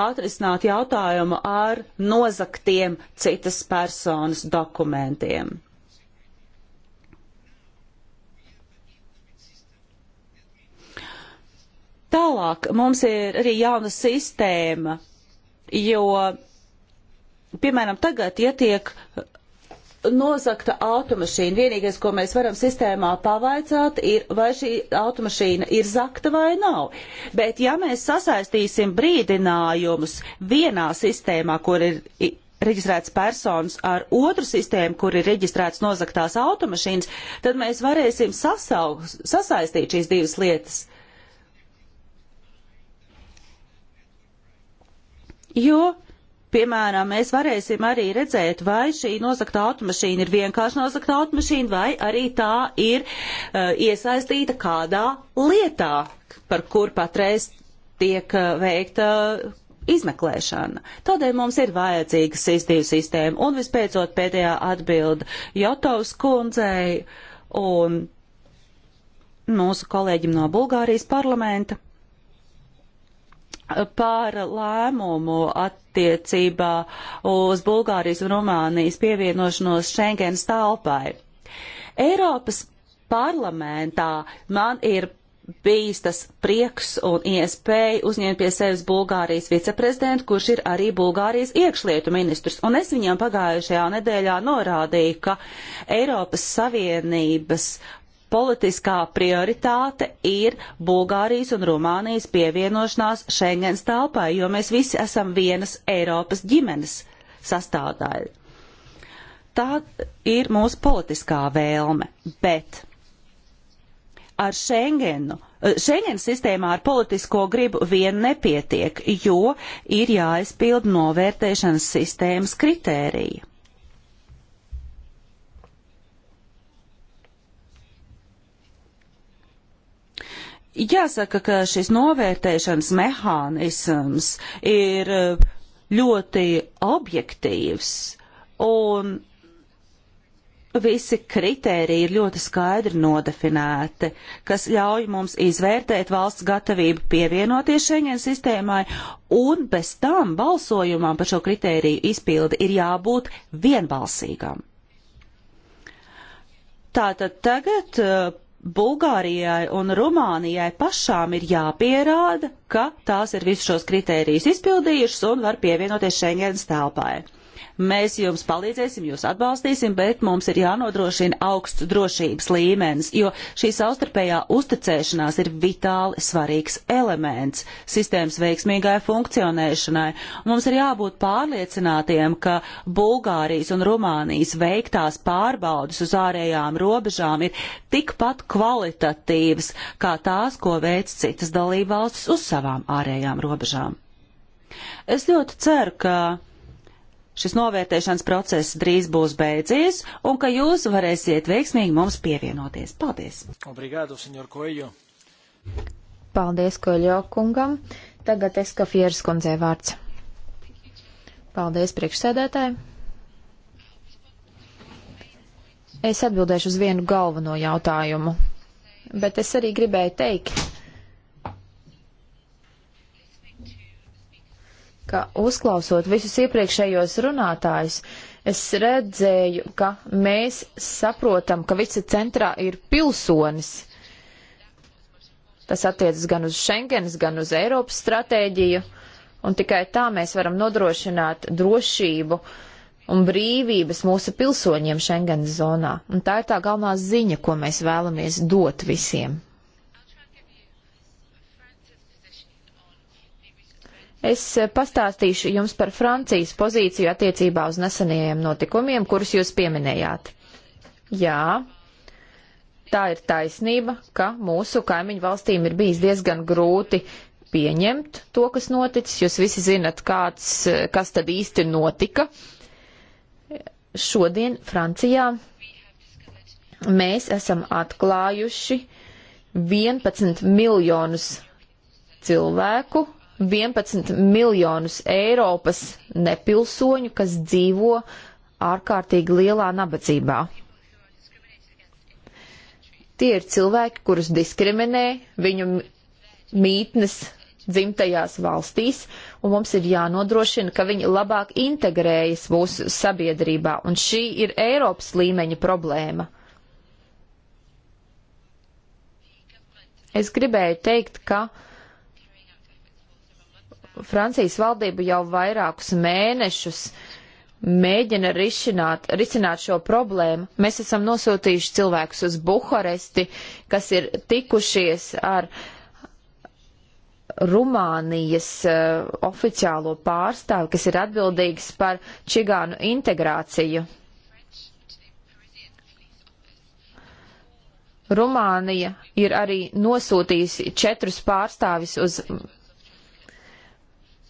atrisināt jautājumu ar nozaktiem citas personas dokumentiem. Tālāk mums ir arī jauna sistēma, jo, piemēram, tagad ietiek ja nozakta automašīna. Vienīgais, ko mēs varam sistēmā pavaicāt, ir, vai šī automašīna ir zakta vai nav. Bet ja mēs sasaistīsim brīdinājumus vienā sistēmā, kur ir reģistrēts personas ar otru sistēmu, kur ir reģistrēts nozaktās automašīnas, tad mēs varēsim sasaug, sasaistīt šīs divas lietas. Jo Piemēram, mēs varēsim arī redzēt, vai šī nozakta automašīna ir vienkārši nozakta automašīna, vai arī tā ir uh, iesaistīta kādā lietā, par kur patreiz tiek uh, veikta eh, izmeklēšana. Tādēļ mums ir vajadzīga sistīva sistēma. Un vispēcot pēdējā atbilda Jotovs kundzei un mūsu kolēģim no Bulgārijas parlamenta par lēmumu attiecībā uz Bulgārijas un Rumānijas pievienošanos Schengens talpai. Eiropas parlamentā man ir bijis tas prieks un iespēja uzņemt pie sevis Bulgārijas viceprezidentu, kurš ir arī Bulgārijas iekšlietu ministrs. Un es viņam pagājušajā nedēļā norādīju, ka Eiropas Savienības politiskā prioritāte ir Bulgārijas un Rumānijas pievienošanās Schengens telpai, jo mēs visi esam vienas Eiropas ģimenes sastāvdaļa. Tā ir mūsu politiskā vēlme, bet ar Schengenu. Schengen sistēmā ar politisko gribu vien nepietiek, jo ir jāizpild novērtēšanas sistēmas kritērija. Jāsaka, ka šis novērtēšanas mehānisms ir eh, ļoti objektīvs un visi kriteriji ir ļoti skaidri nodefinēti, kas ļauj mums izvērtēt valsts gatavību pievienoties Schengen sistēmai, un bez tam balsojumam par šo kriteriju izpildi ir jābūt vienbalsīgam. Tātad tagad eh, Bulgārijai un Rumānijai pašām ir jāpierāda, ka tās ir visus šos kritērijus izpildījušas un var pievienoties Schengens telpai. Mēs jums palīdzēsim, jūs atbalstīsim, bet mums ir jānodrošina augsts drošības līmenis, jo šī savstarpējā uzticēšanās ir vitāli svarīgs elements sistēmas veiksmīgai funkcionēšanai. Mums ir jābūt pārliecinātiem, ka Bulgārijas un Rumānijas veiktās pārbaudas uz ārējām robežām ir tikpat kvalitatīvas kā tās, ko veic citas dalībvalstis uz savām ārējām robežām. Es ļoti ceru, ka šis novērtēšanas process drīz būs beidzies un ka jūs varēsiet veiksmīgi mums pievienoties. Paldies! Obrigado, senjor Koejo! Paldies, Koejo kungam! Tagad es kafieras kundzē vārds. Paldies, priekšsēdētāji! Es atbildēšu uz vienu galveno jautājumu, bet es arī gribēju teikt, ka uzklausot visus iepriekšējos runātājus, es redzēju, ka mēs saprotam, ka visa centrā ir pilsonis. Tas attiecas gan uz Schengenas, gan uz Eiropas stratēģiju, un tikai tā mēs varam nodrošināt drošību un brīvības mūsu pilsoņiem Schengenas zonā. Un tā ir tā galvenā ziņa, ko mēs vēlamies dot visiem. Es eh, pastāstīšu jums par Francijas pozīciju attiecībā uz nesenajiem notikumiem, kurus jūs pieminējāt. Jā, tā ir taisnība, ka mūsu kaimiņu valstīm ir bijis diezgan grūti pieņemt to, kas noticis. Jūs visi zinat, kāds, eh, kas tad īsti notika. Šodien Francijā mēs esam atklājuši 11 miljonus cilvēku, 11 miljonus Eiropas nepilsoņu, kas dzīvo ārkārtīgi lielā nabadzībā. Tie ir cilvēki, kurus diskriminē viņu mītnes dzimtajās valstīs, un mums ir jānodrošina, ka viņi labāk integrējas mūsu sabiedrībā, un šī ir Eiropas līmeņa problēma. Es gribēju teikt, ka uh, Francijas valdība jau vairākus mēnešus mēģina risināt, risināt šo problēmu. Mēs esam nosūtījuši cilvēkus uz Buharesti, kas ir tikušies ar Rumānijas uh, oficiālo pārstāvi, kas ir atbildīgs par čigānu integrāciju. Rumānija ir arī nosūtījusi četrus pārstāvis uz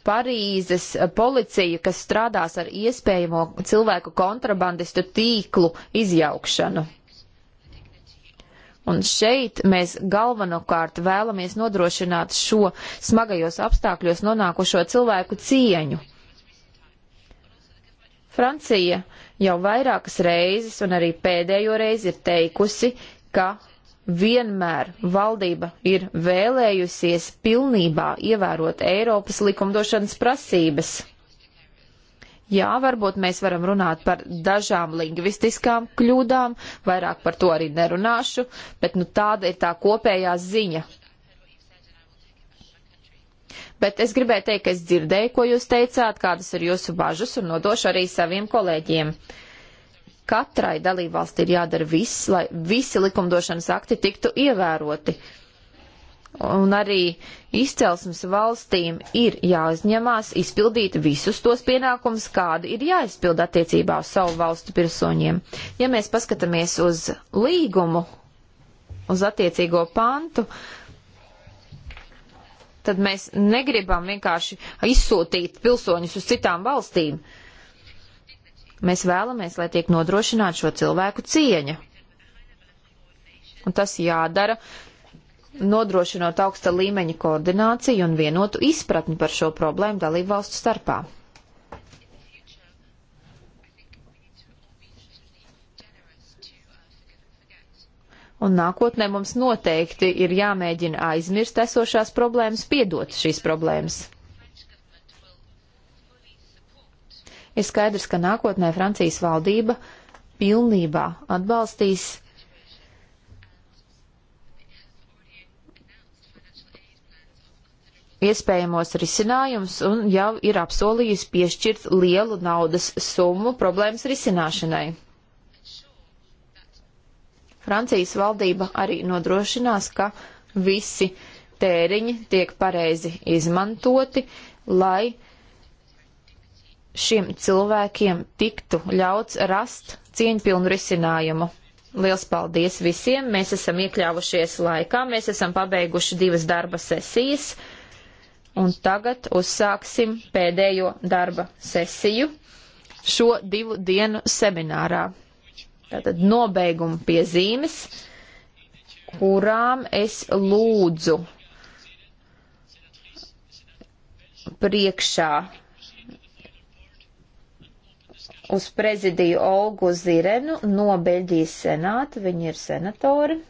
Parīzes eh, policija, kas strādās ar iespējamo cilvēku kontrabandistu tīklu izjaukšanu. Un šeit mēs galvenokārt vēlamies nodrošināt šo smagajos apstākļos nonākušo cilvēku cieņu. Francija jau vairākas reizes un arī pēdējo reizi ir teikusi, ka vienmēr valdība ir vēlējusies pilnībā ievērot Eiropas likumdošanas prasības. Jā, varbūt mēs varam runāt par dažām lingvistiskām kļūdām, vairāk par to arī nerunāšu, bet nu tāda ir tā kopējā ziņa. Bet es gribēju teikt, ka es dzirdēju, ko jūs teicāt, kādas ir jūsu bažas, un nodošu arī saviem kolēģiem. Uh, Katrai dalībvalsti ir jādara viss, lai visi likumdošanas akti tiktu ievēroti. Un arī izcelsmes valstīm ir jāuzņemās izpildīt visus tos pienākumus, kādi ir jāizpild attiecībā uz savu valstu pilsoņiem. Ja mēs paskatāmies uz līgumu, uz attiecīgo pantu, tad mēs negribam vienkārši izsūtīt pilsoņus uz citām valstīm. Uh, Mēs vēlamies, lai tiek nodrošināta šo cilvēku cieņa. Un tas jādara, nodrošinot augsta līmeņa koordināciju un vienotu izpratni par šo problēmu dalību valstu starpā. un nākotnē mums noteikti ir jāmēģina aizmirst esošās problēmas, piedot šīs problēmas. Ir skaidrs, ka nākotnē Francijas valdība pilnībā atbalstīs iespējamos risinājumus un jau ir apsolījusi piešķirt lielu naudas summu problēmas risināšanai. Francijas valdība arī nodrošinās, ka visi tēriņi tiek pareizi izmantoti, lai šiem cilvēkiem tiktu ļauts rast cieņpilnu risinājumu. Liels paldies visiem! Mēs esam iekļāvušies laikā, mēs esam pabeiguši divas darba sesijas, un tagad uzsāksim pēdējo darba sesiju šo divu dienu seminārā. Tātad nobeiguma piezīmes, kurām es lūdzu priekšā uz prezidiju Olgu Zirenu no Beļģijas senāta, viņa ir senatore.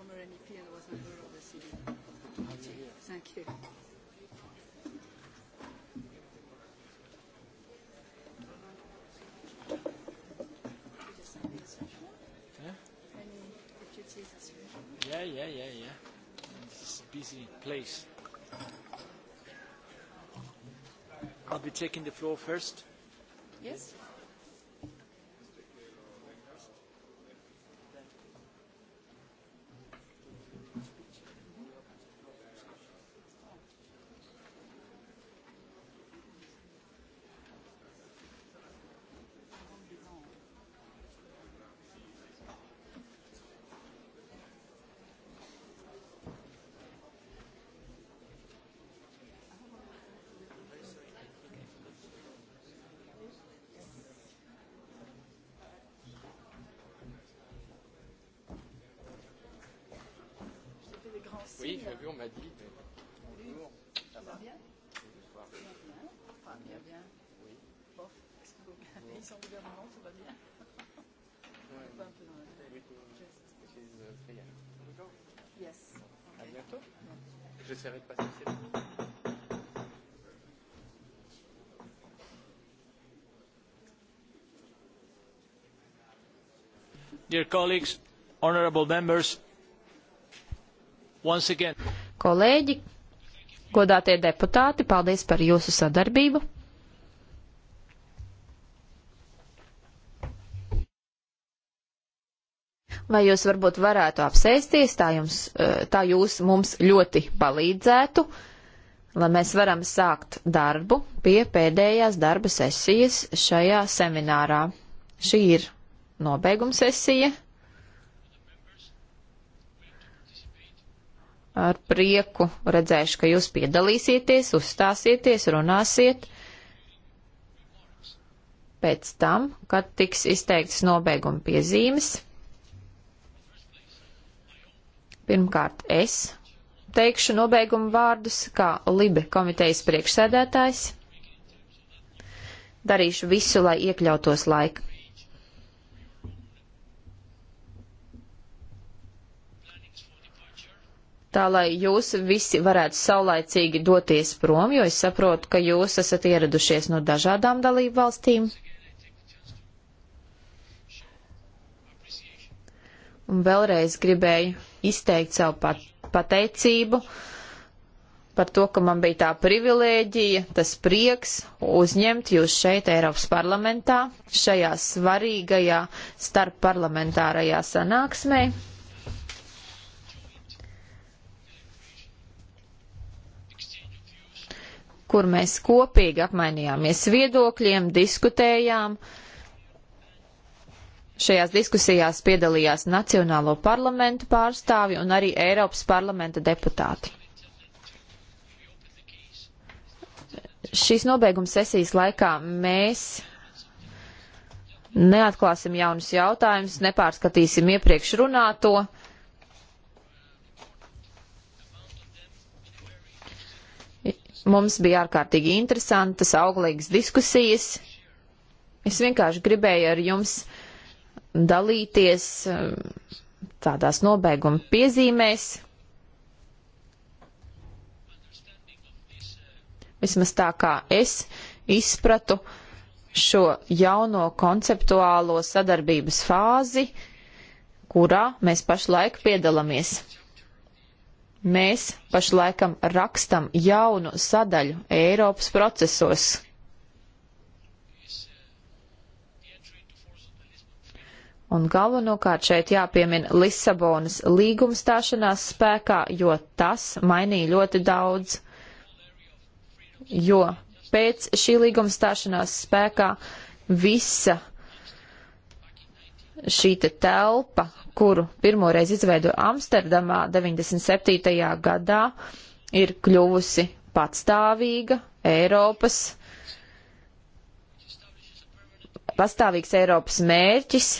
former MEP and was member of the CD. Good to have you here. Thank you. Yeah, yeah, yeah, yeah. It's a busy place. I'll be taking the floor first. Yes. J'essaierai de passer ces minutes. Dear colleagues, honorable members, once again. Kolēģi, godātie deputāti, paldies par jūsu sadarbību. Vai jūs varbūt varētu apsēsties, tā, jums, eh, tā jūs mums ļoti palīdzētu, lai mēs varam sākt darbu pie pēdējās darba sesijas šajā seminārā. Šī ir nobeiguma sesija. ar prieku redzēšu, ka jūs piedalīsieties, uzstāsieties, runāsiet. Pēc tam, kad tiks izteikts nobeiguma piezīmes, Pirmkārt, es teikšu nobeigumu vārdus kā Libe komitejas priekšsēdētājs. Darīšu visu, lai iekļautos laika. Tā lai jūs visi varētu saulaicīgi doties prom, jo es saprotu, ka jūs esat ieradušies no dažādām dalību valstīm. Un vēlreiz gribēju izteikt savu pat, pateicību par to, ka man bija tā privilēģija, tas prieks uzņemt jūs šeit Eiropas parlamentā, šajā svarīgajā starpparlamentārajā sanāksmē. kur mēs kopīgi apmainījāmies viedokļiem, diskutējām, uh, Šajās diskusijās piedalījās Nacionālo parlamentu pārstāvi un arī Eiropas parlamenta deputāti. Šīs nobeiguma sesijas laikā mēs neatklāsim jaunus jautājumus, nepārskatīsim iepriekš runāto. Mums bija ārkārtīgi interesantas, auglīgas diskusijas. Es vienkārši gribēju ar jums dalīties eh, tādās nobeiguma piezīmēs. Vismaz tā kā es izpratu šo jauno konceptuālo sadarbības fāzi, kurā mēs pašlaik piedalāmies. Mēs pašlaikam rakstam jaunu sadaļu Eiropas procesos. Un galvenokārt šeit jāpiemina Lisabonas līguma stāšanās spēkā, jo tas mainīja ļoti daudz. Jo pēc šī līguma stāšanās spēkā visa šī te telpa, kuru pirmoreiz izveidoja Amsterdamā 97. gadā, ir kļuvusi patstāvīga Eiropas pastāvīgs Eiropas mērķis,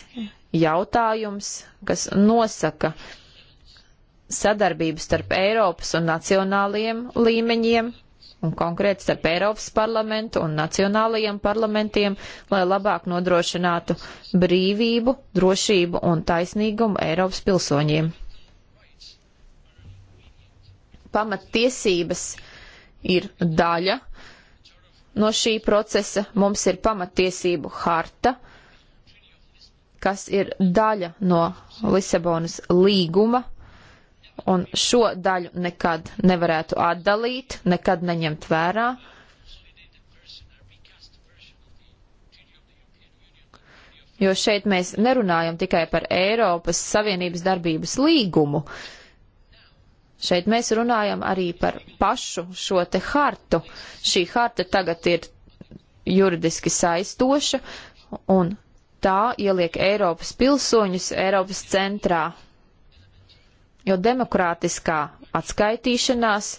jautājums, kas nosaka sadarbību starp Eiropas un nacionāliem līmeņiem un konkrēti starp Eiropas parlamentu un nacionālajiem parlamentiem, lai labāk nodrošinātu brīvību, drošību un taisnīgumu Eiropas pilsoņiem. Pamattiesības ir daļa no šī procesa. Mums ir pamattiesību harta, kas ir daļa no Lisabonas līguma, un šo daļu nekad nevarētu atdalīt, nekad neņemt vērā. Jo šeit mēs nerunājam tikai par Eiropas Savienības darbības līgumu. Šeit mēs runājam arī par pašu šo te hartu. Šī harta tagad ir juridiski saistoša, un tā ieliek Eiropas pilsoņus Eiropas centrā, jo demokrātiskā atskaitīšanās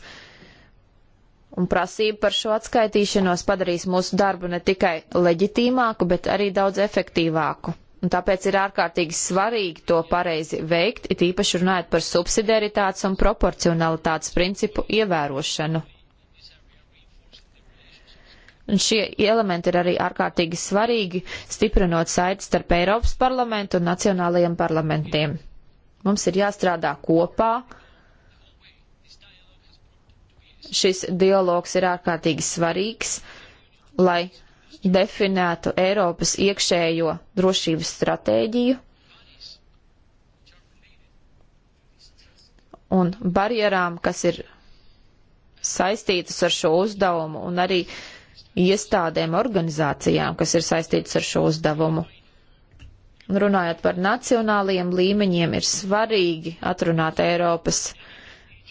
un prasība par šo atskaitīšanos padarīs mūsu darbu ne tikai leģitīmāku, bet arī daudz efektīvāku. Un tāpēc ir ārkārtīgi svarīgi to pareizi veikt, it īpaši runājot par subsidiaritātes un proporcionalitātes principu ievērošanu. Un šie elementi ir arī ārkārtīgi svarīgi, stiprinot saites starp Eiropas parlamentu un nacionālajiem parlamentiem. Mums ir jāstrādā kopā. Šis dialogs ir ārkārtīgi svarīgs, lai definētu Eiropas iekšējo drošības stratēģiju un barjerām, kas ir saistītas ar šo uzdevumu, un arī uh, iestādēm, organizācijām, kas ir saistītas ar šo uzdevumu. Runājot par nacionālajiem līmeņiem, ir svarīgi atrunāt Eiropas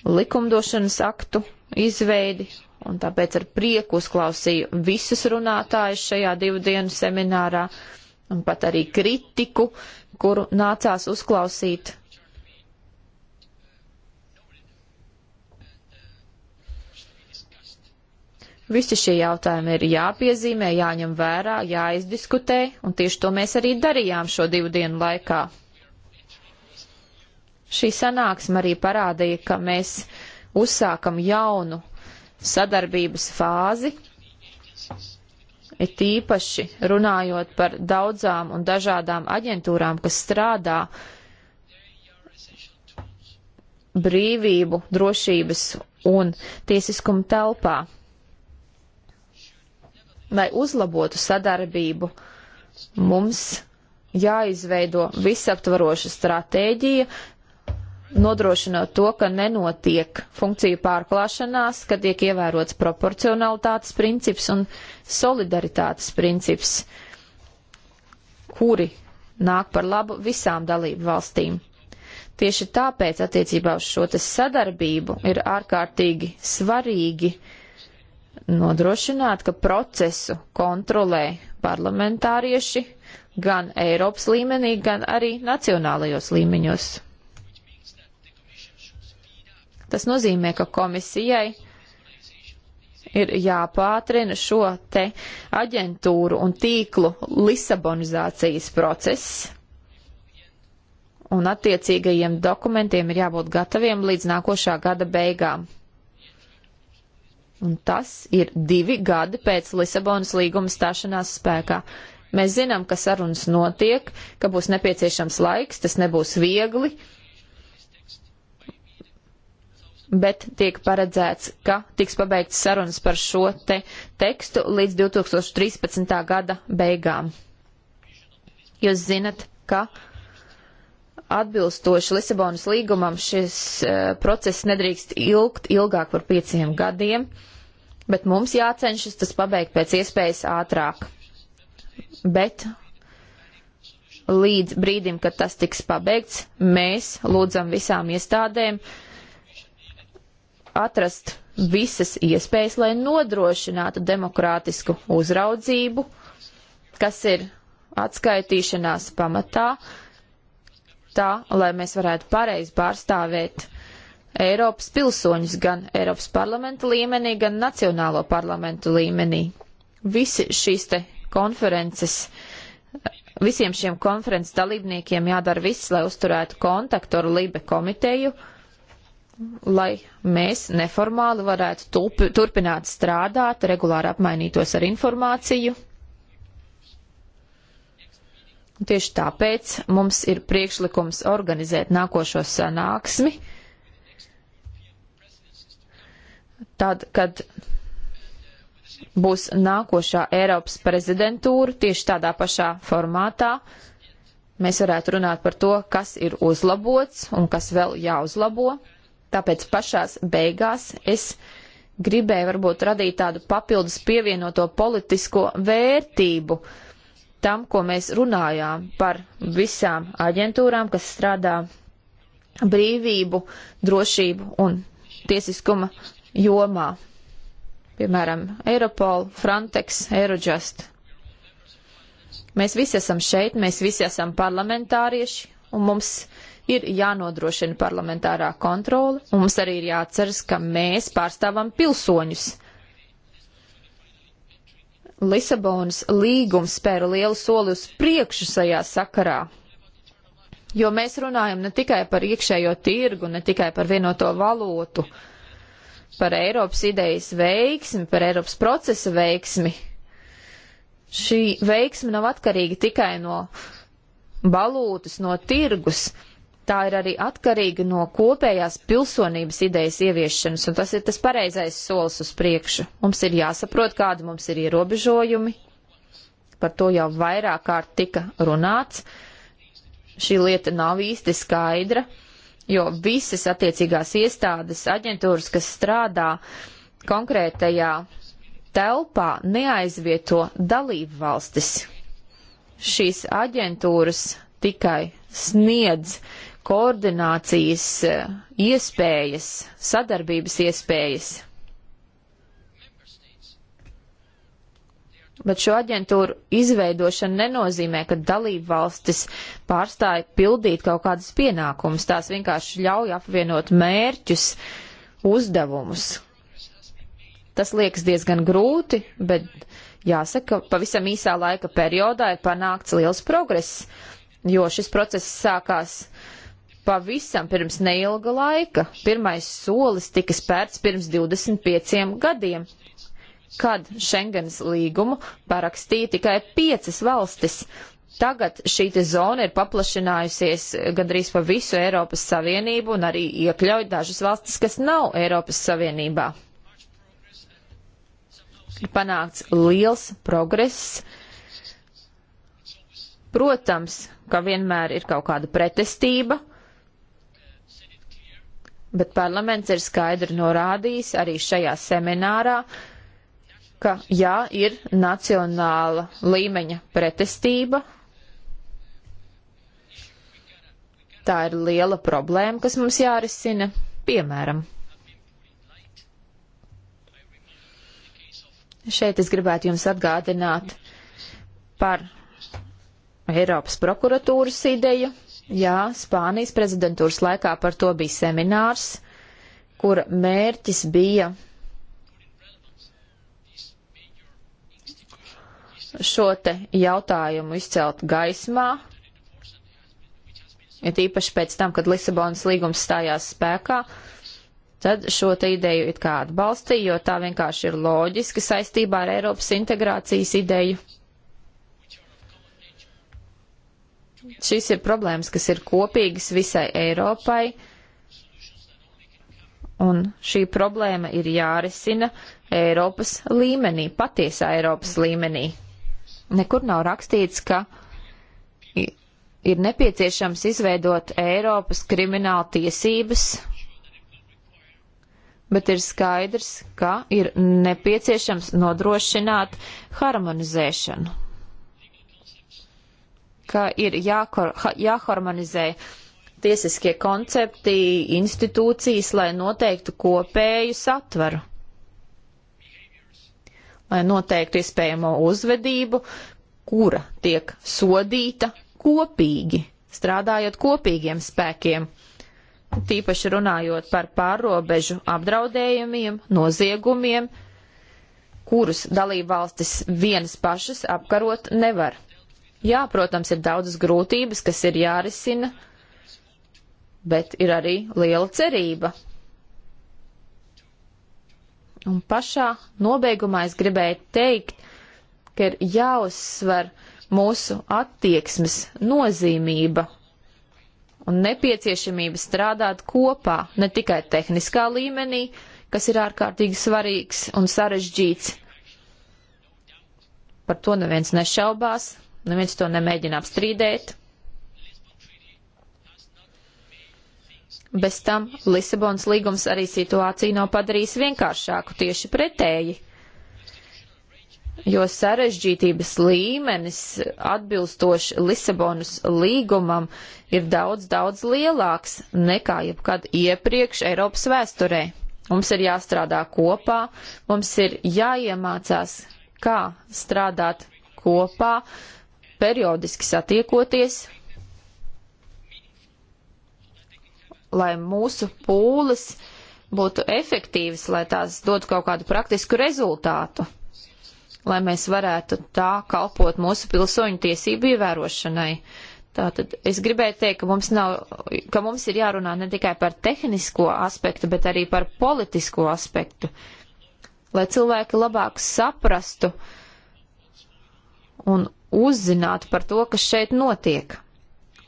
likumdošanas aktu izveidi, un tāpēc ar prieku uzklausīju visus runātājus šajā divu dienu seminārā, un pat arī kritiku, kuru nācās uzklausīt Visi šie jautājumi ir jāpiezīmē, jāņem vērā, jāizdiskutē, un tieši to mēs arī darījām šo divu dienu laikā. Šī sanāksme arī parādīja, ka mēs uzsākam jaunu sadarbības fāzi, it īpaši runājot par daudzām un dažādām aģentūrām, kas strādā brīvību, drošības un tiesiskuma telpā lai uzlabotu sadarbību, mums jāizveido visaptvaroša stratēģija, nodrošinot to, ka nenotiek funkciju pārklāšanās, ka tiek ievērots proporcionalitātes princips un solidaritātes princips, kuri nāk par labu visām dalību valstīm. Tieši tāpēc attiecībā uz šo sadarbību ir ārkārtīgi svarīgi uh, nodrošināt, ka procesu kontrolē parlamentārieši gan Eiropas līmenī, gan arī nacionālajos līmeņos. Tas nozīmē, ka komisijai ir jāpātrina šo te aģentūru un tīklu Lisabonizācijas process, un attiecīgajiem dokumentiem ir jābūt gataviem līdz nākošā gada beigām. Un tas ir divi gadi pēc Lisabonas līguma stāšanās spēkā. Mēs zinām, ka sarunas notiek, ka būs nepieciešams laiks, tas nebūs viegli, bet tiek paredzēts, ka tiks pabeigts sarunas par šo te tekstu līdz 2013. gada beigām. Jūs zinat, ka atbilstoši Lisabonas līgumam šis uh, process nedrīkst ilgt ilgāk par pieciem gadiem. Uh, bet mums jācenšas tas pabeigt pēc iespējas ātrāk. Bet līdz brīdim, kad tas tiks pabeigts, mēs lūdzam visām iestādēm atrast visas iespējas, lai nodrošinātu demokrātisku uzraudzību, kas ir atskaitīšanās pamatā, tā, lai mēs varētu pareizi pārstāvēt Eiropas pilsoņus gan Eiropas parlamenta līmenī, gan Nacionālo parlamentu līmenī. Visi šīs te konferences, visiem šiem konferences dalībniekiem jādara viss, lai uzturētu kontaktu ar Libe komiteju, lai mēs neformāli varētu tulp, turpināt strādāt, regulāri apmainītos ar informāciju. Tieši tāpēc mums ir priekšlikums organizēt nākošo sanāksmi. Uh, tad, kad būs nākošā Eiropas prezidentūra tieši tādā pašā formātā, mēs varētu runāt par to, kas ir uzlabots un kas vēl jāuzlabo. Tāpēc pašās beigās es gribēju varbūt radīt tādu papildus pievienoto politisko vērtību tam, ko mēs runājām par visām aģentūrām, kas strādā brīvību, drošību un tiesiskuma jomā. Piemēram, Europol, Frontex, Eurojust. Mēs visi esam šeit, mēs visi esam parlamentārieši, un mums ir jānodrošina parlamentārā kontrole, un mums arī ir jāatceras, ka mēs pārstāvam pilsoņus. Lisabonas līgums spēra lielu soli uz priekšu šajā sakarā, jo mēs runājam ne tikai par iekšējo tirgu, ne tikai par vienoto valotu, par Eiropas idejas veiksmi, par Eiropas procesa veiksmi. Šī veiksme nav atkarīga tikai no valūtas, no tirgus. Tā ir arī atkarīga no kopējās pilsonības idejas ieviešanas, un tas ir tas pareizais solis uz priekšu. Mums ir jāsaprot, kādi mums ir ierobežojumi. Par to jau vairāk kārt tika runāts. Šī lieta nav īsti skaidra jo visas attiecīgās iestādes, aģentūras, kas strādā konkrētajā telpā, neaizvieto dalību valstis. Šīs aģentūras tikai sniedz koordinācijas eh, iespējas, sadarbības iespējas. Bet šo aģentūru izveidošana nenozīmē, ka dalība valstis pārstāja pildīt kaut kādas pienākumus. Tās vienkārši ļauj apvienot mērķus, uzdevumus. Tas liekas diezgan grūti, bet jāsaka, pavisam īsā laika periodā ir panākts liels progress, jo šis process sākās pavisam pirms neilga laika. Pirmais solis tika spērts pirms 25 gadiem, kad Schengens līgumu parakstīja tikai piecas valstis. Tagad šī zona ir paplašinājusies gandrīz pa visu Eiropas Savienību un arī iekļauj dažas valstis, kas nav Eiropas Savienībā. Ir panākts liels progress. Protams, ka vienmēr ir kaut kāda pretestība, bet parlaments ir skaidri norādījis arī šajā seminārā, uh, ka jā, ir nacionāla līmeņa pretestība. Tā ir liela problēma, kas mums jārisina. Piemēram, šeit es gribētu jums atgādināt par Eiropas prokuratūras ideju. Jā, Spānijas prezidentūras laikā par to bija seminārs, kura mērķis bija šo te jautājumu izcelt gaismā, jo tīpaši pēc tam, kad Lisabonas līgums stājās spēkā, tad šo te ideju it kā atbalstīja, jo tā vienkārši ir loģiska saistībā ar Eiropas integrācijas ideju. Šīs ir problēmas, kas ir kopīgas visai Eiropai, un šī problēma ir jārisina Eiropas līmenī, patiesā Eiropas līmenī nekur nav rakstīts, ka ir nepieciešams izveidot Eiropas krimināla tiesības, bet ir skaidrs, ka ir nepieciešams nodrošināt harmonizēšanu, ka ir jākor, jāharmonizē tiesiskie koncepti, institūcijas, lai noteiktu kopēju satvaru lai noteiktu iespējamo uzvedību, kura tiek sodīta kopīgi, strādājot kopīgiem spēkiem. Tīpaši runājot par pārobežu apdraudējumiem, noziegumiem, kurus dalībvalstis vienas pašas apkarot nevar. Jā, protams, ir daudzas grūtības, kas ir jārisina, bet ir arī liela cerība, Un pašā nobeigumā es gribēju teikt, ka ir jāuzsver mūsu attieksmes nozīmība un nepieciešamība strādāt kopā, ne tikai tehniskā līmenī, kas ir ārkārtīgi svarīgs un sarežģīts. Par to neviens nešaubās, neviens to nemēģina apstrīdēt. Bez tam Lisabonas līgums arī situāciju nav padarījis vienkāršāku, tieši pretēji. Jo sarežģītības līmenis atbilstoši Lisabonas līgumam ir daudz, daudz lielāks nekā jebkad iepriekš Eiropas vēsturē. Mums ir jāstrādā kopā, mums ir jāiemācās, kā strādāt kopā, periodiski satiekoties, lai mūsu pūles būtu efektīvas, lai tās dod kaut kādu praktisku rezultātu, lai mēs varētu tā kalpot mūsu pilsoņu tiesību ievērošanai. Tātad es gribēju teikt, ka mums, nav, ka mums ir jārunā ne tikai par tehnisko aspektu, bet arī par politisko aspektu, lai cilvēki labāk saprastu un uzzinātu par to, kas šeit notiek.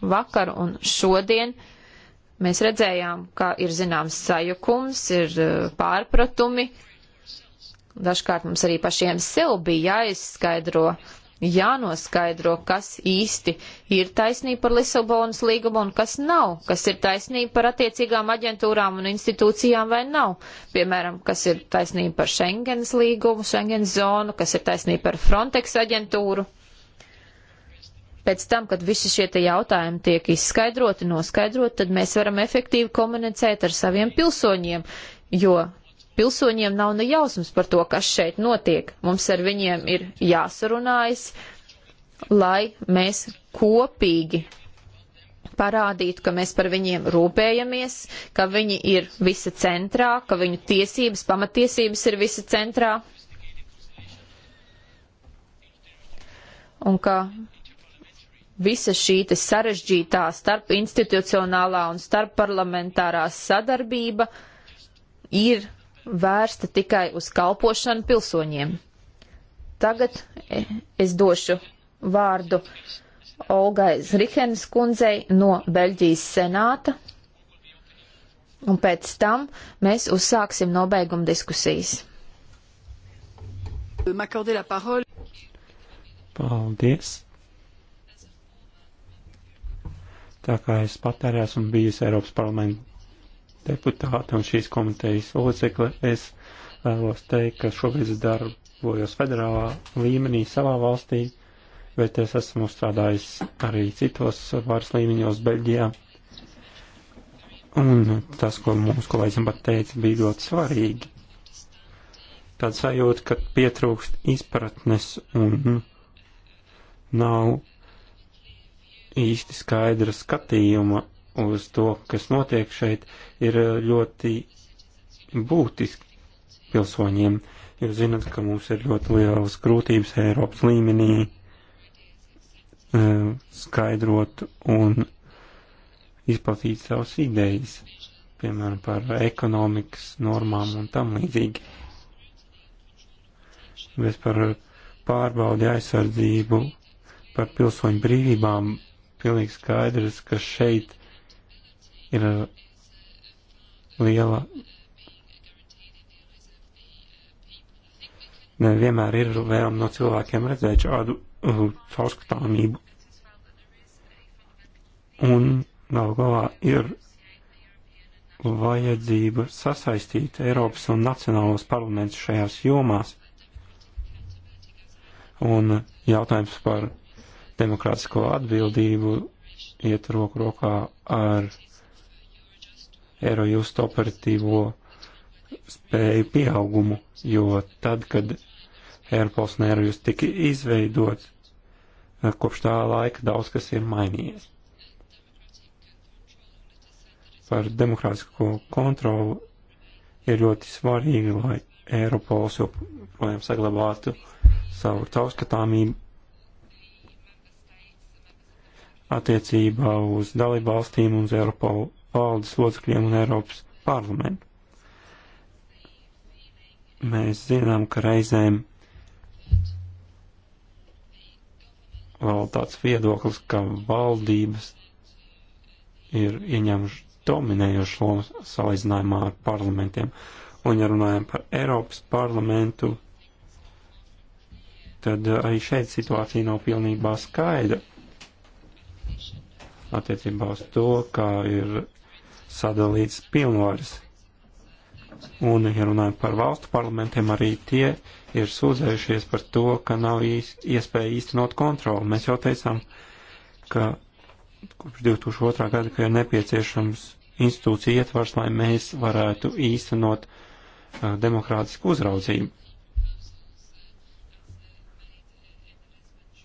Vakar un šodien uh, Mēs redzējām, ka ir zināms sajukums, ir e, pārpratumi. Dažkārt mums arī pašiem sev bija jāizskaidro, jānoskaidro, kas īsti ir taisnība par Lisabonas līgumu un kas nav, kas ir taisnība par attiecīgām aģentūrām un institūcijām vai nav. Piemēram, kas ir taisnība par Schengenas līgumu, Schengenas zonu, kas ir taisnība par Frontex aģentūru pēc tam, kad visi šie te jautājumi tiek izskaidroti, noskaidroti, tad mēs varam efektīvi komunicēt ar saviem pilsoņiem, jo pilsoņiem nav ne jausmas par to, kas šeit notiek. Mums ar viņiem ir jāsarunājas, lai mēs kopīgi parādītu, ka mēs par viņiem rūpējamies, ka viņi ir visa centrā, ka viņu tiesības, pamatiesības ir visa centrā. Un ka visa šī sarežģītā starp institucionālā un starp parlamentārā sadarbība ir vērsta tikai uz kalpošanu pilsoņiem. Tagad e, es došu vārdu Olgai Zrihenes kundzei no Beļģijas senāta, un pēc tam mēs uzsāksim nobeiguma diskusijas. Paldies! Tā kā es pat arī esmu bijusi Eiropas parlamenta deputāta un šīs komitejas locekle, es vēlos teikt, ka šobrīd es darbojos federālā līmenī savā valstī, bet es esmu strādājis arī citos varas līmeņos Beļģijā. Un tas, ko mūsu kolēģis pat teica, bija ļoti svarīgi. Tāds sajūta, ka pietrūkst izpratnes un nav īsti skaidra skatījuma uz to, kas notiek šeit, ir eh, ļoti būtiski pilsoņiem. Jūs zinat, ka mums ir ļoti lielas grūtības Eiropas līmenī eh, skaidrot un izplatīt savas idejas, piemēram, par ekonomikas normām un tam līdzīgi. Mēs par pārbaudi aizsardzību, par pilsoņu brīvībām pilnīgi skaidrs, ka šeit ir liela. Nevienmēr ir vēlam no cilvēkiem redzēt šādu uh, caurskatāmību. Un gal galā ir vajadzība sasaistīt Eiropas un nacionālos parlamentus šajās jomās. Un jautājums par demokrātisko atbildību iet roku rokā ar Eurojust operatīvo spēju pieaugumu, jo tad, kad Eiropas un Eurojust tika izveidot, kopš tā laika daudz kas ir mainījies. Par demokrātisko kontroli ir ļoti svarīgi, lai Eiropols joprojām saglabātu savu caurskatāmību attiecībā uz dalību valstīm un uz Eiropolu valdes locekļiem un Eiropas parlamentu. Mēs zinām, ka reizēm vēl tāds viedoklis, ka valdības ir ieņemuši dominējošu lomu salīdzinājumā ar parlamentiem. Un, ja runājam par Eiropas parlamentu, tad arī šeit situācija nav pilnībā skaidra attiecībā uz to, kā ir sadalīts pilnvaras. Un, ja runājam par valstu parlamentiem, arī tie ir sūdzējušies par to, ka nav īs, iespēja īstenot kontroli. Mēs jau teicām, ka kopš 2002. gada, ka ir nepieciešams institūcija ietvars, lai mēs varētu īstenot uh, demokrātisku uzraudzību.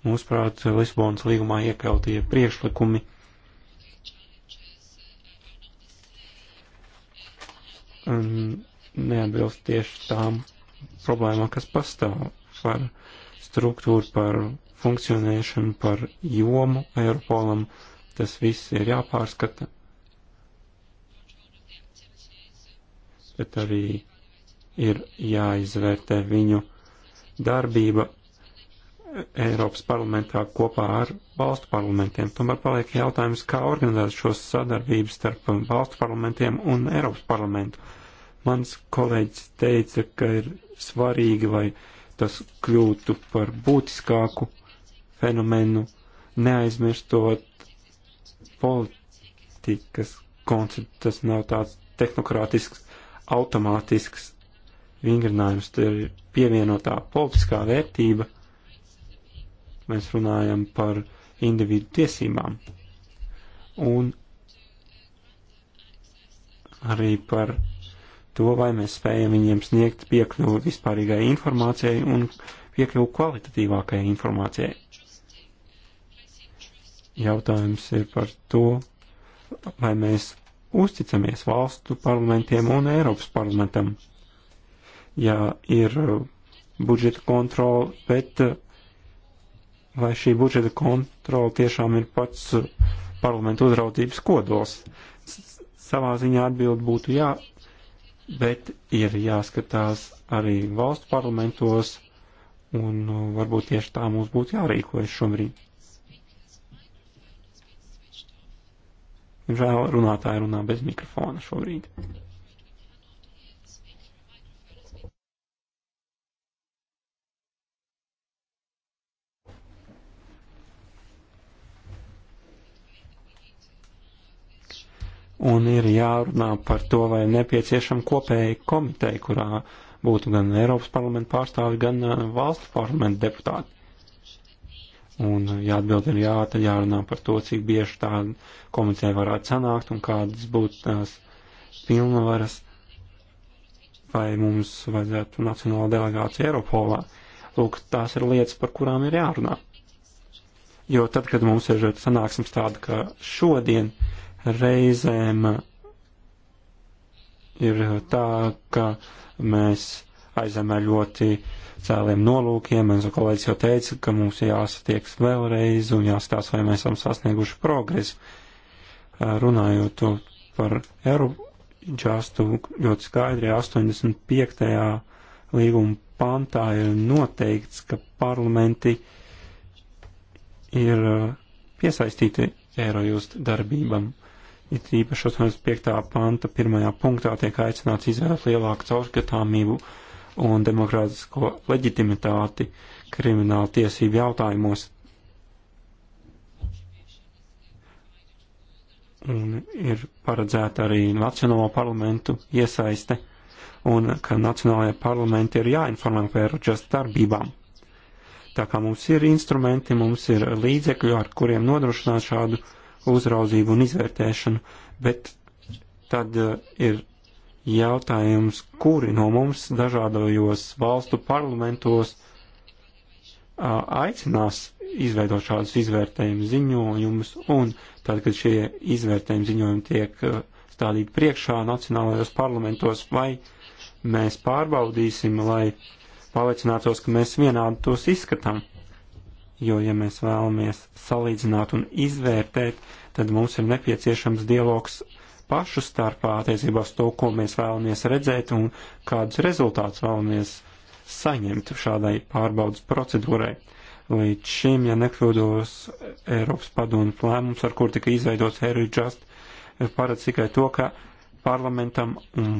Mūsuprāt, Lisbonas līgumā iekļautie priekšlikumi neatbilst tieši tām problēmām, kas pastāv par struktūru, par funkcionēšanu, par jomu Eiropolam. Tas viss ir jāpārskata. Bet arī ir jāizvērtē viņu darbība Eiropas parlamentā kopā ar valstu parlamentiem. Tomēr paliek jautājums, kā organizēt šos sadarbības starp valstu parlamentiem un Eiropas parlamentu. Mans kolēģis teica, ka ir svarīgi, lai tas kļūtu par būtiskāku fenomenu, neaizmirstot politikas konceptu. Tas nav tāds tehnokrātisks, automātisks vingrinājums, tur ir pievienotā politiskā vērtība. Mēs runājam par individu tiesībām un arī par to, vai mēs spējam viņiem sniegt piekļuvu vispārīgai informācijai un piekļuvu kvalitatīvākai informācijai. Jautājums ir par to, vai mēs uzticamies valstu parlamentiem un Eiropas parlamentam. Ja ir uh, budžeta kontrola, bet uh, vai šī budžeta kontrola tiešām ir pats uh, parlamentu uzraudzības kodols? Savā ziņā atbild būtu jā, bet ir jāskatās arī valstu parlamentos, un nu, varbūt tieši tā mums būtu jārīkojas šobrīd. Žēl runātāji runā bez mikrofona šobrīd. un ir jārunā par to, vai ir nepieciešama kopēja komiteja, kurā būtu gan Eiropas parlamenta pārstāvi, gan uh, valstu parlamenta deputāti. Un uh, jāatbild ir jā, tad jārunā par to, cik bieži tāda komiteja varētu sanākt un kādas būtu tās pilnvaras, vai mums vajadzētu nacionāla delegācija Eiropolā. Lūk, tās ir lietas, par kurām ir jārunā. Jo tad, kad mums ir sanāksmes tāda, ka šodien Reizēm ir tā, ka mēs aizem ar ļoti cēliem nolūkiem. Mans kolēģis jau teica, ka mums jāsatieks vēlreiz un jāstāsta, vai mēs esam sasnieguši progresu. Runājot par Eirožastu, ļoti skaidri 85. līguma pantā ir noteikts, ka parlamenti ir piesaistīti Eirojust darbībam. Uh, It īpaši 85. panta pirmajā punktā tiek aicināts izvērst lielāku caurskatāmību un demokrātisko leģitimitāti krimināla tiesību jautājumos. Un ir paredzēta arī Nacionālo parlamentu iesaiste un ka Nacionālajā parlamenti ir jāinformē par Eurojust darbībām. Tā kā mums ir instrumenti, mums ir līdzekļi, ar kuriem nodrošināt šādu uh, uzraudzību un izvērtēšanu, bet tad eh, ir jautājums, kuri no mums dažādajos valstu parlamentos aicinās izveidot šādus izvērtējumu ziņojumus, un tad, kad šie izvērtējumu ziņojumi tiek stādīti priekšā nacionālajos parlamentos, vai mēs pārbaudīsim, lai pārliecinātos, ka mēs vienādi tos izskatām jo, ja mēs vēlamies salīdzināt un izvērtēt, tad mums ir nepieciešams dialogs pašu starpā attiecībā uz to, ko mēs vēlamies redzēt un kādus rezultātus vēlamies saņemt šādai pārbaudas procedūrai. Līdz šim, ja nekļūdos, Eiropas padomu lēmums, ar kur tika izveidots Eurojust, paredz tikai to, ka parlamentam un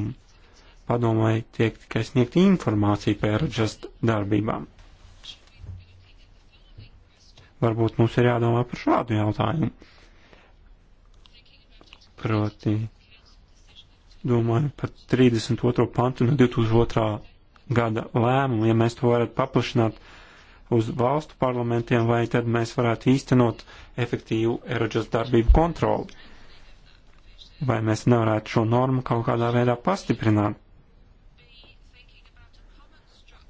padomai tiek tikai sniegt informācija par Eurojust darbībām Varbūt mums ir jādomā par šādu jautājumu. Proti, domāju par 32. pantu no 2002. gada lēmumu, ja mēs to varētu paplašināt uz valstu parlamentiem, vai tad mēs varētu īstenot efektīvu Eirodžas darbību kontroli. Vai mēs nevarētu šo normu kaut kādā veidā pastiprināt?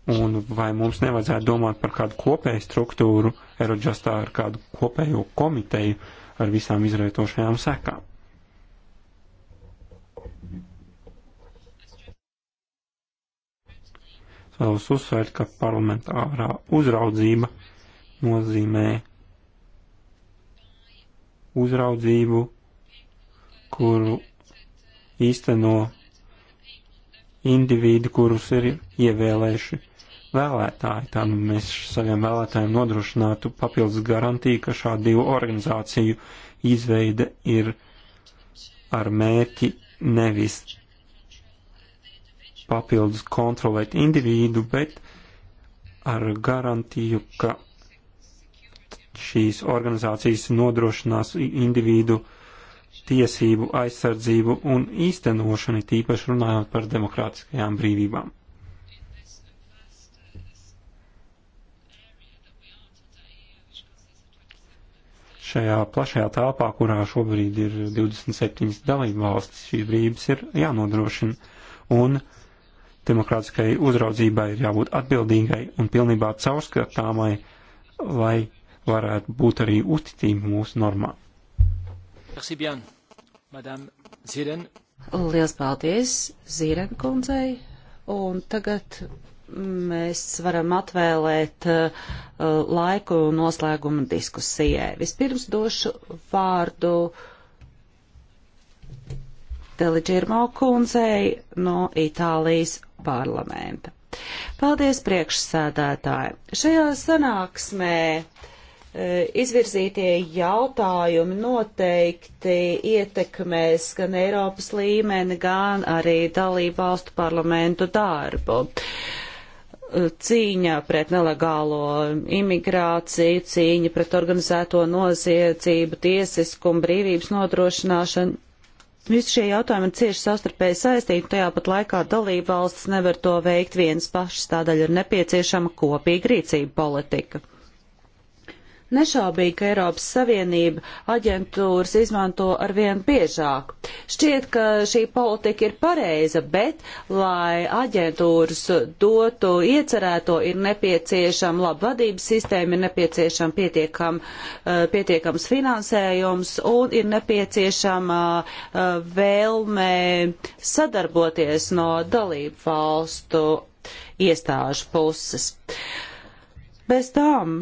Un vai mums nevajadzētu domāt par kādu kopēju struktūru, Erodžastā ar kādu kopējo komiteju ar visām izrietošajām sekām? Vēlos uzsvērt, ka parlamentārā uzraudzība nozīmē uzraudzību, kuru īsteno indivīdi, kurus ir ievēlējuši vēlētāji. Tad nu mēs saviem vēlētājiem nodrošinātu papildus garantiju, ka šādu divu organizāciju izveide ir ar mērķi nevis papildus kontrolēt individu, bet ar garantiju, ka šīs organizācijas nodrošinās individu tiesību aizsardzību un īstenošanu, tīpaši runājot par demokrātiskajām brīvībām. šajā plašajā telpā, kurā šobrīd ir 27 dalība valstis, šīs brīvības ir jānodrošina. Un demokrātiskai uzraudzībai ir jābūt atbildīgai un pilnībā caurskatāmai, lai varētu būt arī uzticība mūsu normām. Liels paldies Zīren kundzei, un tagad mēs varam atvēlēt uh, laiku noslēguma diskusijai. Vispirms došu vārdu Deliģirmo kundzei no Itālijas parlamenta. Paldies priekšsēdētāji. Šajā sanāksmē uh, izvirzītie jautājumi noteikti ietekmēs gan Eiropas līmeni, gan arī dalību valstu parlamentu darbu. Uh, cīņa pret nelegālo imigrāciju, cīņa pret organizēto noziedzību, tiesiskumu, brīvības nodrošināšanu. Visi šie jautājumi ir cieši savstarpēji saistīti, tajā pat laikā dalība valsts nevar to veikt viens pašs, tādēļ ir nepieciešama kopīga rīcība politika. Nešaubīgi, ka Eiropas Savienība aģentūras izmanto arvien biežāk. Šķiet, ka šī politika ir pareiza, bet, lai aģentūras dotu iecerēto, ir nepieciešama laba vadības sistēma, ir nepieciešama pietiekam, eh, pietiekams finansējums un ir nepieciešama eh, vēlme sadarboties no dalību valstu iestāžu puses. Bez tām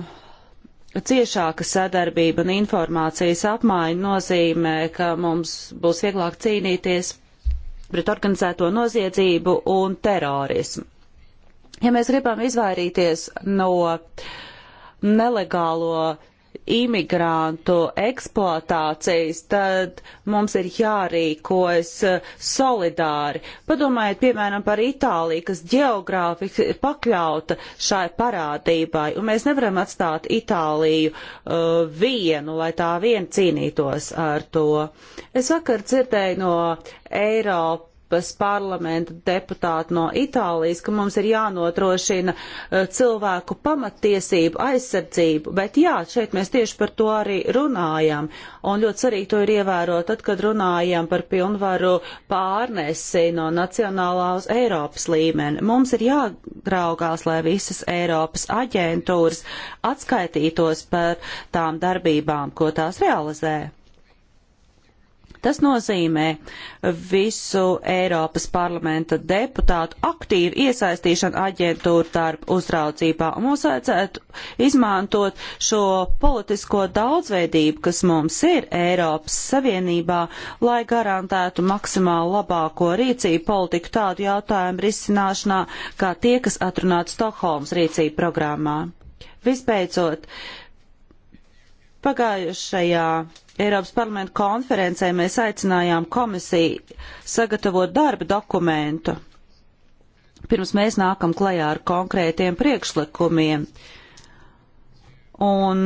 ciešāka sadarbība un informācijas apmaiņa nozīmē, ka mums būs vieglāk cīnīties pret organizēto noziedzību un terorismu. Ja mēs gribam izvairīties no nelegālo imigrantu eksploatācijas, tad mums ir jārīkojas eh, solidāri. Padomājiet, piemēram, par Itāliju, kas geogrāfiski ir pakļauta šai parādībai, un mēs nevaram atstāt Itāliju uh, vienu, lai tā vien cīnītos ar to. Es vakar dzirdēju no Eiropas Eiropas parlamenta deputāti no Itālijas, ka mums ir jānotrošina eh, cilvēku pamatiesību aizsardzību, bet jā, šeit mēs tieši par to arī runājam, un ļoti svarīgi to ir ievērot, tad, kad runājam par pilnvaru pārnesi no nacionālā uz Eiropas līmeni. Mums ir jāgraugās, lai visas Eiropas aģentūras atskaitītos par tām darbībām, ko tās realizē. Tas nozīmē visu Eiropas parlamenta deputātu aktīvu iesaistīšanu aģentūru darbu uzraudzībā. Un mums vajadzētu izmantot šo politisko daudzveidību, kas mums ir Eiropas Savienībā, lai garantētu maksimāli labāko rīcību politiku tādu jautājumu risināšanā, kā tie, kas atrunāti Stokholmas rīcību programmā. Vispēcot, pagājušajā Eiropas parlamenta konferencē mēs aicinājām komisiju sagatavot darba dokumentu, pirms mēs nākam klajā ar konkrētiem priekšlikumiem. Un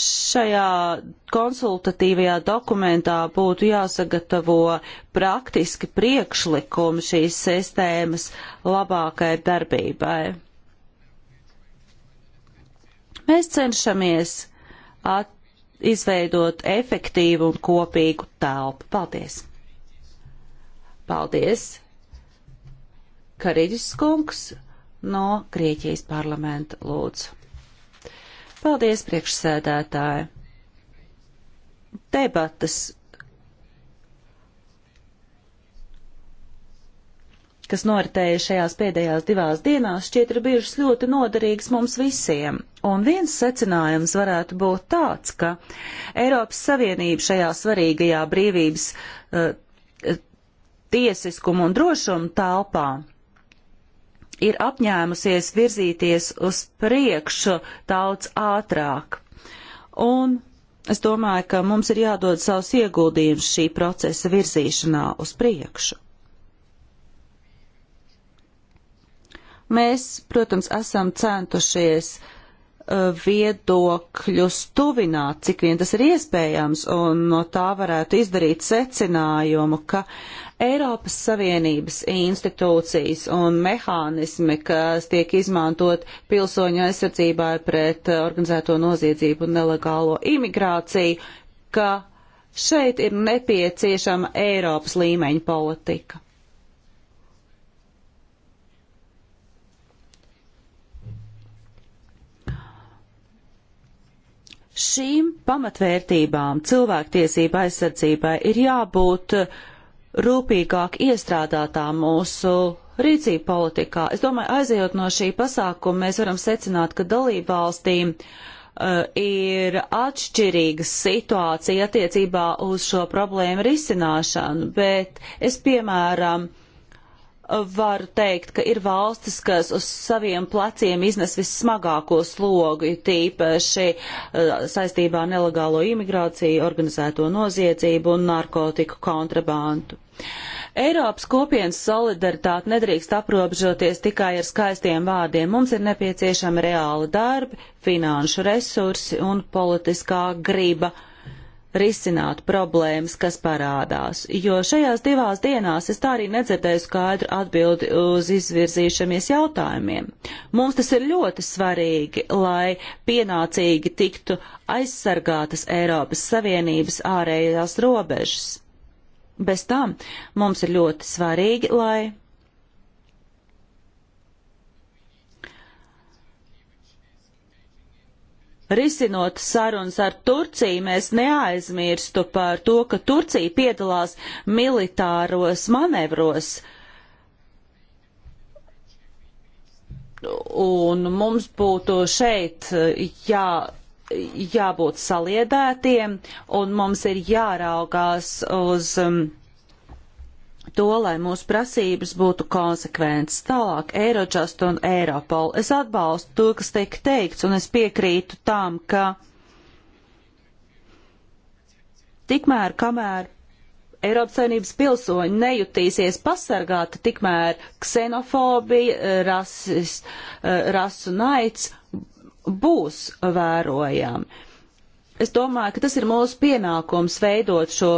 šajā konsultatīvajā dokumentā būtu jāsagatavo praktiski priekšlikumi šīs sistēmas labākai darbībai. Mēs cenšamies at, izveidot efektīvu un kopīgu telpu. Paldies! Paldies! Kariģis Skunks no Grieķijas parlamenta lūdzu. Paldies, priekšsēdētāji! Debatas kas noritēja šajās pēdējās divās dienās, šķiet ir bijušas ļoti noderīgas mums visiem. Un viens secinājums varētu būt tāds, ka Eiropas Savienība šajā svarīgajā brīvības uh, tiesiskumu un drošumu telpā ir apņēmusies virzīties uz priekšu daudz ātrāk. Un es domāju, ka mums ir jādod savus ieguldījumus šī procesa virzīšanā uz priekšu. Mēs, protams, esam centušies uh, viedokļus tuvināt, cik vien tas ir iespējams, un no tā varētu izdarīt secinājumu, ka Eiropas Savienības institūcijas un mehānismi, kas tiek izmantot pilsoņu aizsardzībā pret uh, organizēto noziedzību un nelegālo imigrāciju, ka šeit ir nepieciešama Eiropas līmeņa politika. Šīm pamatvērtībām cilvēktiesība aizsardzībai ir jābūt rūpīgāk iestrādātām mūsu rīcību politikā. Es domāju, aizejot no šī pasākuma, mēs varam secināt, ka dalībvalstīm uh, ir atšķirīga situācija attiecībā uz šo problēmu risināšanu, bet es, piemēram, uh, var teikt, ka ir valstis, kas uz saviem pleciem iznes vissmagāko slogu, tīpaši eh, saistībā ar nelegālo imigrāciju, organizēto noziedzību un narkotiku kontrabandu. Eiropas kopienas solidaritāte nedrīkst aprobežoties tikai ar skaistiem vārdiem. Mums ir nepieciešami reāli darbi, finanšu resursi un politiskā griba risināt problēmas, kas parādās, jo šajās divās dienās es tā arī nedzirdēju skaidru atbildi uz izvirzīšamies jautājumiem. Mums tas ir ļoti svarīgi, lai pienācīgi tiktu aizsargātas Eiropas Savienības ārējās robežas. Bez tam mums ir ļoti svarīgi, lai risinot sarunas ar Turciju, mēs neaizmirstu par to, ka Turcija piedalās militāros manevros. Un mums būtu šeit eh, jā, jābūt saliedētiem, un mums ir jāraugās uz. Um, to, lai mūsu prasības būtu konsekventas. Tālāk Eirožast un Eiropol. Es atbalstu to, kas tiek teikts, un es piekrītu tam, ka tikmēr, kamēr Eiropas Savienības pilsoņi nejutīsies pasargāti, tikmēr ksenofobija, rasis, eh, rasu naids būs vērojami. Es domāju, ka tas ir mūsu pienākums veidot šo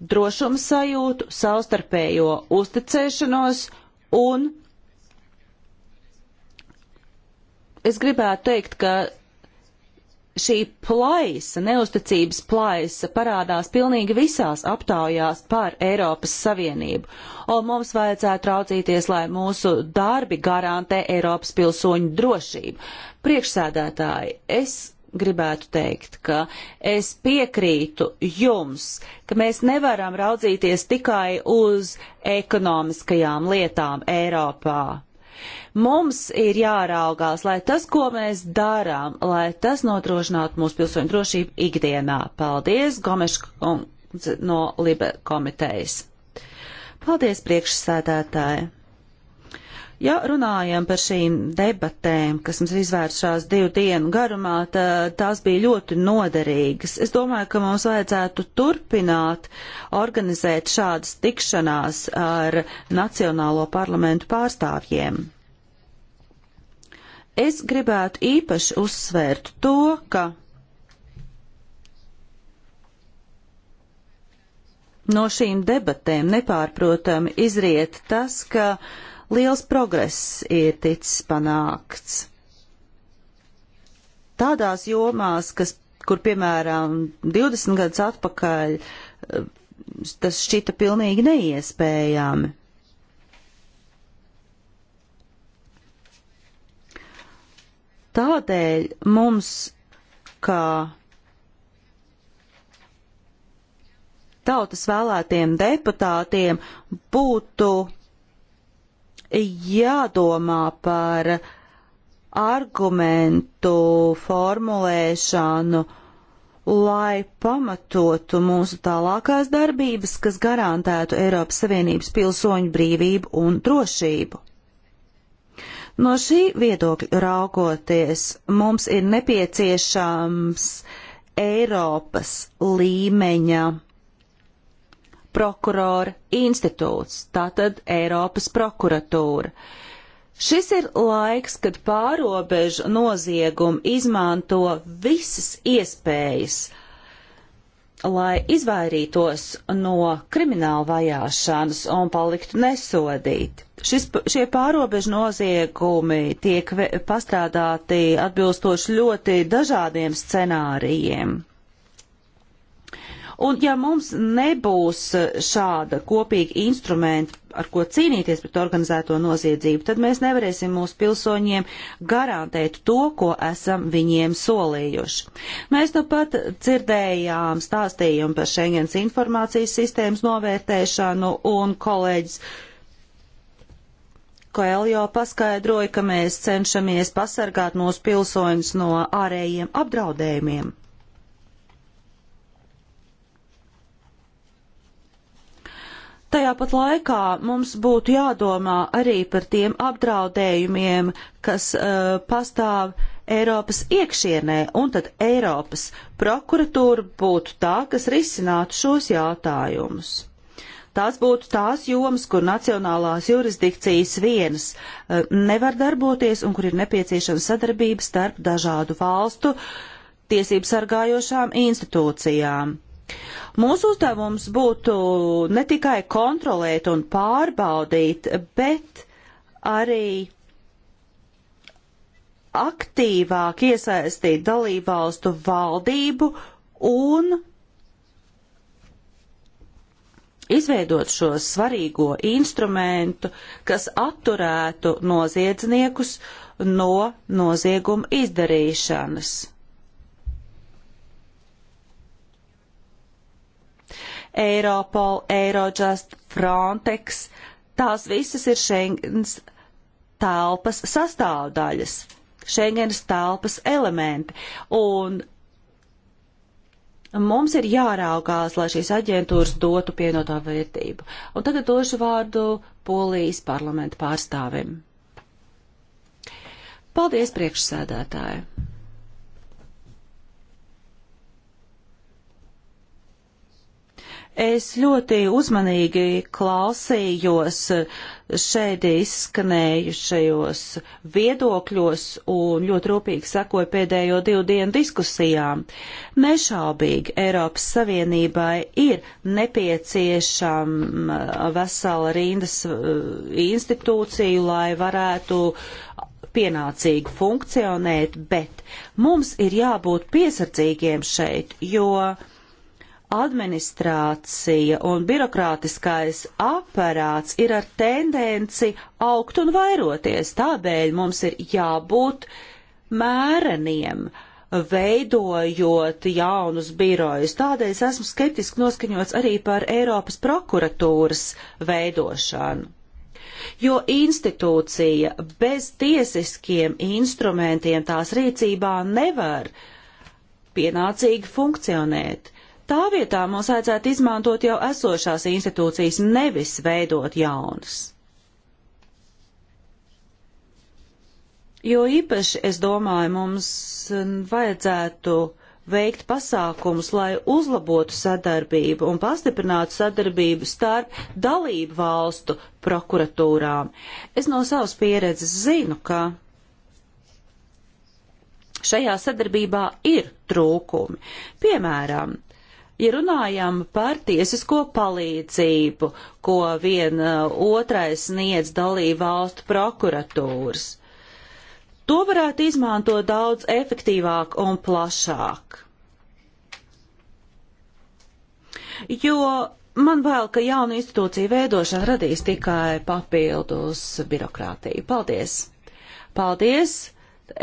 drošuma sajūtu, savstarpējo uzticēšanos un es gribētu teikt, ka šī plaisa, neusticības plaisa parādās pilnīgi visās aptaujās par Eiropas Savienību, un mums vajadzētu raucīties, lai mūsu darbi garantē Eiropas pilsoņu drošību. Priekšsēdētāji, es gribētu teikt, ka es piekrītu jums, ka mēs nevaram raudzīties tikai uz ekonomiskajām lietām Eiropā. Mums ir jāraugās, lai tas, ko mēs darām, lai tas nodrošinātu mūsu pilsoņu drošību ikdienā. Paldies, Gomešs no Libe komitejas. Paldies, priekšsēdētāji! Ja runājam par šīm debatēm, kas mums izvēršās divu dienu garumā, tā, tās bija ļoti noderīgas. Es domāju, ka mums vajadzētu turpināt organizēt šādas tikšanās ar Nacionālo parlamentu pārstāvjiem. Es gribētu īpaši uzsvērt to, ka no šīm debatēm nepārprotami izriet tas, ka uh, liels progress ir ticis panākts. Tādās jomās, kas, kur piemēram 20 gadus atpakaļ, eh, tas šķita pilnīgi neiespējami. Tādēļ mums, kā tautas vēlētiem deputātiem, būtu jādomā par argumentu formulēšanu, lai pamatotu mūsu tālākās darbības, kas garantētu Eiropas Savienības pilsoņu brīvību un drošību. No šī viedokļa raugoties, mums ir nepieciešams Eiropas līmeņa prokurora institūts, tātad Eiropas prokuratūra. Šis ir laiks, kad pārobežu noziegumi izmanto visas iespējas, lai izvairītos no krimināla vajāšanas un paliktu nesodīti. Šis, šie pārobežu noziegumi tiek pastrādāti atbilstoši ļoti dažādiem scenārijiem. Un ja mums nebūs šāda kopīga instrumenta, ar ko cīnīties pret organizēto noziedzību, tad mēs nevarēsim mūsu pilsoņiem garantēt to, ko esam viņiem solījuši. Mēs nu pat dzirdējām stāstījumu par Schengens informācijas sistēmas novērtēšanu un kolēģis. Koeljo paskaidroja, ka mēs cenšamies pasargāt mūsu pilsoņus no ārējiem apdraudējumiem. Tajā pat laikā mums būtu jādomā arī par tiem apdraudējumiem, kas uh, pastāv Eiropas iekšienē, un tad Eiropas prokuratūra būtu tā, kas risinātu šos jautājumus. Tās būtu tās jomas, kur nacionālās jurisdikcijas vienas uh, nevar darboties un kur ir nepieciešama sadarbība starp dažādu valstu tiesību sargājošām institūcijām. Mūsu uzdevums būtu ne tikai kontrolēt un pārbaudīt, bet arī aktīvāk iesaistīt dalībvalstu valdību un izveidot šo svarīgo instrumentu, kas atturētu noziedzniekus no nozieguma izdarīšanas. Eiropol, Eurojust, Frontex. Tās visas ir Schengens telpas sastāvdaļas, Schengens telpas elementi. Un mums ir jāraugās, lai šīs aģentūras dotu pienotā vērtību. Un tagad došu vārdu Polijas parlamenta pārstāvim. Paldies, priekšsēdētāji! Es ļoti uzmanīgi klausījos šeit izskanējušajos viedokļos un ļoti rūpīgi sekoju pēdējo divu dienu diskusijām. Nešaubīgi Eiropas Savienībai ir nepieciešama vesela rindas eh, institūciju, lai varētu pienācīgi funkcionēt, bet mums ir jābūt piesardzīgiem šeit, jo administrācija un birokrātiskais aparāts ir ar tendenci augt un vairoties. Tādēļ mums ir jābūt mēreniem, veidojot jaunus birojus. Tādēļ es esmu skeptiski noskaņots arī par Eiropas prokuratūras veidošanu. Jo institūcija bez tiesiskiem instrumentiem tās rīcībā nevar pienācīgi funkcionēt. Tā vietā mums vajadzētu izmantot jau esošās institūcijas, nevis veidot jaunas. Jo īpaši, es domāju, mums vajadzētu veikt pasākumus, lai uzlabotu sadarbību un pastiprinātu sadarbību starp dalību valstu prokuratūrām. Es no savas pieredzes zinu, ka šajā sadarbībā ir trūkumi. Piemēram, Ja runājam par tiesisko palīdzību, ko vien uh, otrais sniedz dalību valstu prokuratūras, to varētu izmantot daudz efektīvāk un plašāk. Jo man vēl, ka jauna institūcija veidošana radīs tikai papildus birokrātiju. Paldies! Paldies,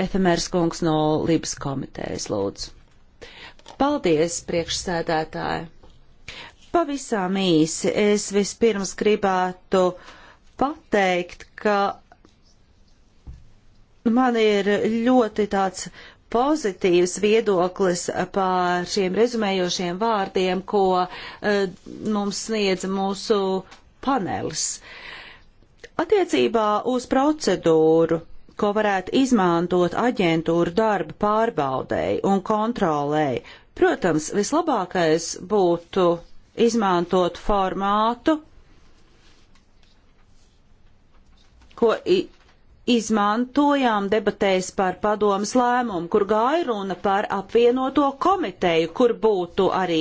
Efemērs kungs no Libas komitejas lūdzu. Paldies, priekšsēdētāji! Pavisam īsi es vispirms gribētu pateikt, ka man ir ļoti tāds pozitīvs viedoklis par šiem rezumējošiem vārdiem, ko uh, mums sniedz mūsu panelis. Attiecībā uz procedūru ko varētu izmantot aģentūra darba pārbaudēji un kontrolēji. Protams, vislabākais būtu izmantot formātu, ko izmantojām debatēs par padomas lēmumu, kur gāja runa par apvienoto komiteju, kur būtu arī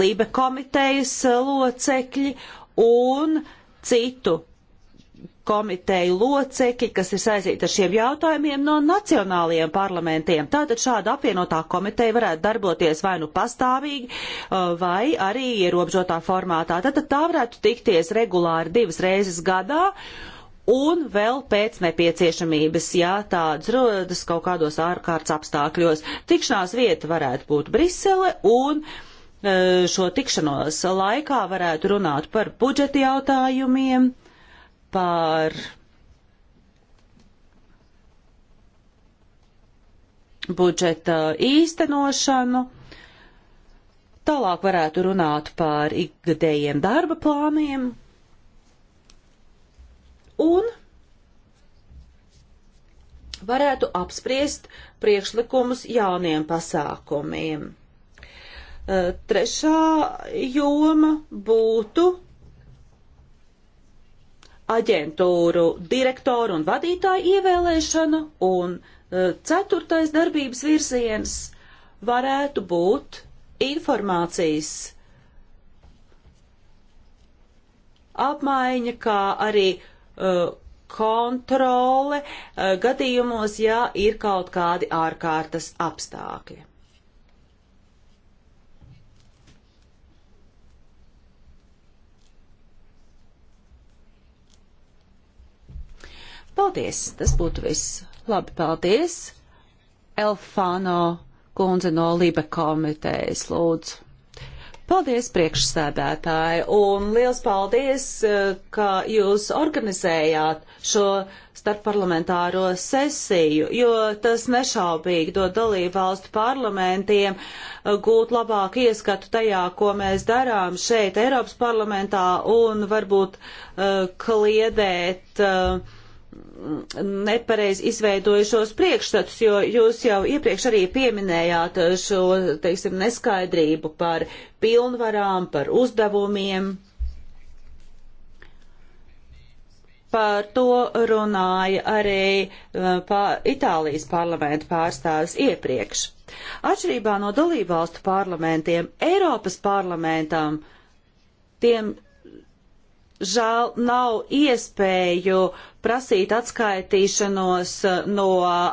Libe komitejas locekļi un citu komiteju locekļi, kas ir saistīti ar šiem jautājumiem no nacionālajiem parlamentiem. Tātad šāda apvienotā komiteja varētu darboties vai nu pastāvīgi, uh, vai arī ierobežotā formātā. Tātad tā varētu tikties regulāri divas reizes gadā. Un vēl pēc nepieciešamības, ja tādas rodas kaut kādos ārkārtas apstākļos, tikšanās vieta varētu būt Brisele un uh, šo tikšanos laikā varētu runāt par budžeta jautājumiem, par budžeta īstenošanu. Tālāk varētu runāt par ikgadējiem darba plāniem. Un varētu apspriest priekšlikumus jauniem pasākumiem. Trešā joma būtu aģentūru direktoru un vadītāju ievēlēšanu, un e, ceturtais darbības virziens varētu būt informācijas apmaiņa, kā arī uh, kontrole uh, gadījumos, ja ir kaut kādi ārkārtas apstākļi. Paldies, tas būtu viss. Labi, paldies. Elfāno kundze no Libe komitejas lūdzu. Paldies priekšsēdētāji un liels paldies, eh, ka jūs organizējāt šo starpparlamentāro sesiju, jo tas nešaubīgi dod dalību valstu parlamentiem eh, gūt labāku ieskatu tajā, ko mēs darām šeit Eiropas parlamentā un varbūt uh, kliedēt uh, nepareizi izveidojušos priekšstatus, jo jūs jau iepriekš arī pieminējāt šo, teiksim, neskaidrību par pilnvarām, par uzdevumiem. Par to runāja arī eh, pār, Itālijas parlamenta pārstāvis iepriekš. Atšķirībā no dalībvalstu parlamentiem, Eiropas parlamentam tiem žēl nav iespēju uh, prasīt atskaitīšanos eh, no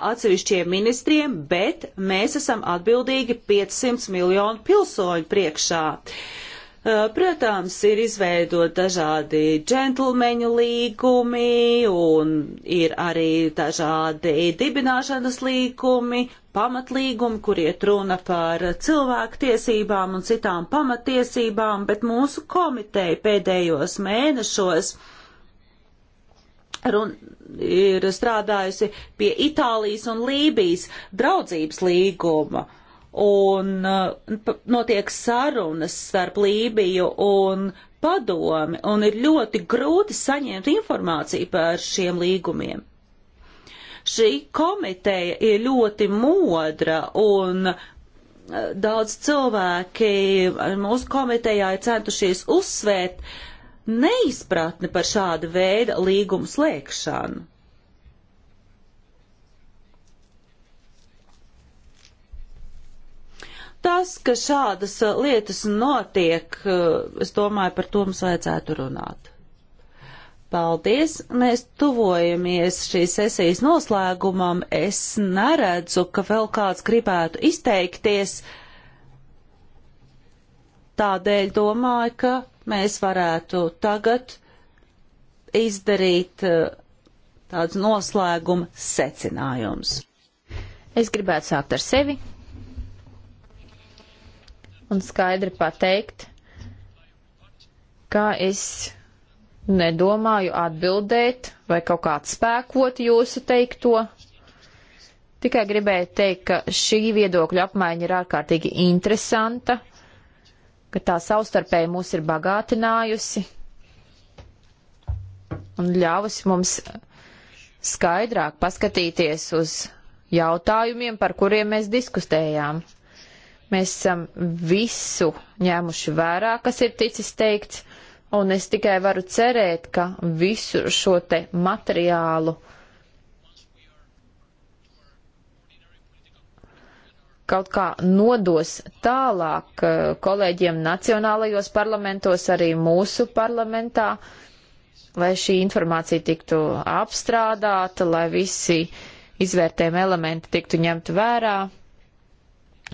atsevišķiem ministriem, bet mēs esam atbildīgi 500 miljonu pilsoņu priekšā. Eh, protams, ir izveidot dažādi džentlmeņu līgumi un ir arī dažādi dibināšanas līgumi, pamatlīgumi, kur iet runa par cilvēku tiesībām un citām pamatiesībām, bet mūsu komiteja pēdējos mēnešos uh, run, ir strādājusi pie Itālijas un Lībijas draudzības līguma. Un uh, notiek sarunas starp Lībiju un padomi, un ir ļoti grūti saņemt informāciju par šiem līgumiem. Šī komiteja ir ļoti modra, un uh, daudz cilvēki mūsu komitejā ir centušies uzsvērt uh, neizpratni par šādu veidu līgumu slēgšanu. Tas, ka šādas uh, lietas notiek, uh, es domāju, par to mums vajadzētu runāt. Paldies! Mēs tuvojamies šīs sesijas noslēgumam. Es neredzu, ka vēl kāds gribētu izteikties. Tādēļ domāju, ka mēs varētu tagad izdarīt eh, tāds noslēguma secinājums. Es gribētu sākt ar sevi un skaidri pateikt, ka es nedomāju atbildēt vai kaut kā atspēkot jūsu teikto. Tikai gribēju teikt, ka šī viedokļa apmaiņa ir ārkārtīgi interesanta, ka tā savstarpēji mūs ir bagātinājusi un ļāvusi mums skaidrāk paskatīties uz jautājumiem, par kuriem mēs diskutējām. Mēs esam visu ņēmuši vērā, kas ir ticis teikts, un es tikai varu cerēt, ka visu šo te materiālu uh, kaut kā nodos tālāk eh, kolēģiem nacionālajos parlamentos, arī mūsu parlamentā, lai šī informācija tiktu apstrādāta, lai visi izvērtējuma elementi tiktu ņemt vērā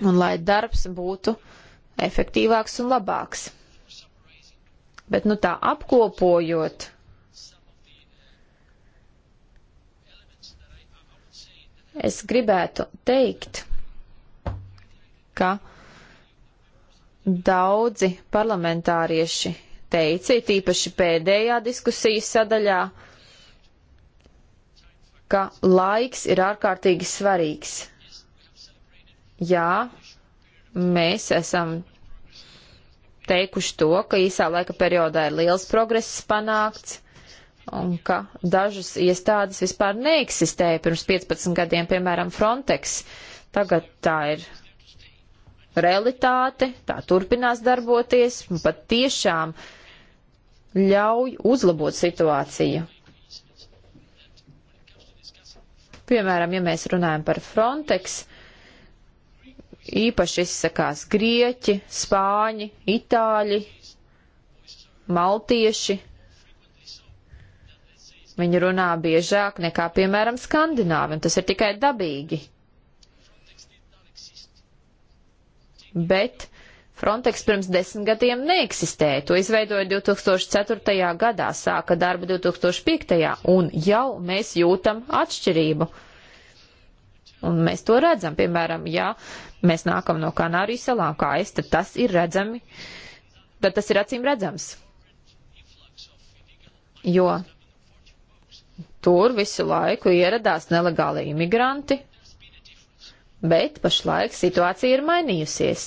un lai darbs būtu efektīvāks un labāks. Bet nu tā apkopojot es gribētu teikt, ka daudzi parlamentārieši teica, tīpaši pēdējā diskusijas sadaļā, ka laiks ir ārkārtīgi svarīgs. Jā, mēs esam teikuši to, ka īsā laika periodā ir liels progress panākts un ka dažas iestādes vispār neeksistēja pirms 15 gadiem, piemēram, Frontex. Tagad tā ir realitāte, tā turpinās darboties un pat tiešām ļauj uzlabot situāciju. Piemēram, ja mēs runājam par Frontex, īpaši izsakās grieķi, spāņi, itāļi, maltieši. Viņi runā biežāk nekā, piemēram, skandināvi, un tas ir tikai dabīgi. bet Frontex pirms desmit gadiem neeksistēja. To izveidoja 2004. gadā, sāka darbu 2005. un jau mēs jūtam atšķirību. Un mēs to redzam, piemēram, ja mēs nākam no Kanārijas salām, kā es, tad tas ir redzami, tad tas ir acīm redzams. Jo tur visu laiku ieradās nelegāli imigranti, bet pašlaik situācija ir mainījusies.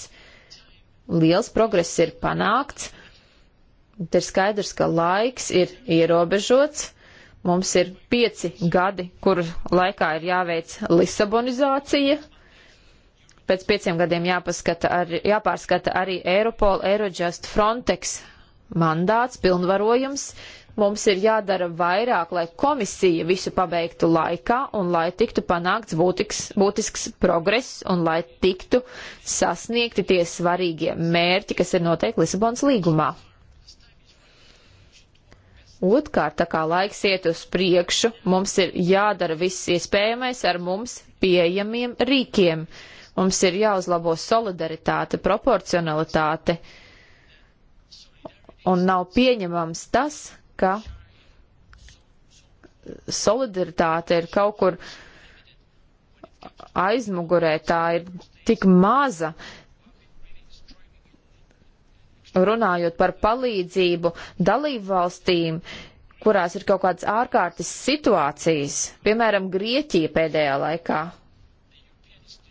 Liels progress ir panākts, bet ir skaidrs, ka laiks ir ierobežots. Mums ir pieci gadi, kuru laikā ir jāveic Lisabonizācija. Pēc pieciem gadiem ar, jāpārskata arī Eiropola, Eurojust, Frontex mandāts, pilnvarojums. Uh, Mums ir jādara vairāk, lai komisija visu pabeigtu laikā un lai tiktu panākts būtiks, būtisks progress un lai tiktu sasniegti tie svarīgie mērķi, kas ir noteikti Lisabonas līgumā. Otkārt, tā kā laiks iet uz priekšu, mums ir jādara viss iespējamais ar mums pieejamiem rīkiem. Mums ir jāuzlabo solidaritāte, proporcionalitāte. Un nav pieņemams tas, ka solidaritāte ir kaut kur aizmugurē, tā ir tik maza. Runājot par palīdzību dalību valstīm, kurās ir kaut kādas ārkārtas situācijas, piemēram, Grieķija pēdējā laikā.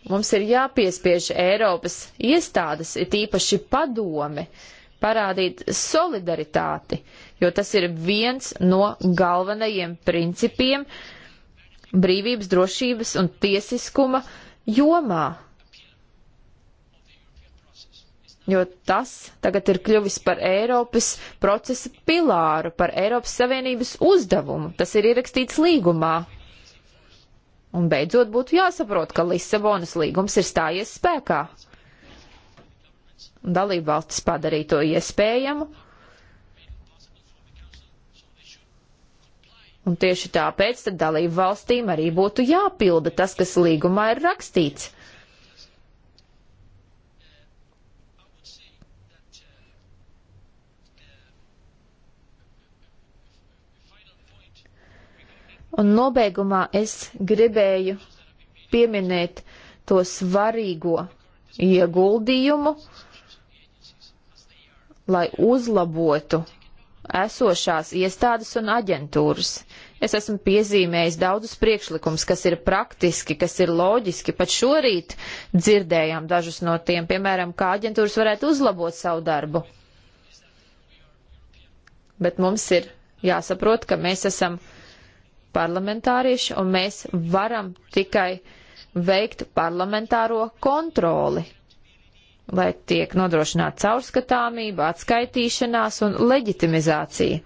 Mums ir jāpiespiež Eiropas iestādes, it īpaši padome, parādīt solidaritāti. Uh, jo tas ir viens no galvenajiem principiem brīvības, drošības un tiesiskuma jomā. Jo tas tagad ir kļuvis par Eiropas procesa pilāru, par Eiropas Savienības uzdevumu. Tas ir ierakstīts līgumā. Un beidzot būtu jāsaprot, ka Lisabonas līgums ir stājies spēkā. Dalībvalstis padarīja to iespējamu, Un tieši tāpēc tad dalību valstīm arī būtu jāpilda tas, kas līgumā ir rakstīts. Un nobeigumā es gribēju pieminēt to svarīgo ieguldījumu, lai uzlabotu esošās iestādes un aģentūras. Es esmu piezīmējis daudzus priekšlikumus, kas ir praktiski, kas ir loģiski. Pat šorīt dzirdējām dažus no tiem, piemēram, kā aģentūras varētu uzlabot savu darbu. Bet mums ir jāsaprot, ka mēs esam parlamentārieši un mēs varam tikai veikt parlamentāro kontroli lai tiek nodrošināta caurskatāmība, atskaitīšanās un leģitimizācija.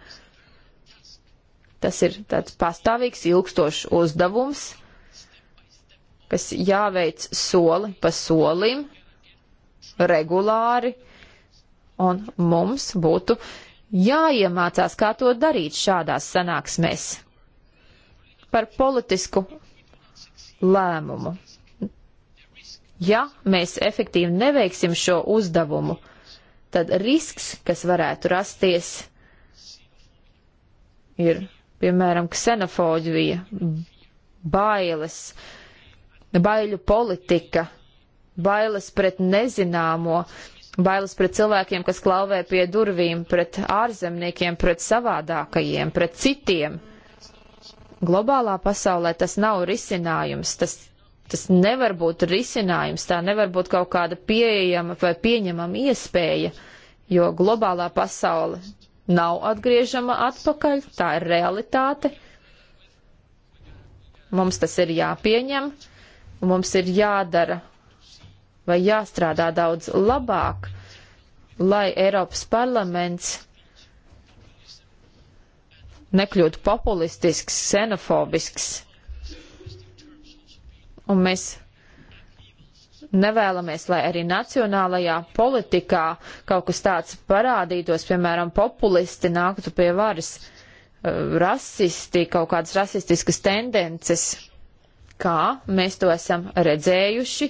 Tas ir tāds pastāvīgs, ilgstošs uzdevums, kas jāveic soli pa solim, regulāri, un mums būtu jāiemācās, kā to darīt šādās sanāksmēs par politisku lēmumu. Ja mēs efektīvi neveiksim šo uzdevumu, tad risks, kas varētu rasties, ir, piemēram, ksenofobija, bailes, baiļu politika, bailes pret nezināmo, bailes pret cilvēkiem, kas klauvē pie durvīm, pret ārzemniekiem, pret savādākajiem, pret citiem. Globālā pasaulē tas nav risinājums, tas Tas nevar būt risinājums, tā nevar būt kaut kāda pieejama vai pieņemama iespēja, jo globālā pasaule nav atgriežama atpakaļ, tā ir realitāte. Mums tas ir jāpieņem, un mums ir jādara vai jāstrādā daudz labāk, lai Eiropas parlaments nekļūtu populistisks, ksenofobisks, Un mēs nevēlamies, lai arī nacionālajā politikā kaut kas tāds parādītos, piemēram, populisti nāktu pie varas, eh, rasisti, kaut kādas rasistiskas tendences, kā mēs to esam redzējuši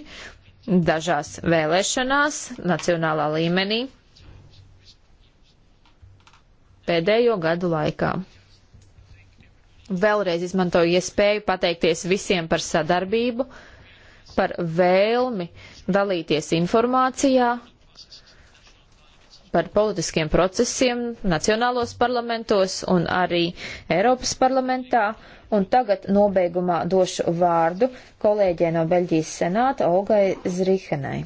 dažās vēlēšanās nacionālā līmenī pēdējo gadu laikā. Vēlreiz izmantoju iespēju pateikties visiem par sadarbību, par vēlmi dalīties informācijā, par politiskiem procesiem nacionālos parlamentos un arī Eiropas parlamentā. Un tagad nobeigumā došu vārdu kolēģē no Beļģijas senāta Olgai Zrihenai.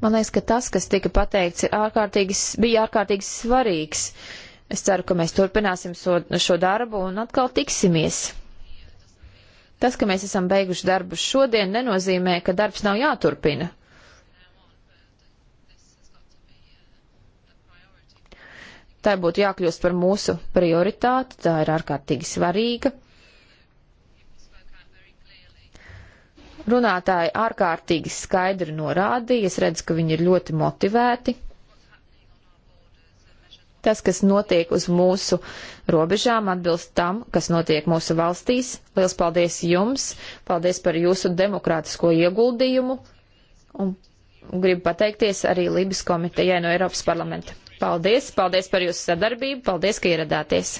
Man liekas, ka tas, kas tika pateikts, ārkārtīgi, bija ārkārtīgi svarīgs. Es ceru, ka mēs turpināsim so, šo darbu un atkal tiksimies. Tas, ka mēs esam beiguši darbu šodien, nenozīmē, ka darbs nav jāturpina. Tā būtu jākļūst par mūsu prioritāti, tā ir ārkārtīgi svarīga. Runātāji ārkārtīgi skaidri norādīja, es redzu, ka viņi ir ļoti motivēti. Tas, kas notiek uz mūsu robežām, atbilst tam, kas notiek mūsu valstīs. Liels paldies jums! Paldies par jūsu demokrātisko ieguldījumu! Un gribu pateikties arī Libijas komitejai no Eiropas parlamenta. Paldies! Paldies par jūsu sadarbību! Paldies, ka ieradāties!